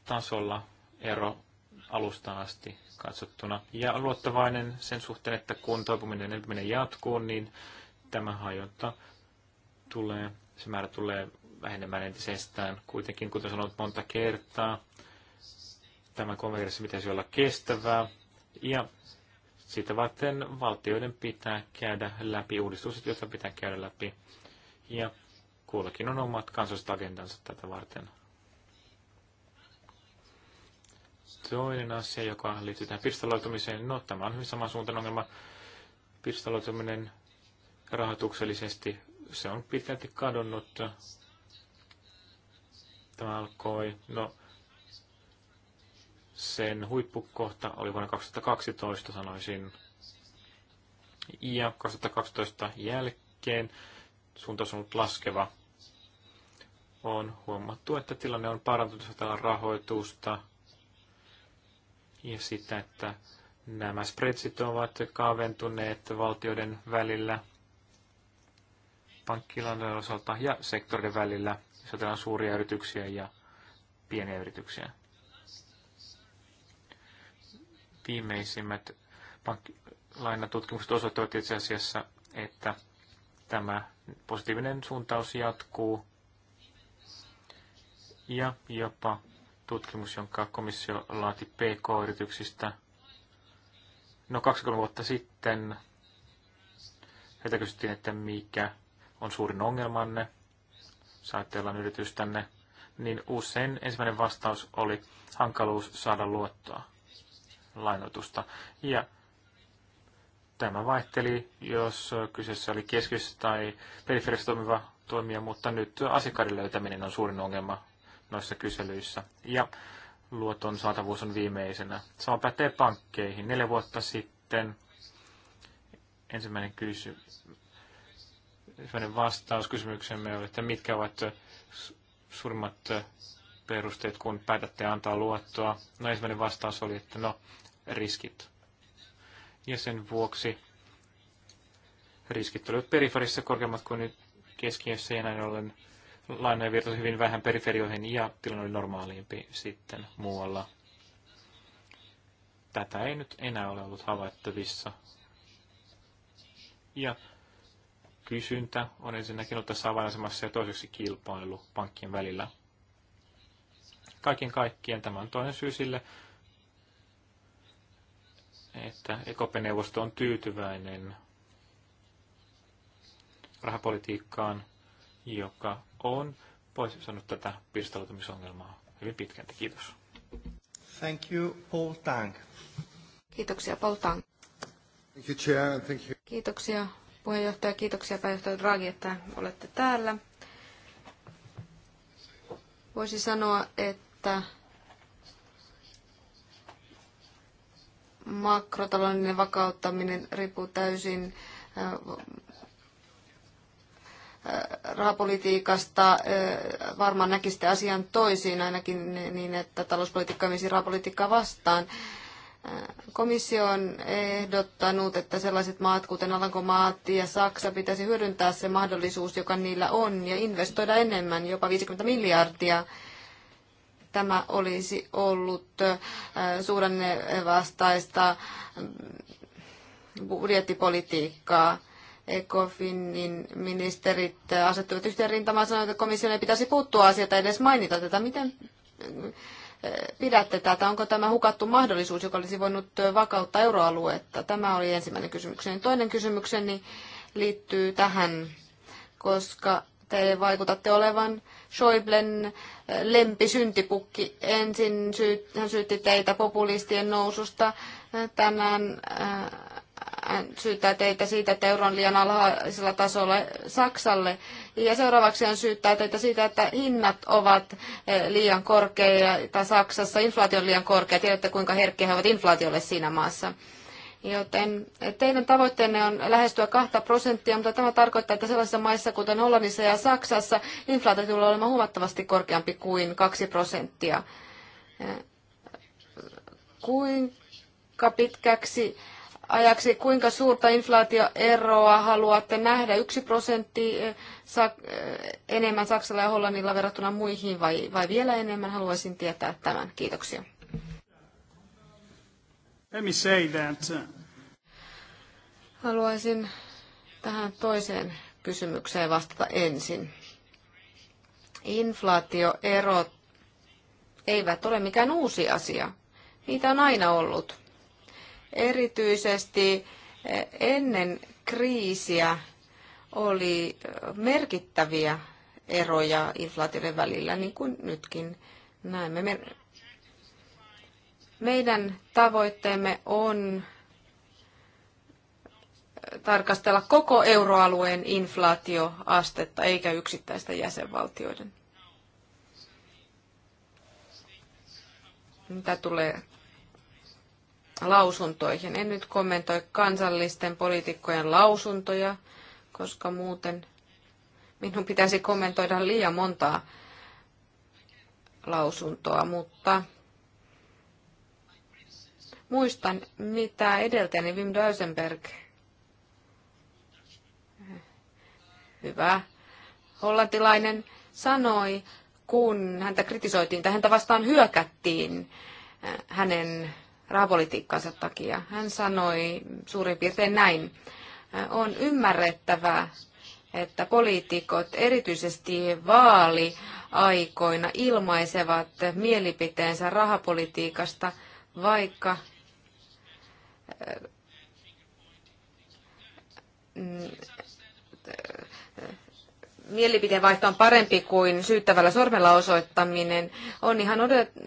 tasolla ero alusta asti katsottuna. Ja luottavainen sen suhteen, että kun toipuminen ja elpyminen jatkuu, niin tämä hajonta tulee, se määrä tulee vähenemään entisestään. Kuitenkin, kuten sanoit monta kertaa, tämä konvergenssi pitäisi olla kestävää ja sitä varten valtioiden pitää käydä läpi uudistukset, joita pitää käydä läpi. Ja kullakin on omat kansalliset agendansa tätä varten. Toinen asia, joka liittyy tähän pirstaloitumiseen, no tämä on hyvin samansuuntainen ongelma. Pirstaloituminen rahoituksellisesti se on pitkälti kadonnut. Tämä alkoi, no sen huippukohta oli vuonna 2012 sanoisin. Ja 2012 jälkeen suuntaus on ollut laskeva. On huomattu, että tilanne on parantunut, täällä rahoitusta ja sitä, että nämä spreadsit ovat kaventuneet valtioiden välillä – pankkilainojen osalta ja sektorin välillä, jos ajatellaan suuria yrityksiä ja pieniä yrityksiä. Viimeisimmät pankkilainatutkimukset osoittavat itse asiassa, että tämä positiivinen suuntaus jatkuu. Ja jopa tutkimus, jonka komissio laati PK-yrityksistä no kaksi vuotta sitten, heitä kysyttiin, että mikä on suurin ongelmanne, saitte olla yritystänne, niin usein ensimmäinen vastaus oli hankaluus saada luottoa, lainoitusta. Ja tämä vaihteli, jos kyseessä oli keskiössä tai periferissä toimiva toimija, mutta nyt asiakkaiden löytäminen on suurin ongelma noissa kyselyissä. Ja luoton saatavuus on viimeisenä. Sama pätee pankkeihin. Neljä vuotta sitten ensimmäinen kysy- ensimmäinen vastaus kysymyksemme oli, että mitkä ovat suurimmat perusteet, kun päätätte antaa luottoa. No ensimmäinen vastaus oli, että no, riskit. Ja sen vuoksi riskit olivat periferissa korkeammat kuin nyt keskiössä ja näin ollen lainoja virtasi hyvin vähän periferioihin ja tilanne oli normaaliimpi sitten muualla. Tätä ei nyt enää ole ollut havaittavissa. Ja kysyntä on ensinnäkin ollut tässä avainasemassa ja toiseksi kilpailu pankkien välillä. Kaiken kaikkien tämä on toinen syy sille, että EKP-neuvosto on tyytyväinen rahapolitiikkaan, joka on pois sanonut tätä pirstaloitumisongelmaa hyvin pitkälti. Kiitos. Thank you, Paul Tang. Kiitoksia, Paul Tang. Thank you, Chair, thank you. Kiitoksia puheenjohtaja. Kiitoksia pääjohtaja Draghi, että olette täällä. Voisi sanoa, että makrotaloudellinen vakauttaminen riippuu täysin rahapolitiikasta. Varmaan näkisitte asian toisiin ainakin niin, että talouspolitiikka menisi rahapolitiikkaa vastaan. Komissio on ehdottanut, että sellaiset maat kuten Alankomaat ja Saksa pitäisi hyödyntää se mahdollisuus, joka niillä on, ja investoida enemmän, jopa 50 miljardia. Tämä olisi ollut äh, suhdannevastaista mm, budjettipolitiikkaa. ECOFINin ministerit asettuivat yhteen rintamaan sanoivat, että komission ei pitäisi puuttua tai edes mainita tätä. Miten pidätte tätä? Onko tämä hukattu mahdollisuus, joka olisi voinut vakauttaa euroaluetta? Tämä oli ensimmäinen kysymykseni. Toinen kysymykseni liittyy tähän, koska te vaikutatte olevan Schäublen eh, lempisyntipukki. Ensin syyt, hän syytti teitä populistien noususta. Tänään eh, Äh, syyttää teitä siitä, että euro on liian alhaisella tasolla Saksalle. Ja seuraavaksi on syyttää teitä siitä, että hinnat ovat äh, liian korkeita Saksassa, inflaatio on liian korkea. Tiedätte, kuinka herkkiä he ovat inflaatiolle siinä maassa. Joten teidän tavoitteenne on lähestyä kahta prosenttia, mutta tämä tarkoittaa, että sellaisissa maissa kuten Hollannissa ja Saksassa inflaatio tulee olemaan huomattavasti korkeampi kuin kaksi prosenttia. Äh, kuinka pitkäksi ajaksi, kuinka suurta inflaatioeroa haluatte nähdä? Yksi prosentti eh, eh, enemmän Saksalla ja Hollannilla verrattuna muihin vai, vai vielä enemmän? Haluaisin tietää tämän. Kiitoksia. Let me say that. Uh, Haluaisin tähän toiseen kysymykseen vastata ensin. Inflaatioerot eivät ole mikään uusi asia. Niitä on aina ollut. Erityisesti eh, ennen kriisiä oli eh, merkittäviä eroja inflaatioiden välillä, niin kuin nytkin näemme. Meidän tavoitteemme on eh, tarkastella koko euroalueen inflaatioastetta eikä yksittäistä jäsenvaltioiden. Mitä tulee lausuntoihin. En nyt kommentoi kansallisten poliitikkojen lausuntoja, koska muuten minun pitäisi kommentoida liian montaa lausuntoa, mutta muistan, mitä edeltäni Wim Duisenberg, hyvä hollantilainen, sanoi, kun häntä kritisoitiin tai häntä vastaan hyökättiin äh, hänen rahapolitiikkansa takia. Hän sanoi suurin piirtein näin. On ymmärrettävää, että poliitikot erityisesti vaaliaikoina ilmaisevat mielipiteensä rahapolitiikasta, vaikka äh, mielipiteenvaihto on parempi kuin syyttävällä sormella osoittaminen, on ihan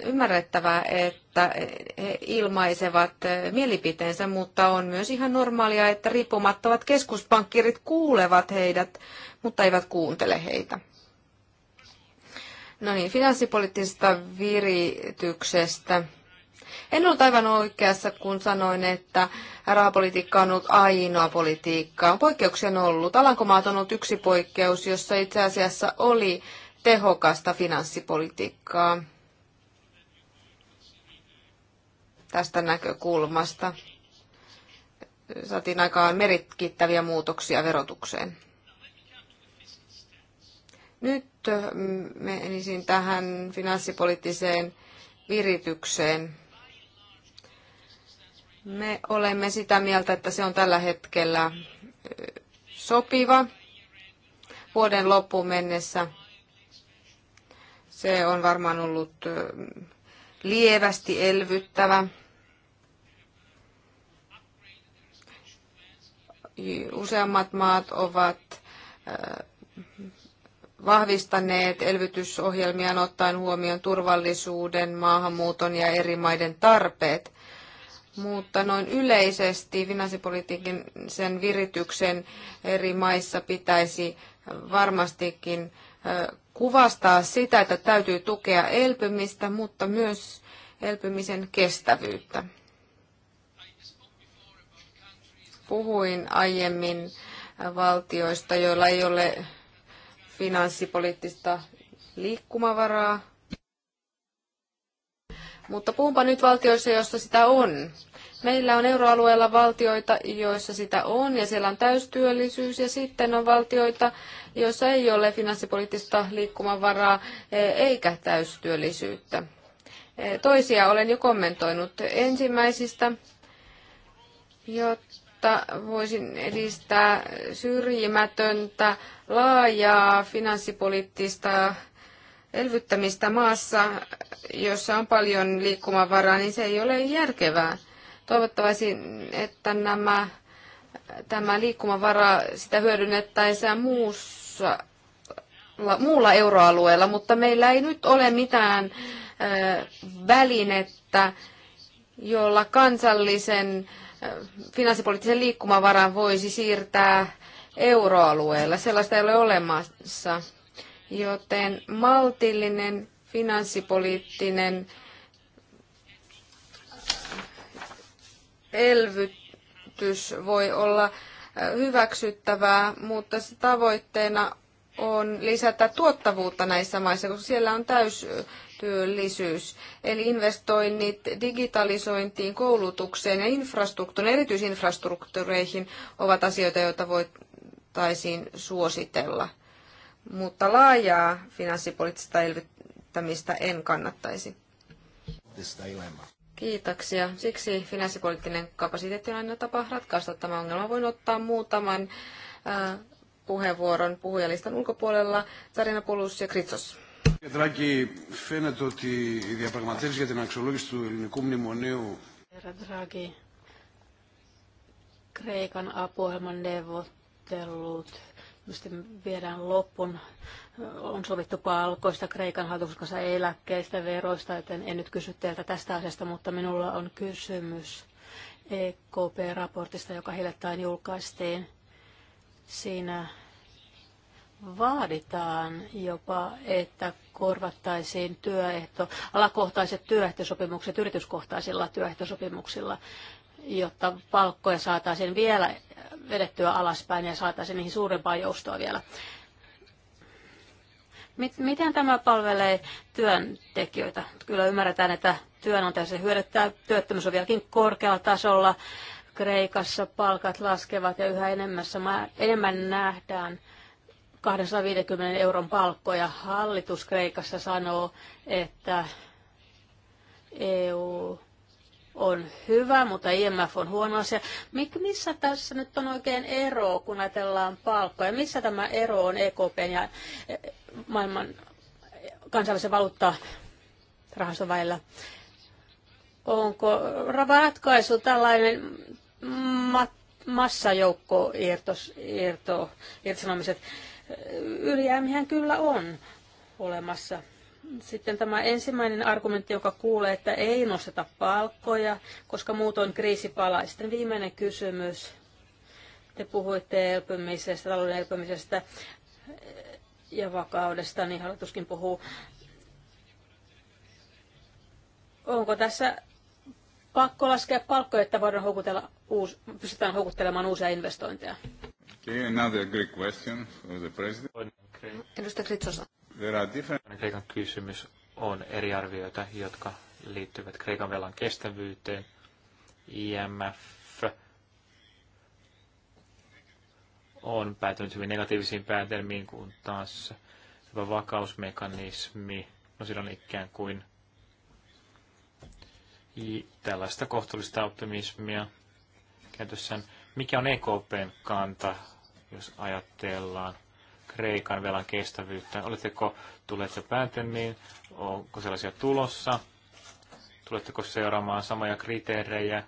ymmärrettävää, että he ilmaisevat mielipiteensä, mutta on myös ihan normaalia, että riippumattomat keskuspankkirit kuulevat heidät, mutta eivät kuuntele heitä. No niin, finanssipoliittisesta virityksestä. En ollut aivan oikeassa, kun sanoin, että rahapolitiikka on ollut ainoa politiikka. Poikkeuksia ollut. Alankomaat on ollut yksi poikkeus, jossa itse asiassa oli tehokasta finanssipolitiikkaa tästä näkökulmasta. Saatiin aikaan merkittäviä muutoksia verotukseen. Nyt menisin tähän finanssipoliittiseen viritykseen. Me olemme sitä mieltä, että se on tällä hetkellä sopiva vuoden loppuun mennessä. Se on varmaan ollut lievästi elvyttävä. Useammat maat ovat vahvistaneet elvytysohjelmia ottaen huomioon turvallisuuden, maahanmuuton ja eri maiden tarpeet mutta noin yleisesti finanssipolitiikin sen virityksen eri maissa pitäisi varmastikin kuvastaa sitä, että täytyy tukea elpymistä, mutta myös elpymisen kestävyyttä. Puhuin aiemmin valtioista, joilla ei ole finanssipoliittista liikkumavaraa mutta puhunpa nyt valtioissa, joissa sitä on. Meillä on euroalueella valtioita, joissa sitä on, ja siellä on täystyöllisyys, ja sitten on valtioita, joissa ei ole finanssipoliittista liikkumavaraa e, eikä täystyöllisyyttä. E, toisia olen jo kommentoinut ensimmäisistä, jotta voisin edistää syrjimätöntä, laajaa finanssipoliittista elvyttämistä maassa, jossa on paljon liikkumavaraa, niin se ei ole järkevää. Toivottavasti, että nämä, tämä liikkumavara, sitä hyödynnettäisiin muussa, muulla euroalueella, mutta meillä ei nyt ole mitään välinettä, jolla kansallisen finanssipoliittisen liikkumavaran voisi siirtää euroalueella. Sellaista ei ole olemassa joten maltillinen finanssipoliittinen elvytys voi olla hyväksyttävää, mutta se tavoitteena on lisätä tuottavuutta näissä maissa, koska siellä on täystyöllisyys. Eli investoinnit digitalisointiin, koulutukseen ja infrastruktuuriin, erityisinfrastruktuureihin ovat asioita, joita voitaisiin suositella mutta laajaa finanssipoliittista elvyttämistä en kannattaisi. Kiitoksia. Siksi finanssipoliittinen kapasiteetti on aina tapa ratkaista tämä ongelma. Voin ottaa muutaman äh, puheenvuoron puhujalistan ulkopuolella. Sarina Pulus ja Kritsos. Draghi, φαίνεται ότι οι για την αξιολόγηση του ελληνικού μνημονίου... Draghi, Kreikan apuohjelman neuvottelut sitten viedään loppuun. On sovittu palkoista, Kreikan hallituksen kanssa eläkkeistä, veroista, joten en nyt kysy teiltä tästä asiasta, mutta minulla on kysymys EKP-raportista, joka hiljattain julkaistiin. Siinä vaaditaan jopa, että korvattaisiin työehto, alakohtaiset työehtosopimukset yrityskohtaisilla työehtosopimuksilla, jotta palkkoja saataisiin vielä vedettyä alaspäin ja saataisiin niihin suurempaa joustoa vielä. Miten tämä palvelee työntekijöitä? Kyllä ymmärretään, että työnantaja se hyödyttää. Työttömyys on vieläkin korkealla tasolla. Kreikassa palkat laskevat ja yhä enemmän nähdään 250 euron palkkoja. Hallitus Kreikassa sanoo, että EU on hyvä, mutta IMF on huono asia. Mik, missä tässä nyt on oikein ero, kun ajatellaan palkkoja? Missä tämä ero on EKP ja e, maailman kansainvälisen valuuttarahaston välillä? Onko ratkaisu tällainen mat, massajoukko irtos, irto, irtisanomiset? Ylijäämihän kyllä on olemassa sitten tämä ensimmäinen argumentti, joka kuulee, että ei nosteta palkkoja, koska muutoin kriisi palaa. Sitten viimeinen kysymys. Te puhuitte elpymisestä, talouden elpymisestä ja vakaudesta, niin hallituskin puhuu. Onko tässä pakko laskea palkkoja, että voidaan houkutella uus, pystytään houkuttelemaan uusia investointeja? Okay, another Greek question for the president. Edustaja Kritsosa. Kreikan kysymys on eri arvioita, jotka liittyvät Kreikan velan kestävyyteen. IMF on päätynyt hyvin negatiivisiin päätelmiin, kun taas hyvä vakausmekanismi, no sillä on ikään kuin tällaista kohtuullista optimismia käytössään. Mikä on EKPn kanta, jos ajatellaan Kreikan velan kestävyyttä? Oletteko tulleet jo päätelmiin? Onko sellaisia tulossa? Tuletteko seuraamaan samoja kriteerejä?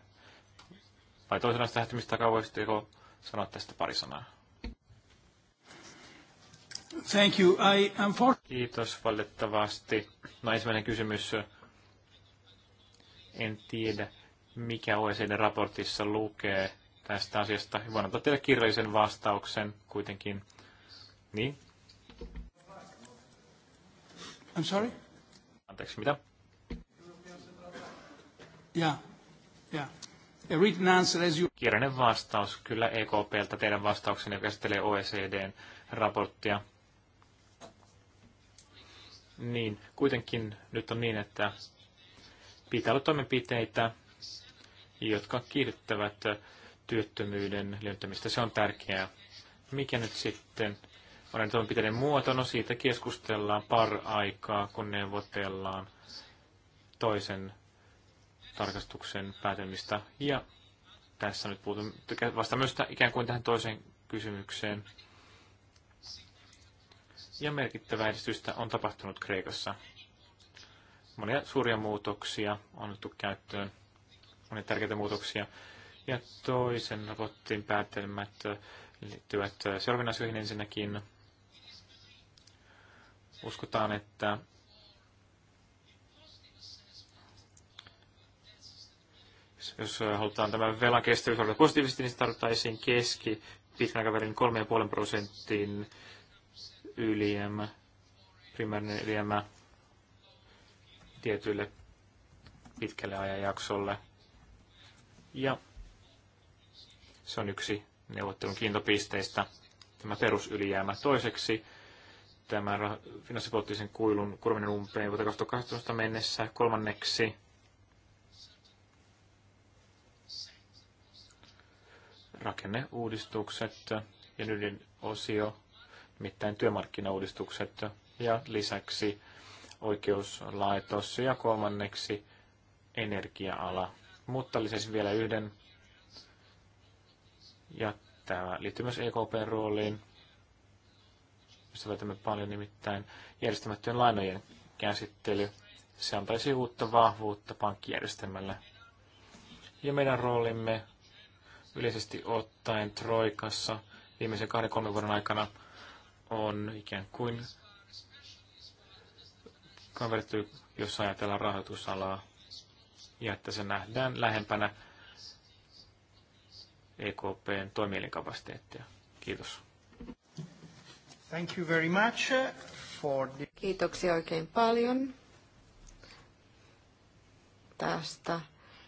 Vai sitä lähtemistakaa voisitteko sanoa tästä pari sanaa? Thank you. I am for... Kiitos valitettavasti. No ensimmäinen kysymys. En tiedä, mikä OECD-raportissa lukee tästä asiasta. Voin antaa teille kirjallisen vastauksen kuitenkin. Niin? I'm sorry? Anteeksi, mitä? Yeah, yeah. A Kirjainen vastaus kyllä EKPltä teidän vastauksenne käsittelee OECDn raporttia. Niin, kuitenkin nyt on niin, että pitää olla toimenpiteitä, jotka kiihdyttävät työttömyyden lyöntämistä. Se on tärkeää. Mikä nyt sitten olen näiden pitänyt muoto. No siitä keskustellaan par aikaa, kun neuvotellaan toisen tarkastuksen päätelmistä. Ja tässä nyt puutun vasta myös ikään kuin tähän toiseen kysymykseen. Ja merkittävää edistystä on tapahtunut Kreikassa. Monia suuria muutoksia on otettu käyttöön, monia tärkeitä muutoksia. Ja toisen raportin päätelmät liittyvät seuraaviin asioihin ensinnäkin Uskotaan, että jos halutaan tämä velan kestävyys olla positiivisesti, niin se tarvittaisiin keski pitkän aikavälin 3,5 prosentin ylijäämä, primäärinen ylijäämä tietyille pitkälle ajanjaksolle. Ja se on yksi neuvottelun kiintopisteistä, tämä perusylijäämä. Toiseksi tämän finanssipoliittisen kuilun kurminen umpeen vuoteen 2018 mennessä. Kolmanneksi rakenneuudistukset ja niiden osio, nimittäin työmarkkinauudistukset ja lisäksi oikeuslaitos ja kolmanneksi energia-ala. Mutta lisäisin vielä yhden ja tämä liittyy myös EKPn rooliin mistä vältämme paljon, nimittäin järjestämättyjen lainojen käsittely. Se antaisi uutta vahvuutta pankkijärjestelmälle. Ja meidän roolimme yleisesti ottaen Troikassa viimeisen kahden kolmen vuoden aikana on ikään kuin kaverittu, jos ajatellaan rahoitusalaa, ja että se nähdään lähempänä EKPn toimielinkapasiteettia. Kiitos. Thank you very much uh, for the... Kiitoksia oikein paljon tästä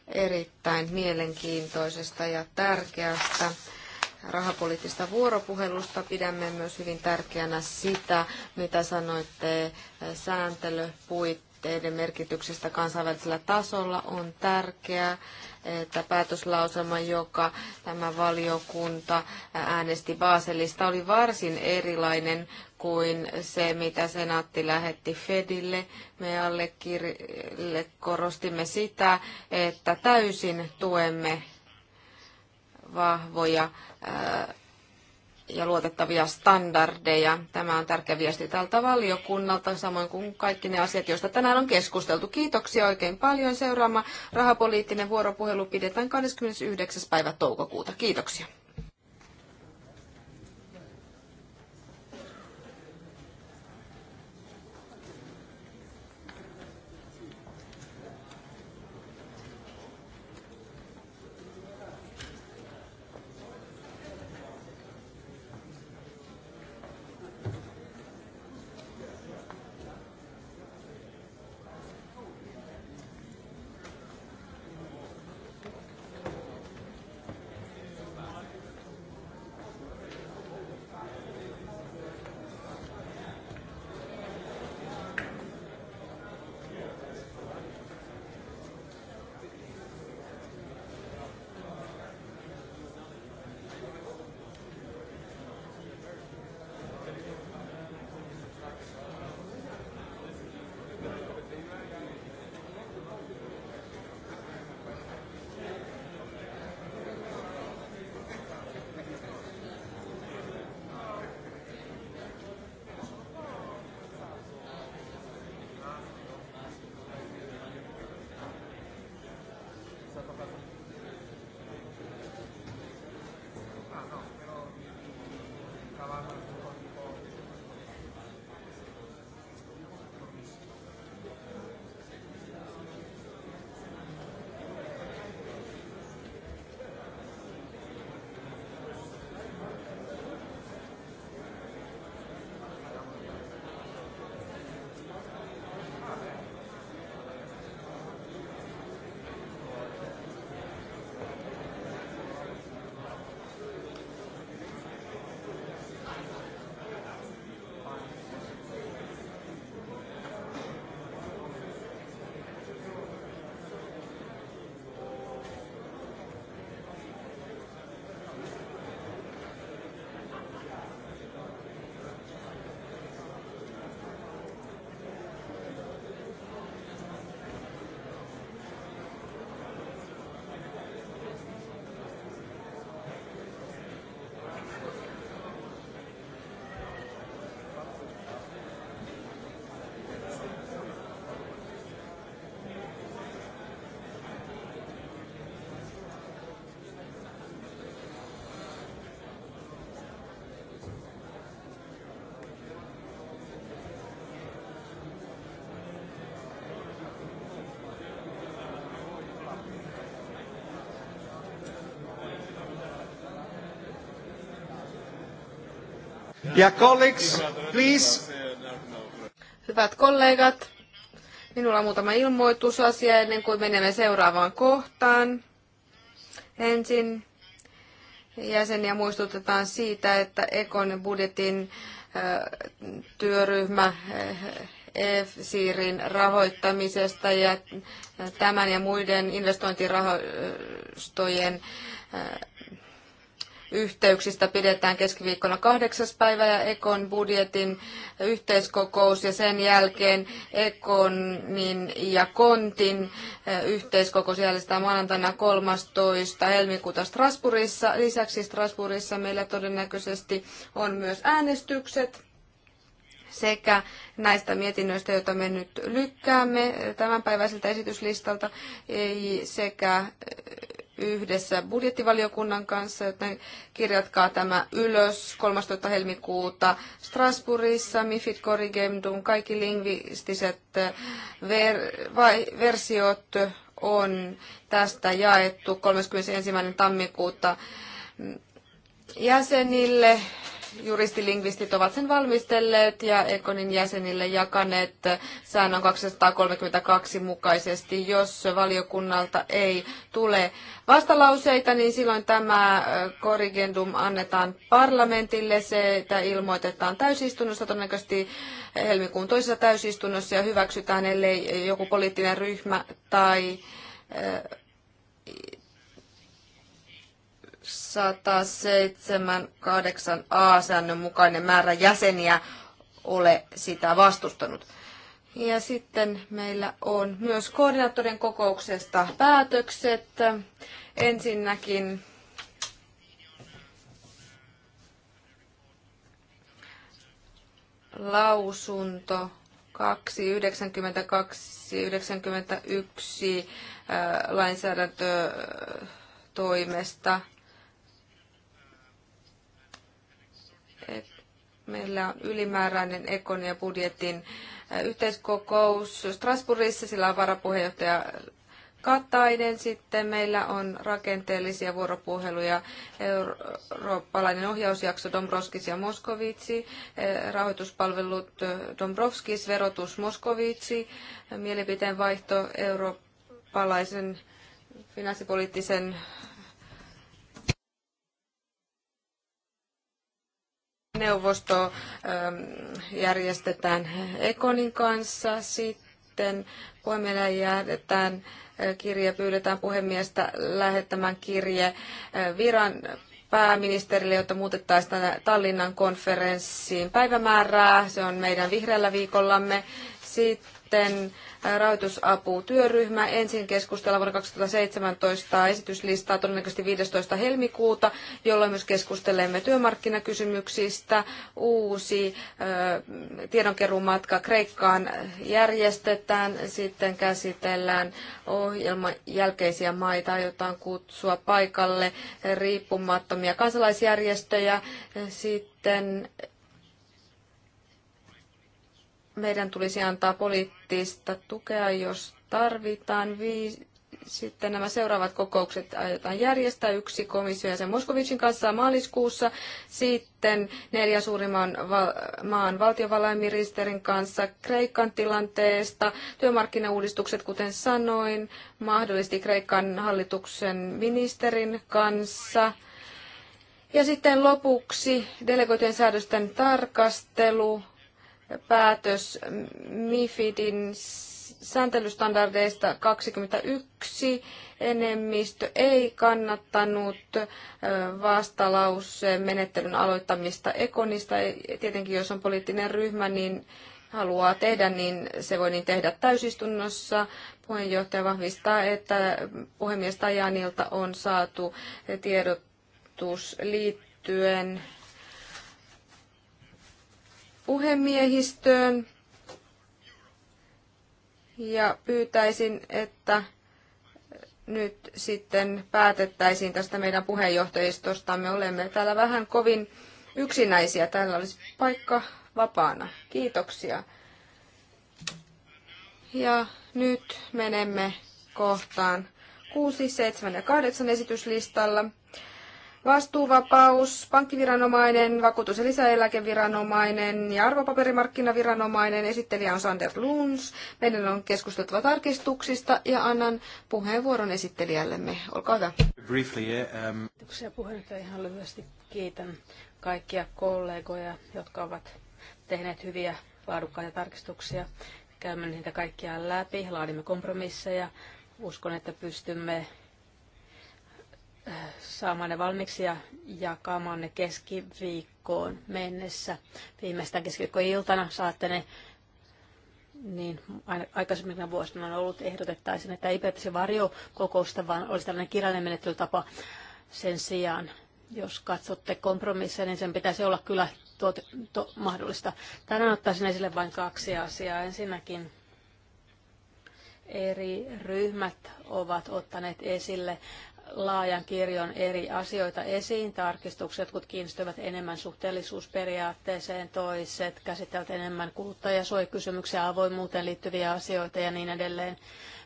erittäin mielenkiintoisesta ja tärkeästä rahapoliittista vuoropuhelusta. Pidämme myös hyvin tärkeänä sitä, mitä sanoitte sääntelypuitteista tavoitteiden merkityksestä kansainvälisellä tasolla. On tärkeää, että päätöslauselma, joka tämä valiokunta äänesti Baselista, oli varsin erilainen kuin se, mitä senaatti lähetti Fedille. Me allekirjalle korostimme sitä, että täysin tuemme vahvoja ää, ja luotettavia standardeja. Tämä on tärkeä viesti tältä valiokunnalta, samoin kuin kaikki ne asiat, joista tänään on keskusteltu. Kiitoksia oikein paljon. Seuraama rahapoliittinen vuoropuhelu pidetään 29. päivä toukokuuta. Kiitoksia. Ja colleagues, please. Hyvät kollegat, minulla on muutama ilmoitusasia ennen kuin menemme seuraavaan kohtaan. Ensin jäseniä muistutetaan siitä, että Ekon budjetin työryhmä EF-siirin rahoittamisesta ja tämän ja muiden investointirahastojen yhteyksistä pidetään keskiviikkona kahdeksas päivä ja Ekon budjetin yhteiskokous ja sen jälkeen Ekonin ja Kontin eh, yhteiskokous järjestetään maanantaina 13. helmikuuta Strasbourgissa. Lisäksi Strasbourgissa meillä todennäköisesti on myös äänestykset sekä näistä mietinnöistä, joita me nyt lykkäämme eh, tämänpäiväiseltä esityslistalta, sekä eh, yhdessä budjettivaliokunnan kanssa, joten kirjatkaa tämä ylös 13. helmikuuta Strasbourgissa, Mifid Corrigendum, kaikki lingvistiset eh, ver- vai- versiot on tästä jaettu 31. tammikuuta jäsenille juristilingvistit ovat sen valmistelleet ja Ekonin jäsenille jakaneet säännön 232 mukaisesti. Jos valiokunnalta ei tule vastalauseita, niin silloin tämä korrigendum annetaan parlamentille. Se ilmoitetaan täysistunnossa, todennäköisesti helmikuun toisessa täysistunnossa ja hyväksytään, ellei joku poliittinen ryhmä tai 107, A-säännön mukainen määrä jäseniä ole sitä vastustanut. Ja sitten meillä on myös koordinaattorin kokouksesta päätökset. Ensinnäkin lausunto 292-91 lainsäädäntötoimesta. Meillä on ylimääräinen Ekon ja budjetin yhteiskokous Strasbourgissa, sillä on varapuheenjohtaja Katainen. Sitten meillä on rakenteellisia vuoropuheluja eurooppalainen ohjausjakso Dombrovskis ja Moskovitsi, rahoituspalvelut Dombrovskis, verotus Moskovitsi, mielipiteen vaihto eurooppalaisen finanssipoliittisen neuvosto ähm, järjestetään Ekonin kanssa, sitten puhemiehelle jäädetään äh, kirje, pyydetään puhemiestä lähettämään kirje äh, viran pääministerille, jotta muutettaisiin Tallinnan konferenssiin päivämäärää. Se on meidän vihreällä viikollamme. Sitten sitten rahoitusaputyöryhmä ensin keskustella vuonna 2017 esityslistaa todennäköisesti 15. helmikuuta, jolloin myös keskustelemme työmarkkinakysymyksistä. Uusi tiedonkeruumatka Kreikkaan järjestetään. Sitten käsitellään ohjelman jälkeisiä maita, aiotaan kutsua paikalle riippumattomia kansalaisjärjestöjä. Sitten meidän tulisi antaa poliittista tukea, jos tarvitaan. sitten nämä seuraavat kokoukset aiotaan järjestää yksi komissio ja sen Moskovicin kanssa maaliskuussa, sitten neljä suurimman val- maan valtiovalainministerin kanssa Kreikan tilanteesta, työmarkkinauudistukset, kuten sanoin, mahdollisesti Kreikan hallituksen ministerin kanssa. Ja sitten lopuksi delegoitujen säädösten tarkastelu, päätös MIFIDin sääntelystandardeista 21 enemmistö ei kannattanut vastalauseen menettelyn aloittamista Ekonista. Tietenkin jos on poliittinen ryhmä, niin haluaa tehdä, niin se voi niin tehdä täysistunnossa. Puheenjohtaja vahvistaa, että puhemies Tajanilta on saatu tiedotus liittyen puhemiehistöön ja pyytäisin, että nyt sitten päätettäisiin tästä meidän puheenjohtajistosta, me Olemme täällä vähän kovin yksinäisiä. Täällä olisi paikka vapaana. Kiitoksia. Ja nyt menemme kohtaan 6, 7 ja 8 esityslistalla vastuuvapaus, pankkiviranomainen, vakuutus- ja lisäeläkeviranomainen ja arvopaperimarkkinaviranomainen. Esittelijä on Sander Luns. Meidän on keskusteltava tarkistuksista ja annan puheenvuoron esittelijällemme. Olkaa hyvä. Briefly, eh, um... Kiitoksia puheenjohtaja. Ihan lyhyesti kiitän kaikkia kollegoja, jotka ovat tehneet hyviä laadukkaita tarkistuksia. Käymme niitä kaikkia läpi, laadimme kompromisseja. Uskon, että pystymme saamaan ne valmiiksi ja jakamaan ne keskiviikkoon mennessä. Viimeistään keskiviikkoiltana saatte ne niin aikaisemmin vuosina on ollut ehdotettaisiin, että ei pitäisi varjokokousta, vaan olisi tällainen kirjallinen menettelytapa sen sijaan. Jos katsotte kompromissia, niin sen pitäisi olla kyllä tuot, to, mahdollista. Tänään ottaisin esille vain kaksi asiaa. Ensinnäkin eri ryhmät ovat ottaneet esille laajan kirjon eri asioita esiin. Tarkistukset, jotkut kiinnistyvät enemmän suhteellisuusperiaatteeseen, toiset käsittelevät enemmän kuluttajasuojakysymyksiä, avoimuuteen liittyviä asioita ja niin edelleen.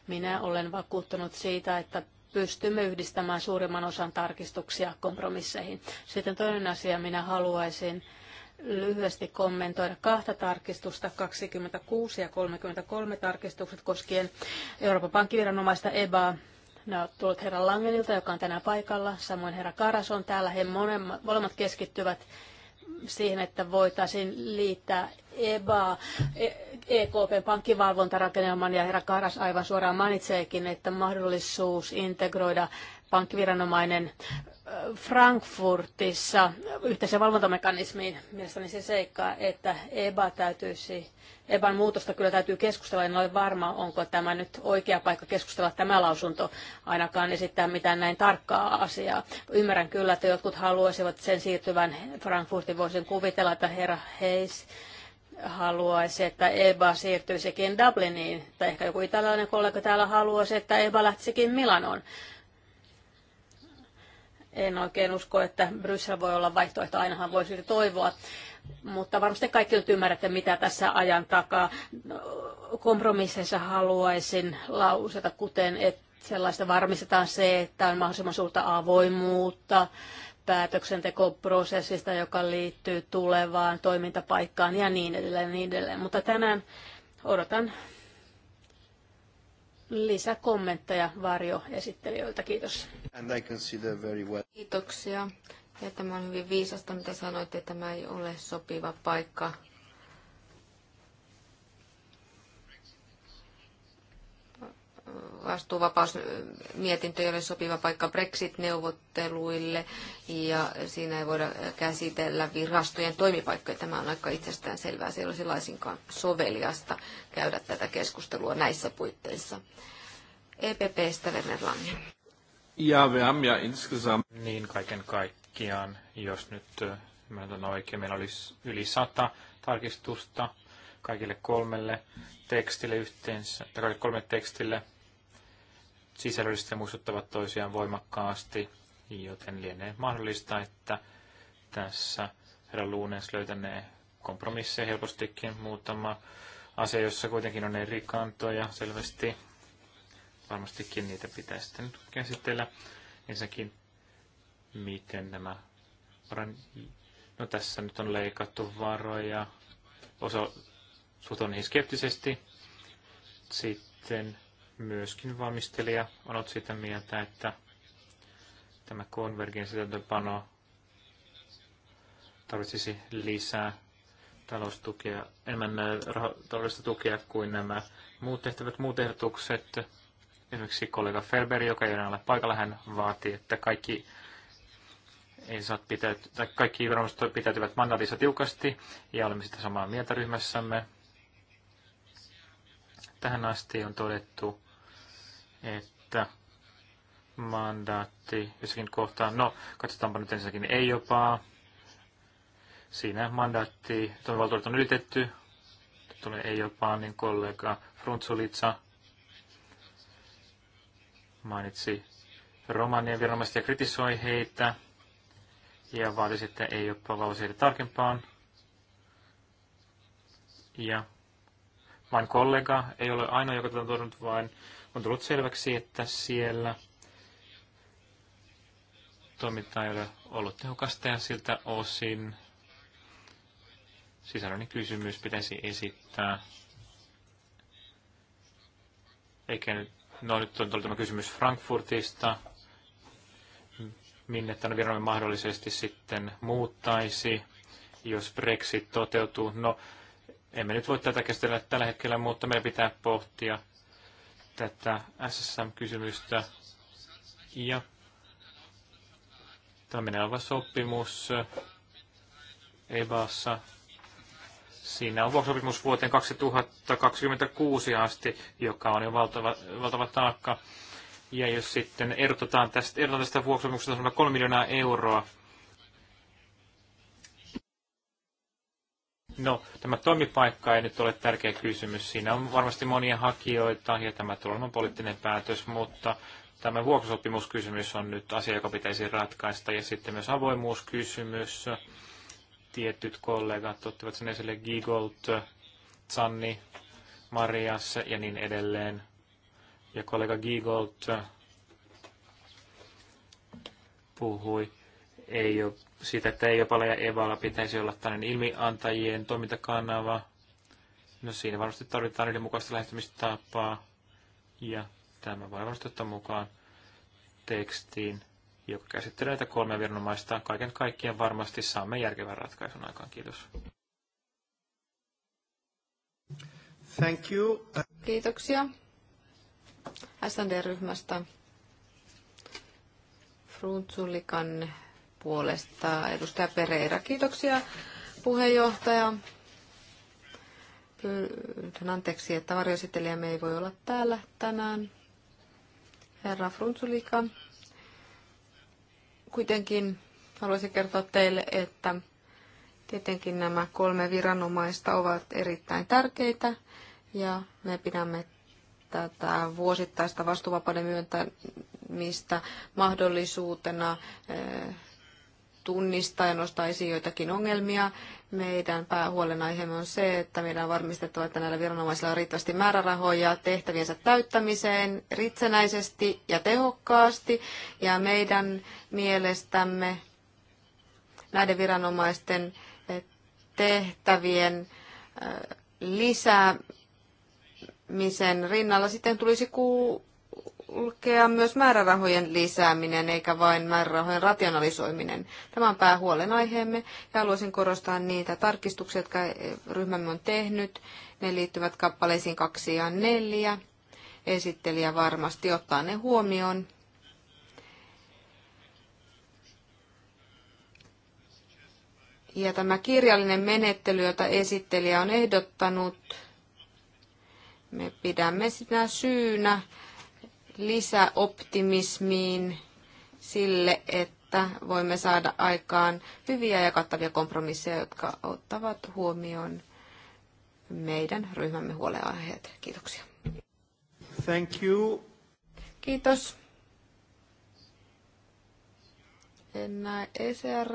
Minä olen vakuuttunut siitä, että pystymme yhdistämään suurimman osan tarkistuksia kompromisseihin. Sitten toinen asia, minä haluaisin lyhyesti kommentoida kahta tarkistusta, 26 ja 33 tarkistukset koskien Euroopan pankkiviranomaista EBAa ne no, on tullut herra Langenilta, joka on tänään paikalla. Samoin herra Karas on täällä. He molemmat, molemmat keskittyvät siihen, että voitaisiin liittää EBA, EKPn e pankkivalvontarakennelman ja herra Karas aivan suoraan mainitseekin, että mahdollisuus integroida pankkiviranomainen äh, Frankfurtissa yhteisen valvontamekanismiin mielestäni se seikka, että EBA täytyisi, EBAn muutosta kyllä täytyy keskustella. En ole varma, onko tämä nyt oikea paikka keskustella tämä lausunto, ainakaan esittää mitään näin tarkkaa asiaa. Ymmärrän kyllä, että jotkut haluaisivat sen siirtyvän Frankfurtin. Voisin kuvitella, että herra Hayes haluaisi, että EBA siirtyisikin Dubliniin, tai ehkä joku italialainen kollega täällä haluaisi, että EBA lähtisikin Milanoon. En oikein usko, että Bryssel voi olla vaihtoehto, ainahan voisi toivoa. Mutta varmasti kaikki nyt ymmärrätte, mitä tässä ajan takaa. No, kompromisseissa haluaisin lauseta, kuten että sellaista varmistetaan se, että on mahdollisimman suurta avoimuutta päätöksentekoprosessista, joka liittyy tulevaan toimintapaikkaan ja niin edelleen. Niin edelleen. Mutta tänään odotan lisäkommentteja varjoesittelijöiltä. Kiitos. And I very well. Kiitoksia. Ja tämä on hyvin viisasta, mitä sanoitte, että tämä ei ole sopiva paikka vastuuvapausmietintö ei ole sopiva paikka Brexit-neuvotteluille ja siinä ei voida käsitellä virastojen toimipaikkoja. Tämä on aika itsestään selvää. Se ei olisi laisinkaan soveliasta käydä tätä keskustelua näissä puitteissa. EPPstä Werner Lange. Ja, me ja insgesamt... Niin kaiken kaikkiaan, jos nyt ymmärrän äh, oikein, meillä olisi yli sata tarkistusta kaikille kolmelle tekstille yhteensä, tai kolme tekstille sisällöllisesti muistuttavat toisiaan voimakkaasti, joten lienee mahdollista, että tässä herra Luunens löytänee kompromisseja helpostikin muutama asia, jossa kuitenkin on eri kantoja selvästi. Varmastikin niitä pitäisi sitten käsitellä. Ensinnäkin, miten nämä... No tässä nyt on leikattu varoja. Osa suhtautuu niihin skeptisesti. Sitten Myöskin valmistelija on ollut sitä mieltä, että tämä konvergenssitöntöpano tarvitsisi lisää taloustukea, enemmän äh, taloudellista tukea kuin nämä muut tehtävät, muut ehdotukset. Esimerkiksi kollega Ferberi, joka ei ole paikalla, hän vaatii, että kaikki ei saa pitää, tai kaikki viranomaiset pitäytyvät mandaatissa tiukasti, ja olemme sitä samaa mieltä ryhmässämme. Tähän asti on todettu, että mandaatti jossakin kohtaa, no katsotaanpa nyt ensinnäkin ei jopa, siinä mandaatti, toimivaltuudet on ylitetty, tulee ei jopa, niin kollega Frunzulitsa mainitsi romanien viranomaiset ja kritisoi heitä ja vaati sitten ei jopa lauseita tarkempaan. Ja vain kollega ei ole ainoa, joka tätä on todennut, vain on tullut selväksi, että siellä toiminta ei ole ollut tehokasta ja siltä osin sisällöllinen kysymys pitäisi esittää. Eikä nyt, no nyt on tullut tämä kysymys Frankfurtista, minne tämä viranomainen mahdollisesti sitten muuttaisi, jos Brexit toteutuu. No, emme nyt voi tätä käsitellä tällä hetkellä, mutta meidän pitää pohtia tätä SSM-kysymystä. Ja tämä menee oleva sopimus EBAssa. Siinä on sopimus vuoteen 2026 asti, joka on jo valtava, valtava taakka. Ja jos sitten erotetaan tästä, erotetaan tästä vuokrasopimuksesta 3 miljoonaa euroa, No, tämä toimipaikka ei nyt ole tärkeä kysymys. Siinä on varmasti monia hakijoita ja tämä tulee on poliittinen päätös, mutta tämä vuokrasopimuskysymys on nyt asia, joka pitäisi ratkaista. Ja sitten myös avoimuuskysymys. Tietyt kollegat ottivat sen esille Gigolt, Sanni, Marias ja niin edelleen. Ja kollega Gigolt puhui ei ole, siitä, että ei ole ja Evalla pitäisi olla tällainen ilmiantajien toimintakanava. No siinä varmasti tarvitaan yhdenmukaista lähestymistapaa ja tämä voi varmasti ottaa mukaan tekstiin, joka käsittelee näitä kolmea viranomaista. Kaiken kaikkiaan varmasti saamme järkevän ratkaisun aikaan. Kiitos. Thank you. Kiitoksia SND-ryhmästä. Fruntsulikan puolesta edustaja Pereira. Kiitoksia puheenjohtaja. Pyydän anteeksi, että varjoesittelijämme ei voi olla täällä tänään. Herra Frunzulika, kuitenkin haluaisin kertoa teille, että tietenkin nämä kolme viranomaista ovat erittäin tärkeitä ja me pidämme tätä vuosittaista vastuuvapauden myöntämistä mahdollisuutena eh, tunnistaa ja nostaa esiin joitakin ongelmia. Meidän päähuolenaiheemme on se, että meidän on varmistettava, että näillä viranomaisilla on riittävästi määrärahoja tehtäviensä täyttämiseen ritsenäisesti ja tehokkaasti. Ja meidän mielestämme näiden viranomaisten eh, tehtävien eh, lisäämisen rinnalla sitten tulisi ku kulkea myös määrärahojen lisääminen eikä vain määrärahojen rationalisoiminen. Tämä on päähuolenaiheemme ja haluaisin korostaa niitä tarkistuksia, jotka ryhmämme on tehnyt. Ne liittyvät kappaleisiin 2 ja 4. Esittelijä varmasti ottaa ne huomioon. Ja tämä kirjallinen menettely, jota esittelijä on ehdottanut, me pidämme sitä syynä lisäoptimismiin sille, että voimme saada aikaan hyviä ja kattavia kompromisseja, jotka ottavat huomioon meidän ryhmämme huoleaiheet. Kiitoksia. Thank you. Kiitos. En näe ECR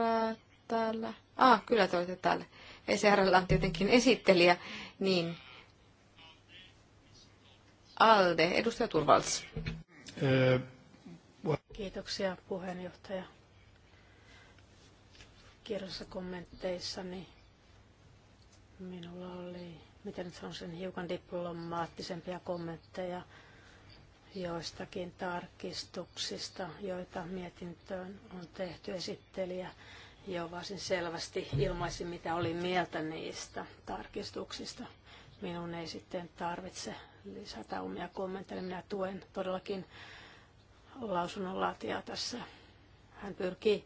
täällä. Ah, kyllä te olette täällä. ECR on tietenkin esittelijä, niin ALDE, edustaja Turvalts. Kiitoksia puheenjohtaja. Kirjassa kommentteissani minulla oli, miten nyt sanoisin, hiukan diplomaattisempia kommentteja joistakin tarkistuksista, joita mietintöön on tehty esittelijä. Jo varsin selvästi ilmaisi, mitä oli mieltä niistä tarkistuksista. Minun ei sitten tarvitse lisätä omia kommentteja. Minä tuen todellakin lausunnonlaatijaa tässä. Hän pyrkii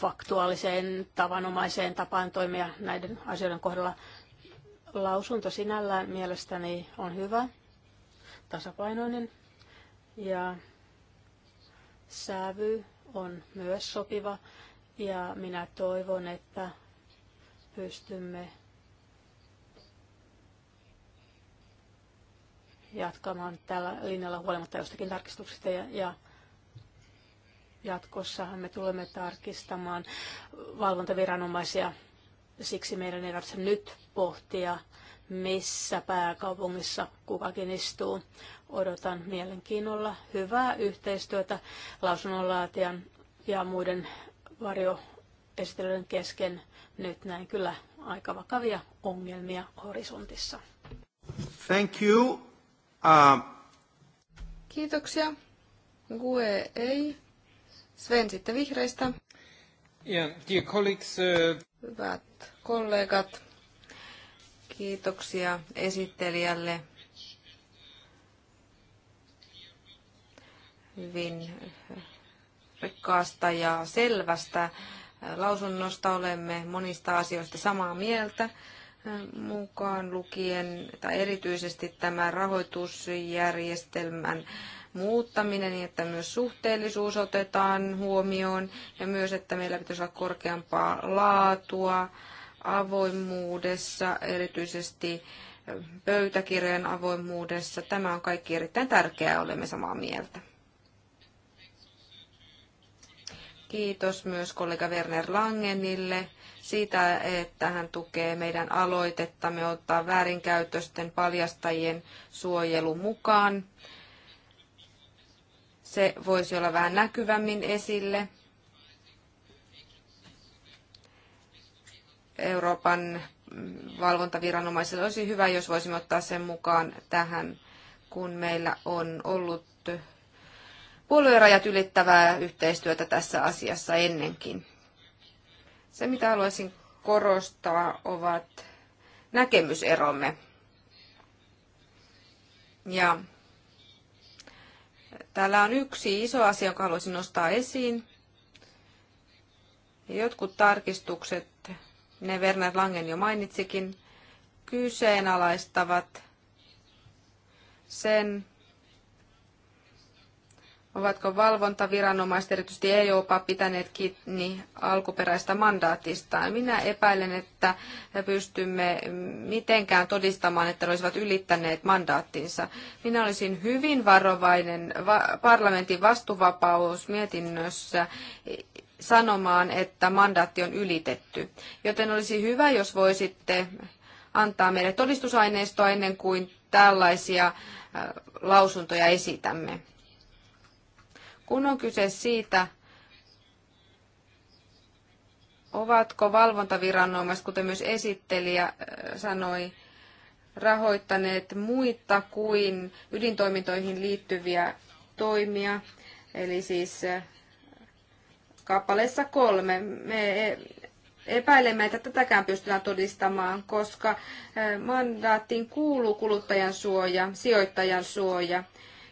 faktuaaliseen, tavanomaiseen tapaan toimia näiden asioiden kohdalla. Lausunto sinällään mielestäni on hyvä, tasapainoinen ja sävy on myös sopiva ja minä toivon, että pystymme jatkamaan tällä linjalla huolimatta jostakin tarkistuksista ja, ja jatkossahan me tulemme tarkistamaan valvontaviranomaisia. Siksi meidän ei tarvitse nyt pohtia, missä pääkaupungissa kukakin istuu. Odotan mielenkiinnolla hyvää yhteistyötä lausunnonlaatijan ja muiden varjoesittelyiden kesken. Nyt näin kyllä aika vakavia ongelmia horisontissa. Thank you. Kiitoksia. Gue ei. Sven sitten vihreistä. Ja dear colleagues, uh... Hyvät kollegat, kiitoksia esittelijälle hyvin rikkaasta ja selvästä lausunnosta. Olemme monista asioista samaa mieltä mukaan lukien tai erityisesti tämä rahoitusjärjestelmän muuttaminen, niin että myös suhteellisuus otetaan huomioon ja myös, että meillä pitäisi olla korkeampaa laatua avoimuudessa, erityisesti pöytäkirjojen avoimuudessa. Tämä on kaikki erittäin tärkeää, olemme samaa mieltä. Kiitos myös kollega Werner Langenille siitä, että hän tukee meidän aloitettamme ottaa väärinkäytösten paljastajien suojelu mukaan. Se voisi olla vähän näkyvämmin esille. Euroopan valvontaviranomaisille olisi hyvä, jos voisimme ottaa sen mukaan tähän, kun meillä on ollut puoluerajat ylittävää yhteistyötä tässä asiassa ennenkin. Se, mitä haluaisin korostaa, ovat näkemyseromme. Ja täällä on yksi iso asia, jonka haluaisin nostaa esiin. Jotkut tarkistukset, ne Werner Langen jo mainitsikin, kyseenalaistavat sen, Ovatko valvontaviranomaiset, erityisesti ei jopa pitäneet kiinni alkuperäistä mandaatista? Minä epäilen, että pystymme mitenkään todistamaan, että ne olisivat ylittäneet mandaattinsa. Minä olisin hyvin varovainen parlamentin vastuvapaus mietinnössä sanomaan, että mandaatti on ylitetty. Joten olisi hyvä, jos voisitte antaa meille todistusaineistoa ennen kuin tällaisia lausuntoja esitämme. Kun on kyse siitä, ovatko valvontaviranomaiset, kuten myös esittelijä äh, sanoi, rahoittaneet muita kuin ydintoimintoihin liittyviä toimia. Eli siis äh, kappaleessa kolme. Me e-, epäilemme, että tätäkään pystytään todistamaan, koska äh, mandaattiin kuuluu kuluttajan suoja, sijoittajan suoja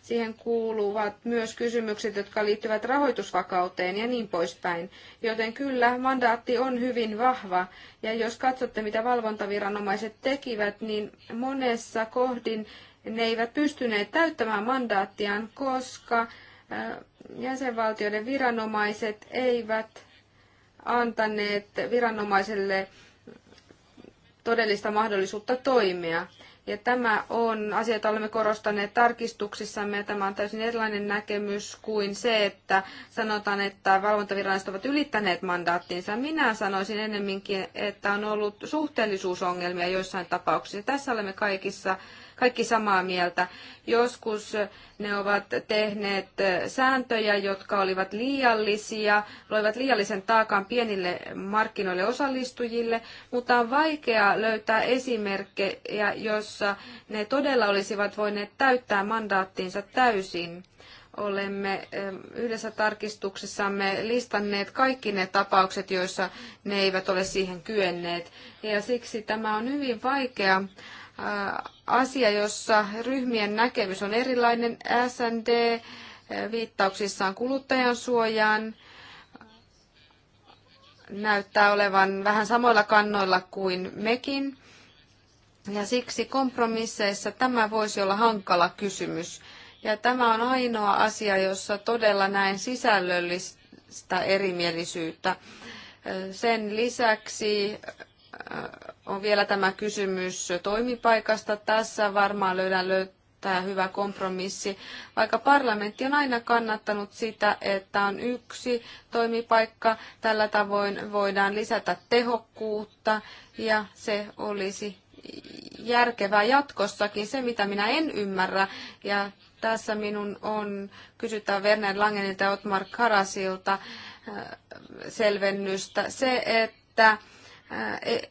Siihen kuuluvat myös kysymykset, jotka liittyvät rahoitusvakauteen ja niin poispäin. Joten kyllä, mandaatti on hyvin vahva. Ja jos katsotte, mitä valvontaviranomaiset tekivät, niin monessa kohdin ne eivät pystyneet täyttämään mandaattiaan, koska äh, jäsenvaltioiden viranomaiset eivät antaneet viranomaiselle todellista mahdollisuutta toimia. Ja tämä on asia, jota olemme korostaneet tarkistuksissamme, ja tämä on täysin erilainen näkemys kuin se, että sanotaan, että valvontaviranomaiset ovat ylittäneet mandaattinsa. Minä sanoisin ennemminkin, että on ollut suhteellisuusongelmia joissain tapauksissa. Tässä olemme kaikissa kaikki samaa mieltä. Joskus ne ovat tehneet sääntöjä, jotka olivat liiallisia, loivat liiallisen taakan pienille markkinoille osallistujille, mutta on vaikea löytää esimerkkejä, jossa ne todella olisivat voineet täyttää mandaattiinsa täysin olemme yhdessä tarkistuksessamme listanneet kaikki ne tapaukset, joissa ne eivät ole siihen kyenneet. Ja siksi tämä on hyvin vaikea asia, jossa ryhmien näkemys on erilainen. SND eh, viittauksissaan kuluttajan suojaan näyttää olevan vähän samoilla kannoilla kuin mekin. Ja siksi kompromisseissa tämä voisi olla hankala kysymys. Ja tämä on ainoa asia, jossa todella näen sisällöllistä erimielisyyttä. Eh, sen lisäksi Äh, on vielä tämä kysymys toimipaikasta. Tässä varmaan löydän löytää hyvä kompromissi, vaikka parlamentti on aina kannattanut sitä, että on yksi toimipaikka. Tällä tavoin voidaan lisätä tehokkuutta ja se olisi järkevää jatkossakin. Se, mitä minä en ymmärrä, ja tässä minun on kysytään Werner Langenilta ja Otmar Karasilta äh, selvennystä, se, että E-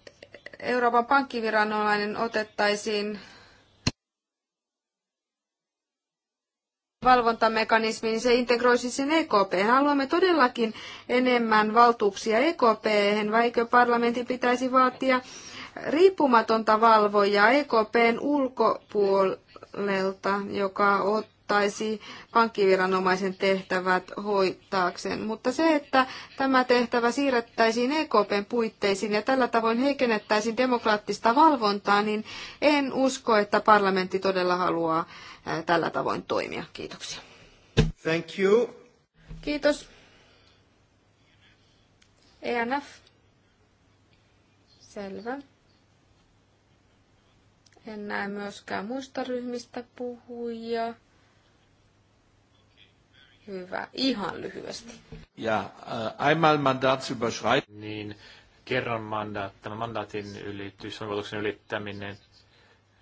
Euroopan pankkiviranomainen otettaisiin valvontamekanismi, niin se integroisi sen EKP. Haluamme todellakin enemmän valtuuksia EKP, vaikka parlamentin pitäisi vaatia riippumatonta valvojaa EKPn ulkopuolelta, joka ot- ottaisi pankkiviranomaisen tehtävät hoitaakseen. Mutta se, että tämä tehtävä siirrettäisiin EKPn puitteisiin ja tällä tavoin heikennettäisiin demokraattista valvontaa, niin en usko, että parlamentti todella haluaa tällä tavoin toimia. Kiitoksia. Thank you. Kiitos. ENF. Selvä. En näe myöskään muista ryhmistä puhujia. Hyvä, ihan lyhyesti. Ja äh, einmal Mandatsüberschreitung. Niin, kerran mandaat, tämä mandaatin ylitys, valtuuksen ylittäminen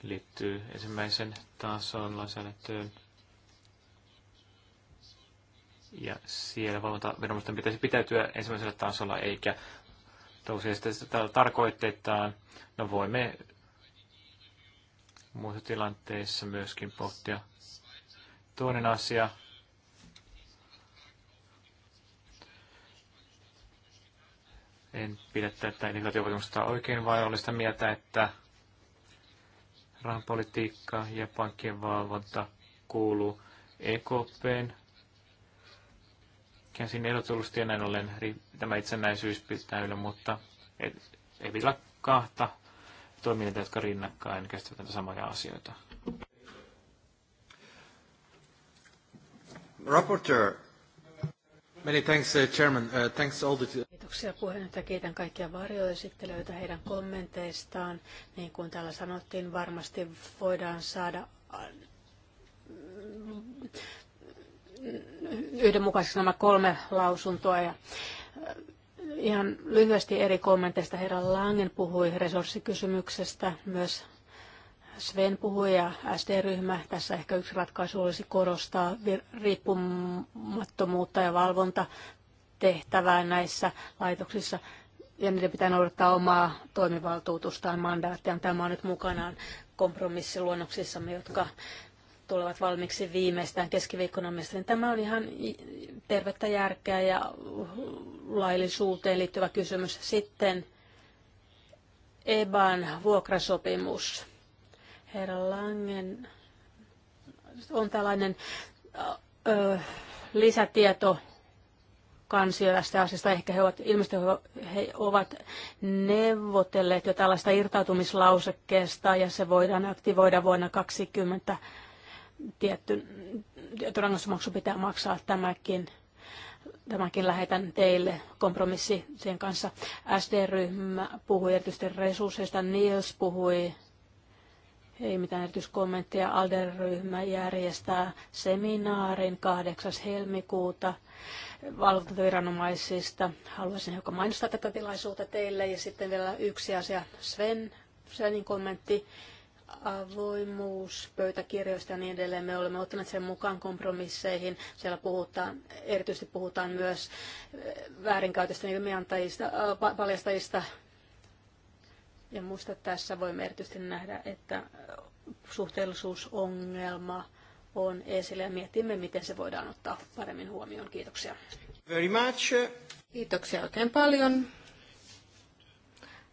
liittyy ensimmäisen tason lainsäädäntöön. Ja siellä valvontaviranomaisten pitäisi pitäytyä ensimmäisellä tasolla, eikä sitä, sitä tarkoitetaan. No voimme muissa tilanteissa myöskin pohtia. Toinen asia, En pidä tätä integraatiovaatimusta oikein, vaan olen sitä mieltä, että rahapolitiikka ja pankkien valvonta kuuluu EKPn käsin erotulusti ja näin ollen tämä itsenäisyys pitää yllä, mutta ei, ei pidä kahta toimijoita, jotka rinnakkain käsittävät näitä samoja asioita. Rapporteur Many thanks, uh, Chairman. Uh, thanks all the... Kiitoksia puheenjohtaja. Kiitän kaikkia varjoesittelijöitä heidän kommenteistaan. Niin kuin täällä sanottiin, varmasti voidaan saada äh, yhdenmukaisesti nämä kolme lausuntoa. Ja äh, ihan lyhyesti eri kommenteista herra Langen puhui resurssikysymyksestä, myös Sven puhui ja ST-ryhmä, tässä ehkä yksi ratkaisu olisi korostaa riippumattomuutta ja valvontatehtävää näissä laitoksissa ja niiden pitää noudattaa omaa toimivaltuutustaan, mandaattiaan. Tämä on nyt mukanaan kompromissiluonnoksissamme, jotka tulevat valmiiksi viimeistään keskiviikkona mielestäni. Tämä on ihan tervettä järkeä ja laillisuuteen liittyvä kysymys. Sitten EBAN vuokrasopimus. Herra Langen on tällainen ö, lisätieto kansio tästä asiasta. Ehkä he ovat, ilmeisesti he ovat neuvotelleet jo tällaista irtautumislausekkeesta ja se voidaan aktivoida vuonna 2020. Tietty, tietty rangaistusmaksu pitää maksaa tämäkin. Tämäkin lähetän teille kompromissi sen kanssa. SD-ryhmä puhui erityisesti resursseista. Niels puhui ei mitään erityiskommentteja. Alder-ryhmä järjestää seminaarin 8. helmikuuta valvontaviranomaisista. Haluaisin hiukan mainostaa tätä tilaisuutta teille. Ja sitten vielä yksi asia, Sven, Svenin kommentti avoimuus pöytäkirjoista ja niin edelleen. Me olemme ottaneet sen mukaan kompromisseihin. Siellä puhutaan, erityisesti puhutaan myös väärinkäytösten ilmiantajista, äh, paljastajista ja muista tässä voi erityisesti nähdä, että suhteellisuusongelma on esillä ja mietimme, miten se voidaan ottaa paremmin huomioon. Kiitoksia. Very much. Kiitoksia oikein paljon.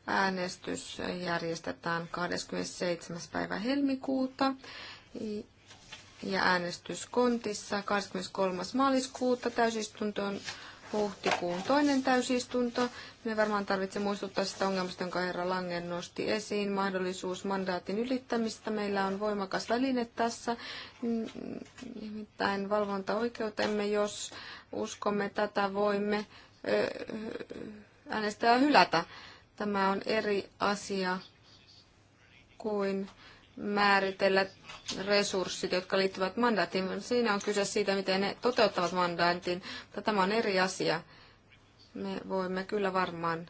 Äänestys järjestetään 27. päivä helmikuuta ja äänestys kontissa 23. maaliskuuta täysistuntoon huhtikuun toinen täysistunto. Me varmaan tarvitsemme muistuttaa sitä ongelmasta, jonka herra Langen nosti esiin. Mahdollisuus mandaatin ylittämistä. Meillä on voimakas väline tässä, nimittäin valvontaoikeutemme, jos uskomme tätä, voimme äänestää hylätä. Tämä on eri asia kuin määritellä resurssit, jotka liittyvät mandaattiin. Siinä on kyse siitä, miten ne toteuttavat mandaatin, tämä on eri asia. Me voimme kyllä varmaan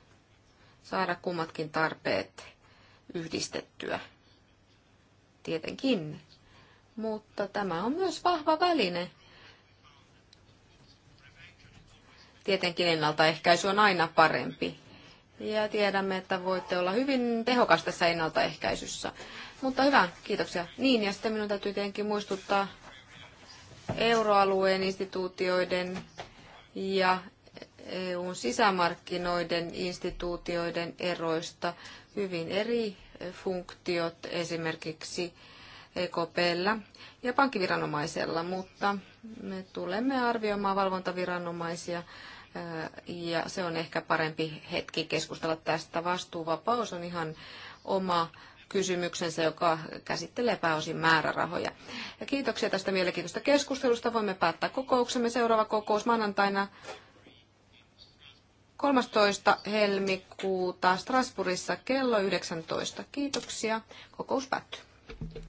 saada kummatkin tarpeet yhdistettyä. Tietenkin. Mutta tämä on myös vahva väline. Tietenkin ennaltaehkäisy on aina parempi. Ja tiedämme, että voitte olla hyvin tehokas tässä ennaltaehkäisyssä. Mutta hyvä, kiitoksia. Niin, ja sitten minun täytyy tietenkin muistuttaa euroalueen instituutioiden ja EUn sisämarkkinoiden instituutioiden eroista hyvin eri funktiot esimerkiksi EKPllä ja pankkiviranomaisella, mutta me tulemme arvioimaan valvontaviranomaisia ja se on ehkä parempi hetki keskustella tästä. Vastuuvapaus on ihan oma kysymyksensä, joka käsittelee pääosin määrärahoja. Ja kiitoksia tästä mielenkiintoista keskustelusta. Voimme päättää kokouksemme. Seuraava kokous maanantaina 13. helmikuuta Strasbourgissa kello 19. Kiitoksia. Kokous päättyy.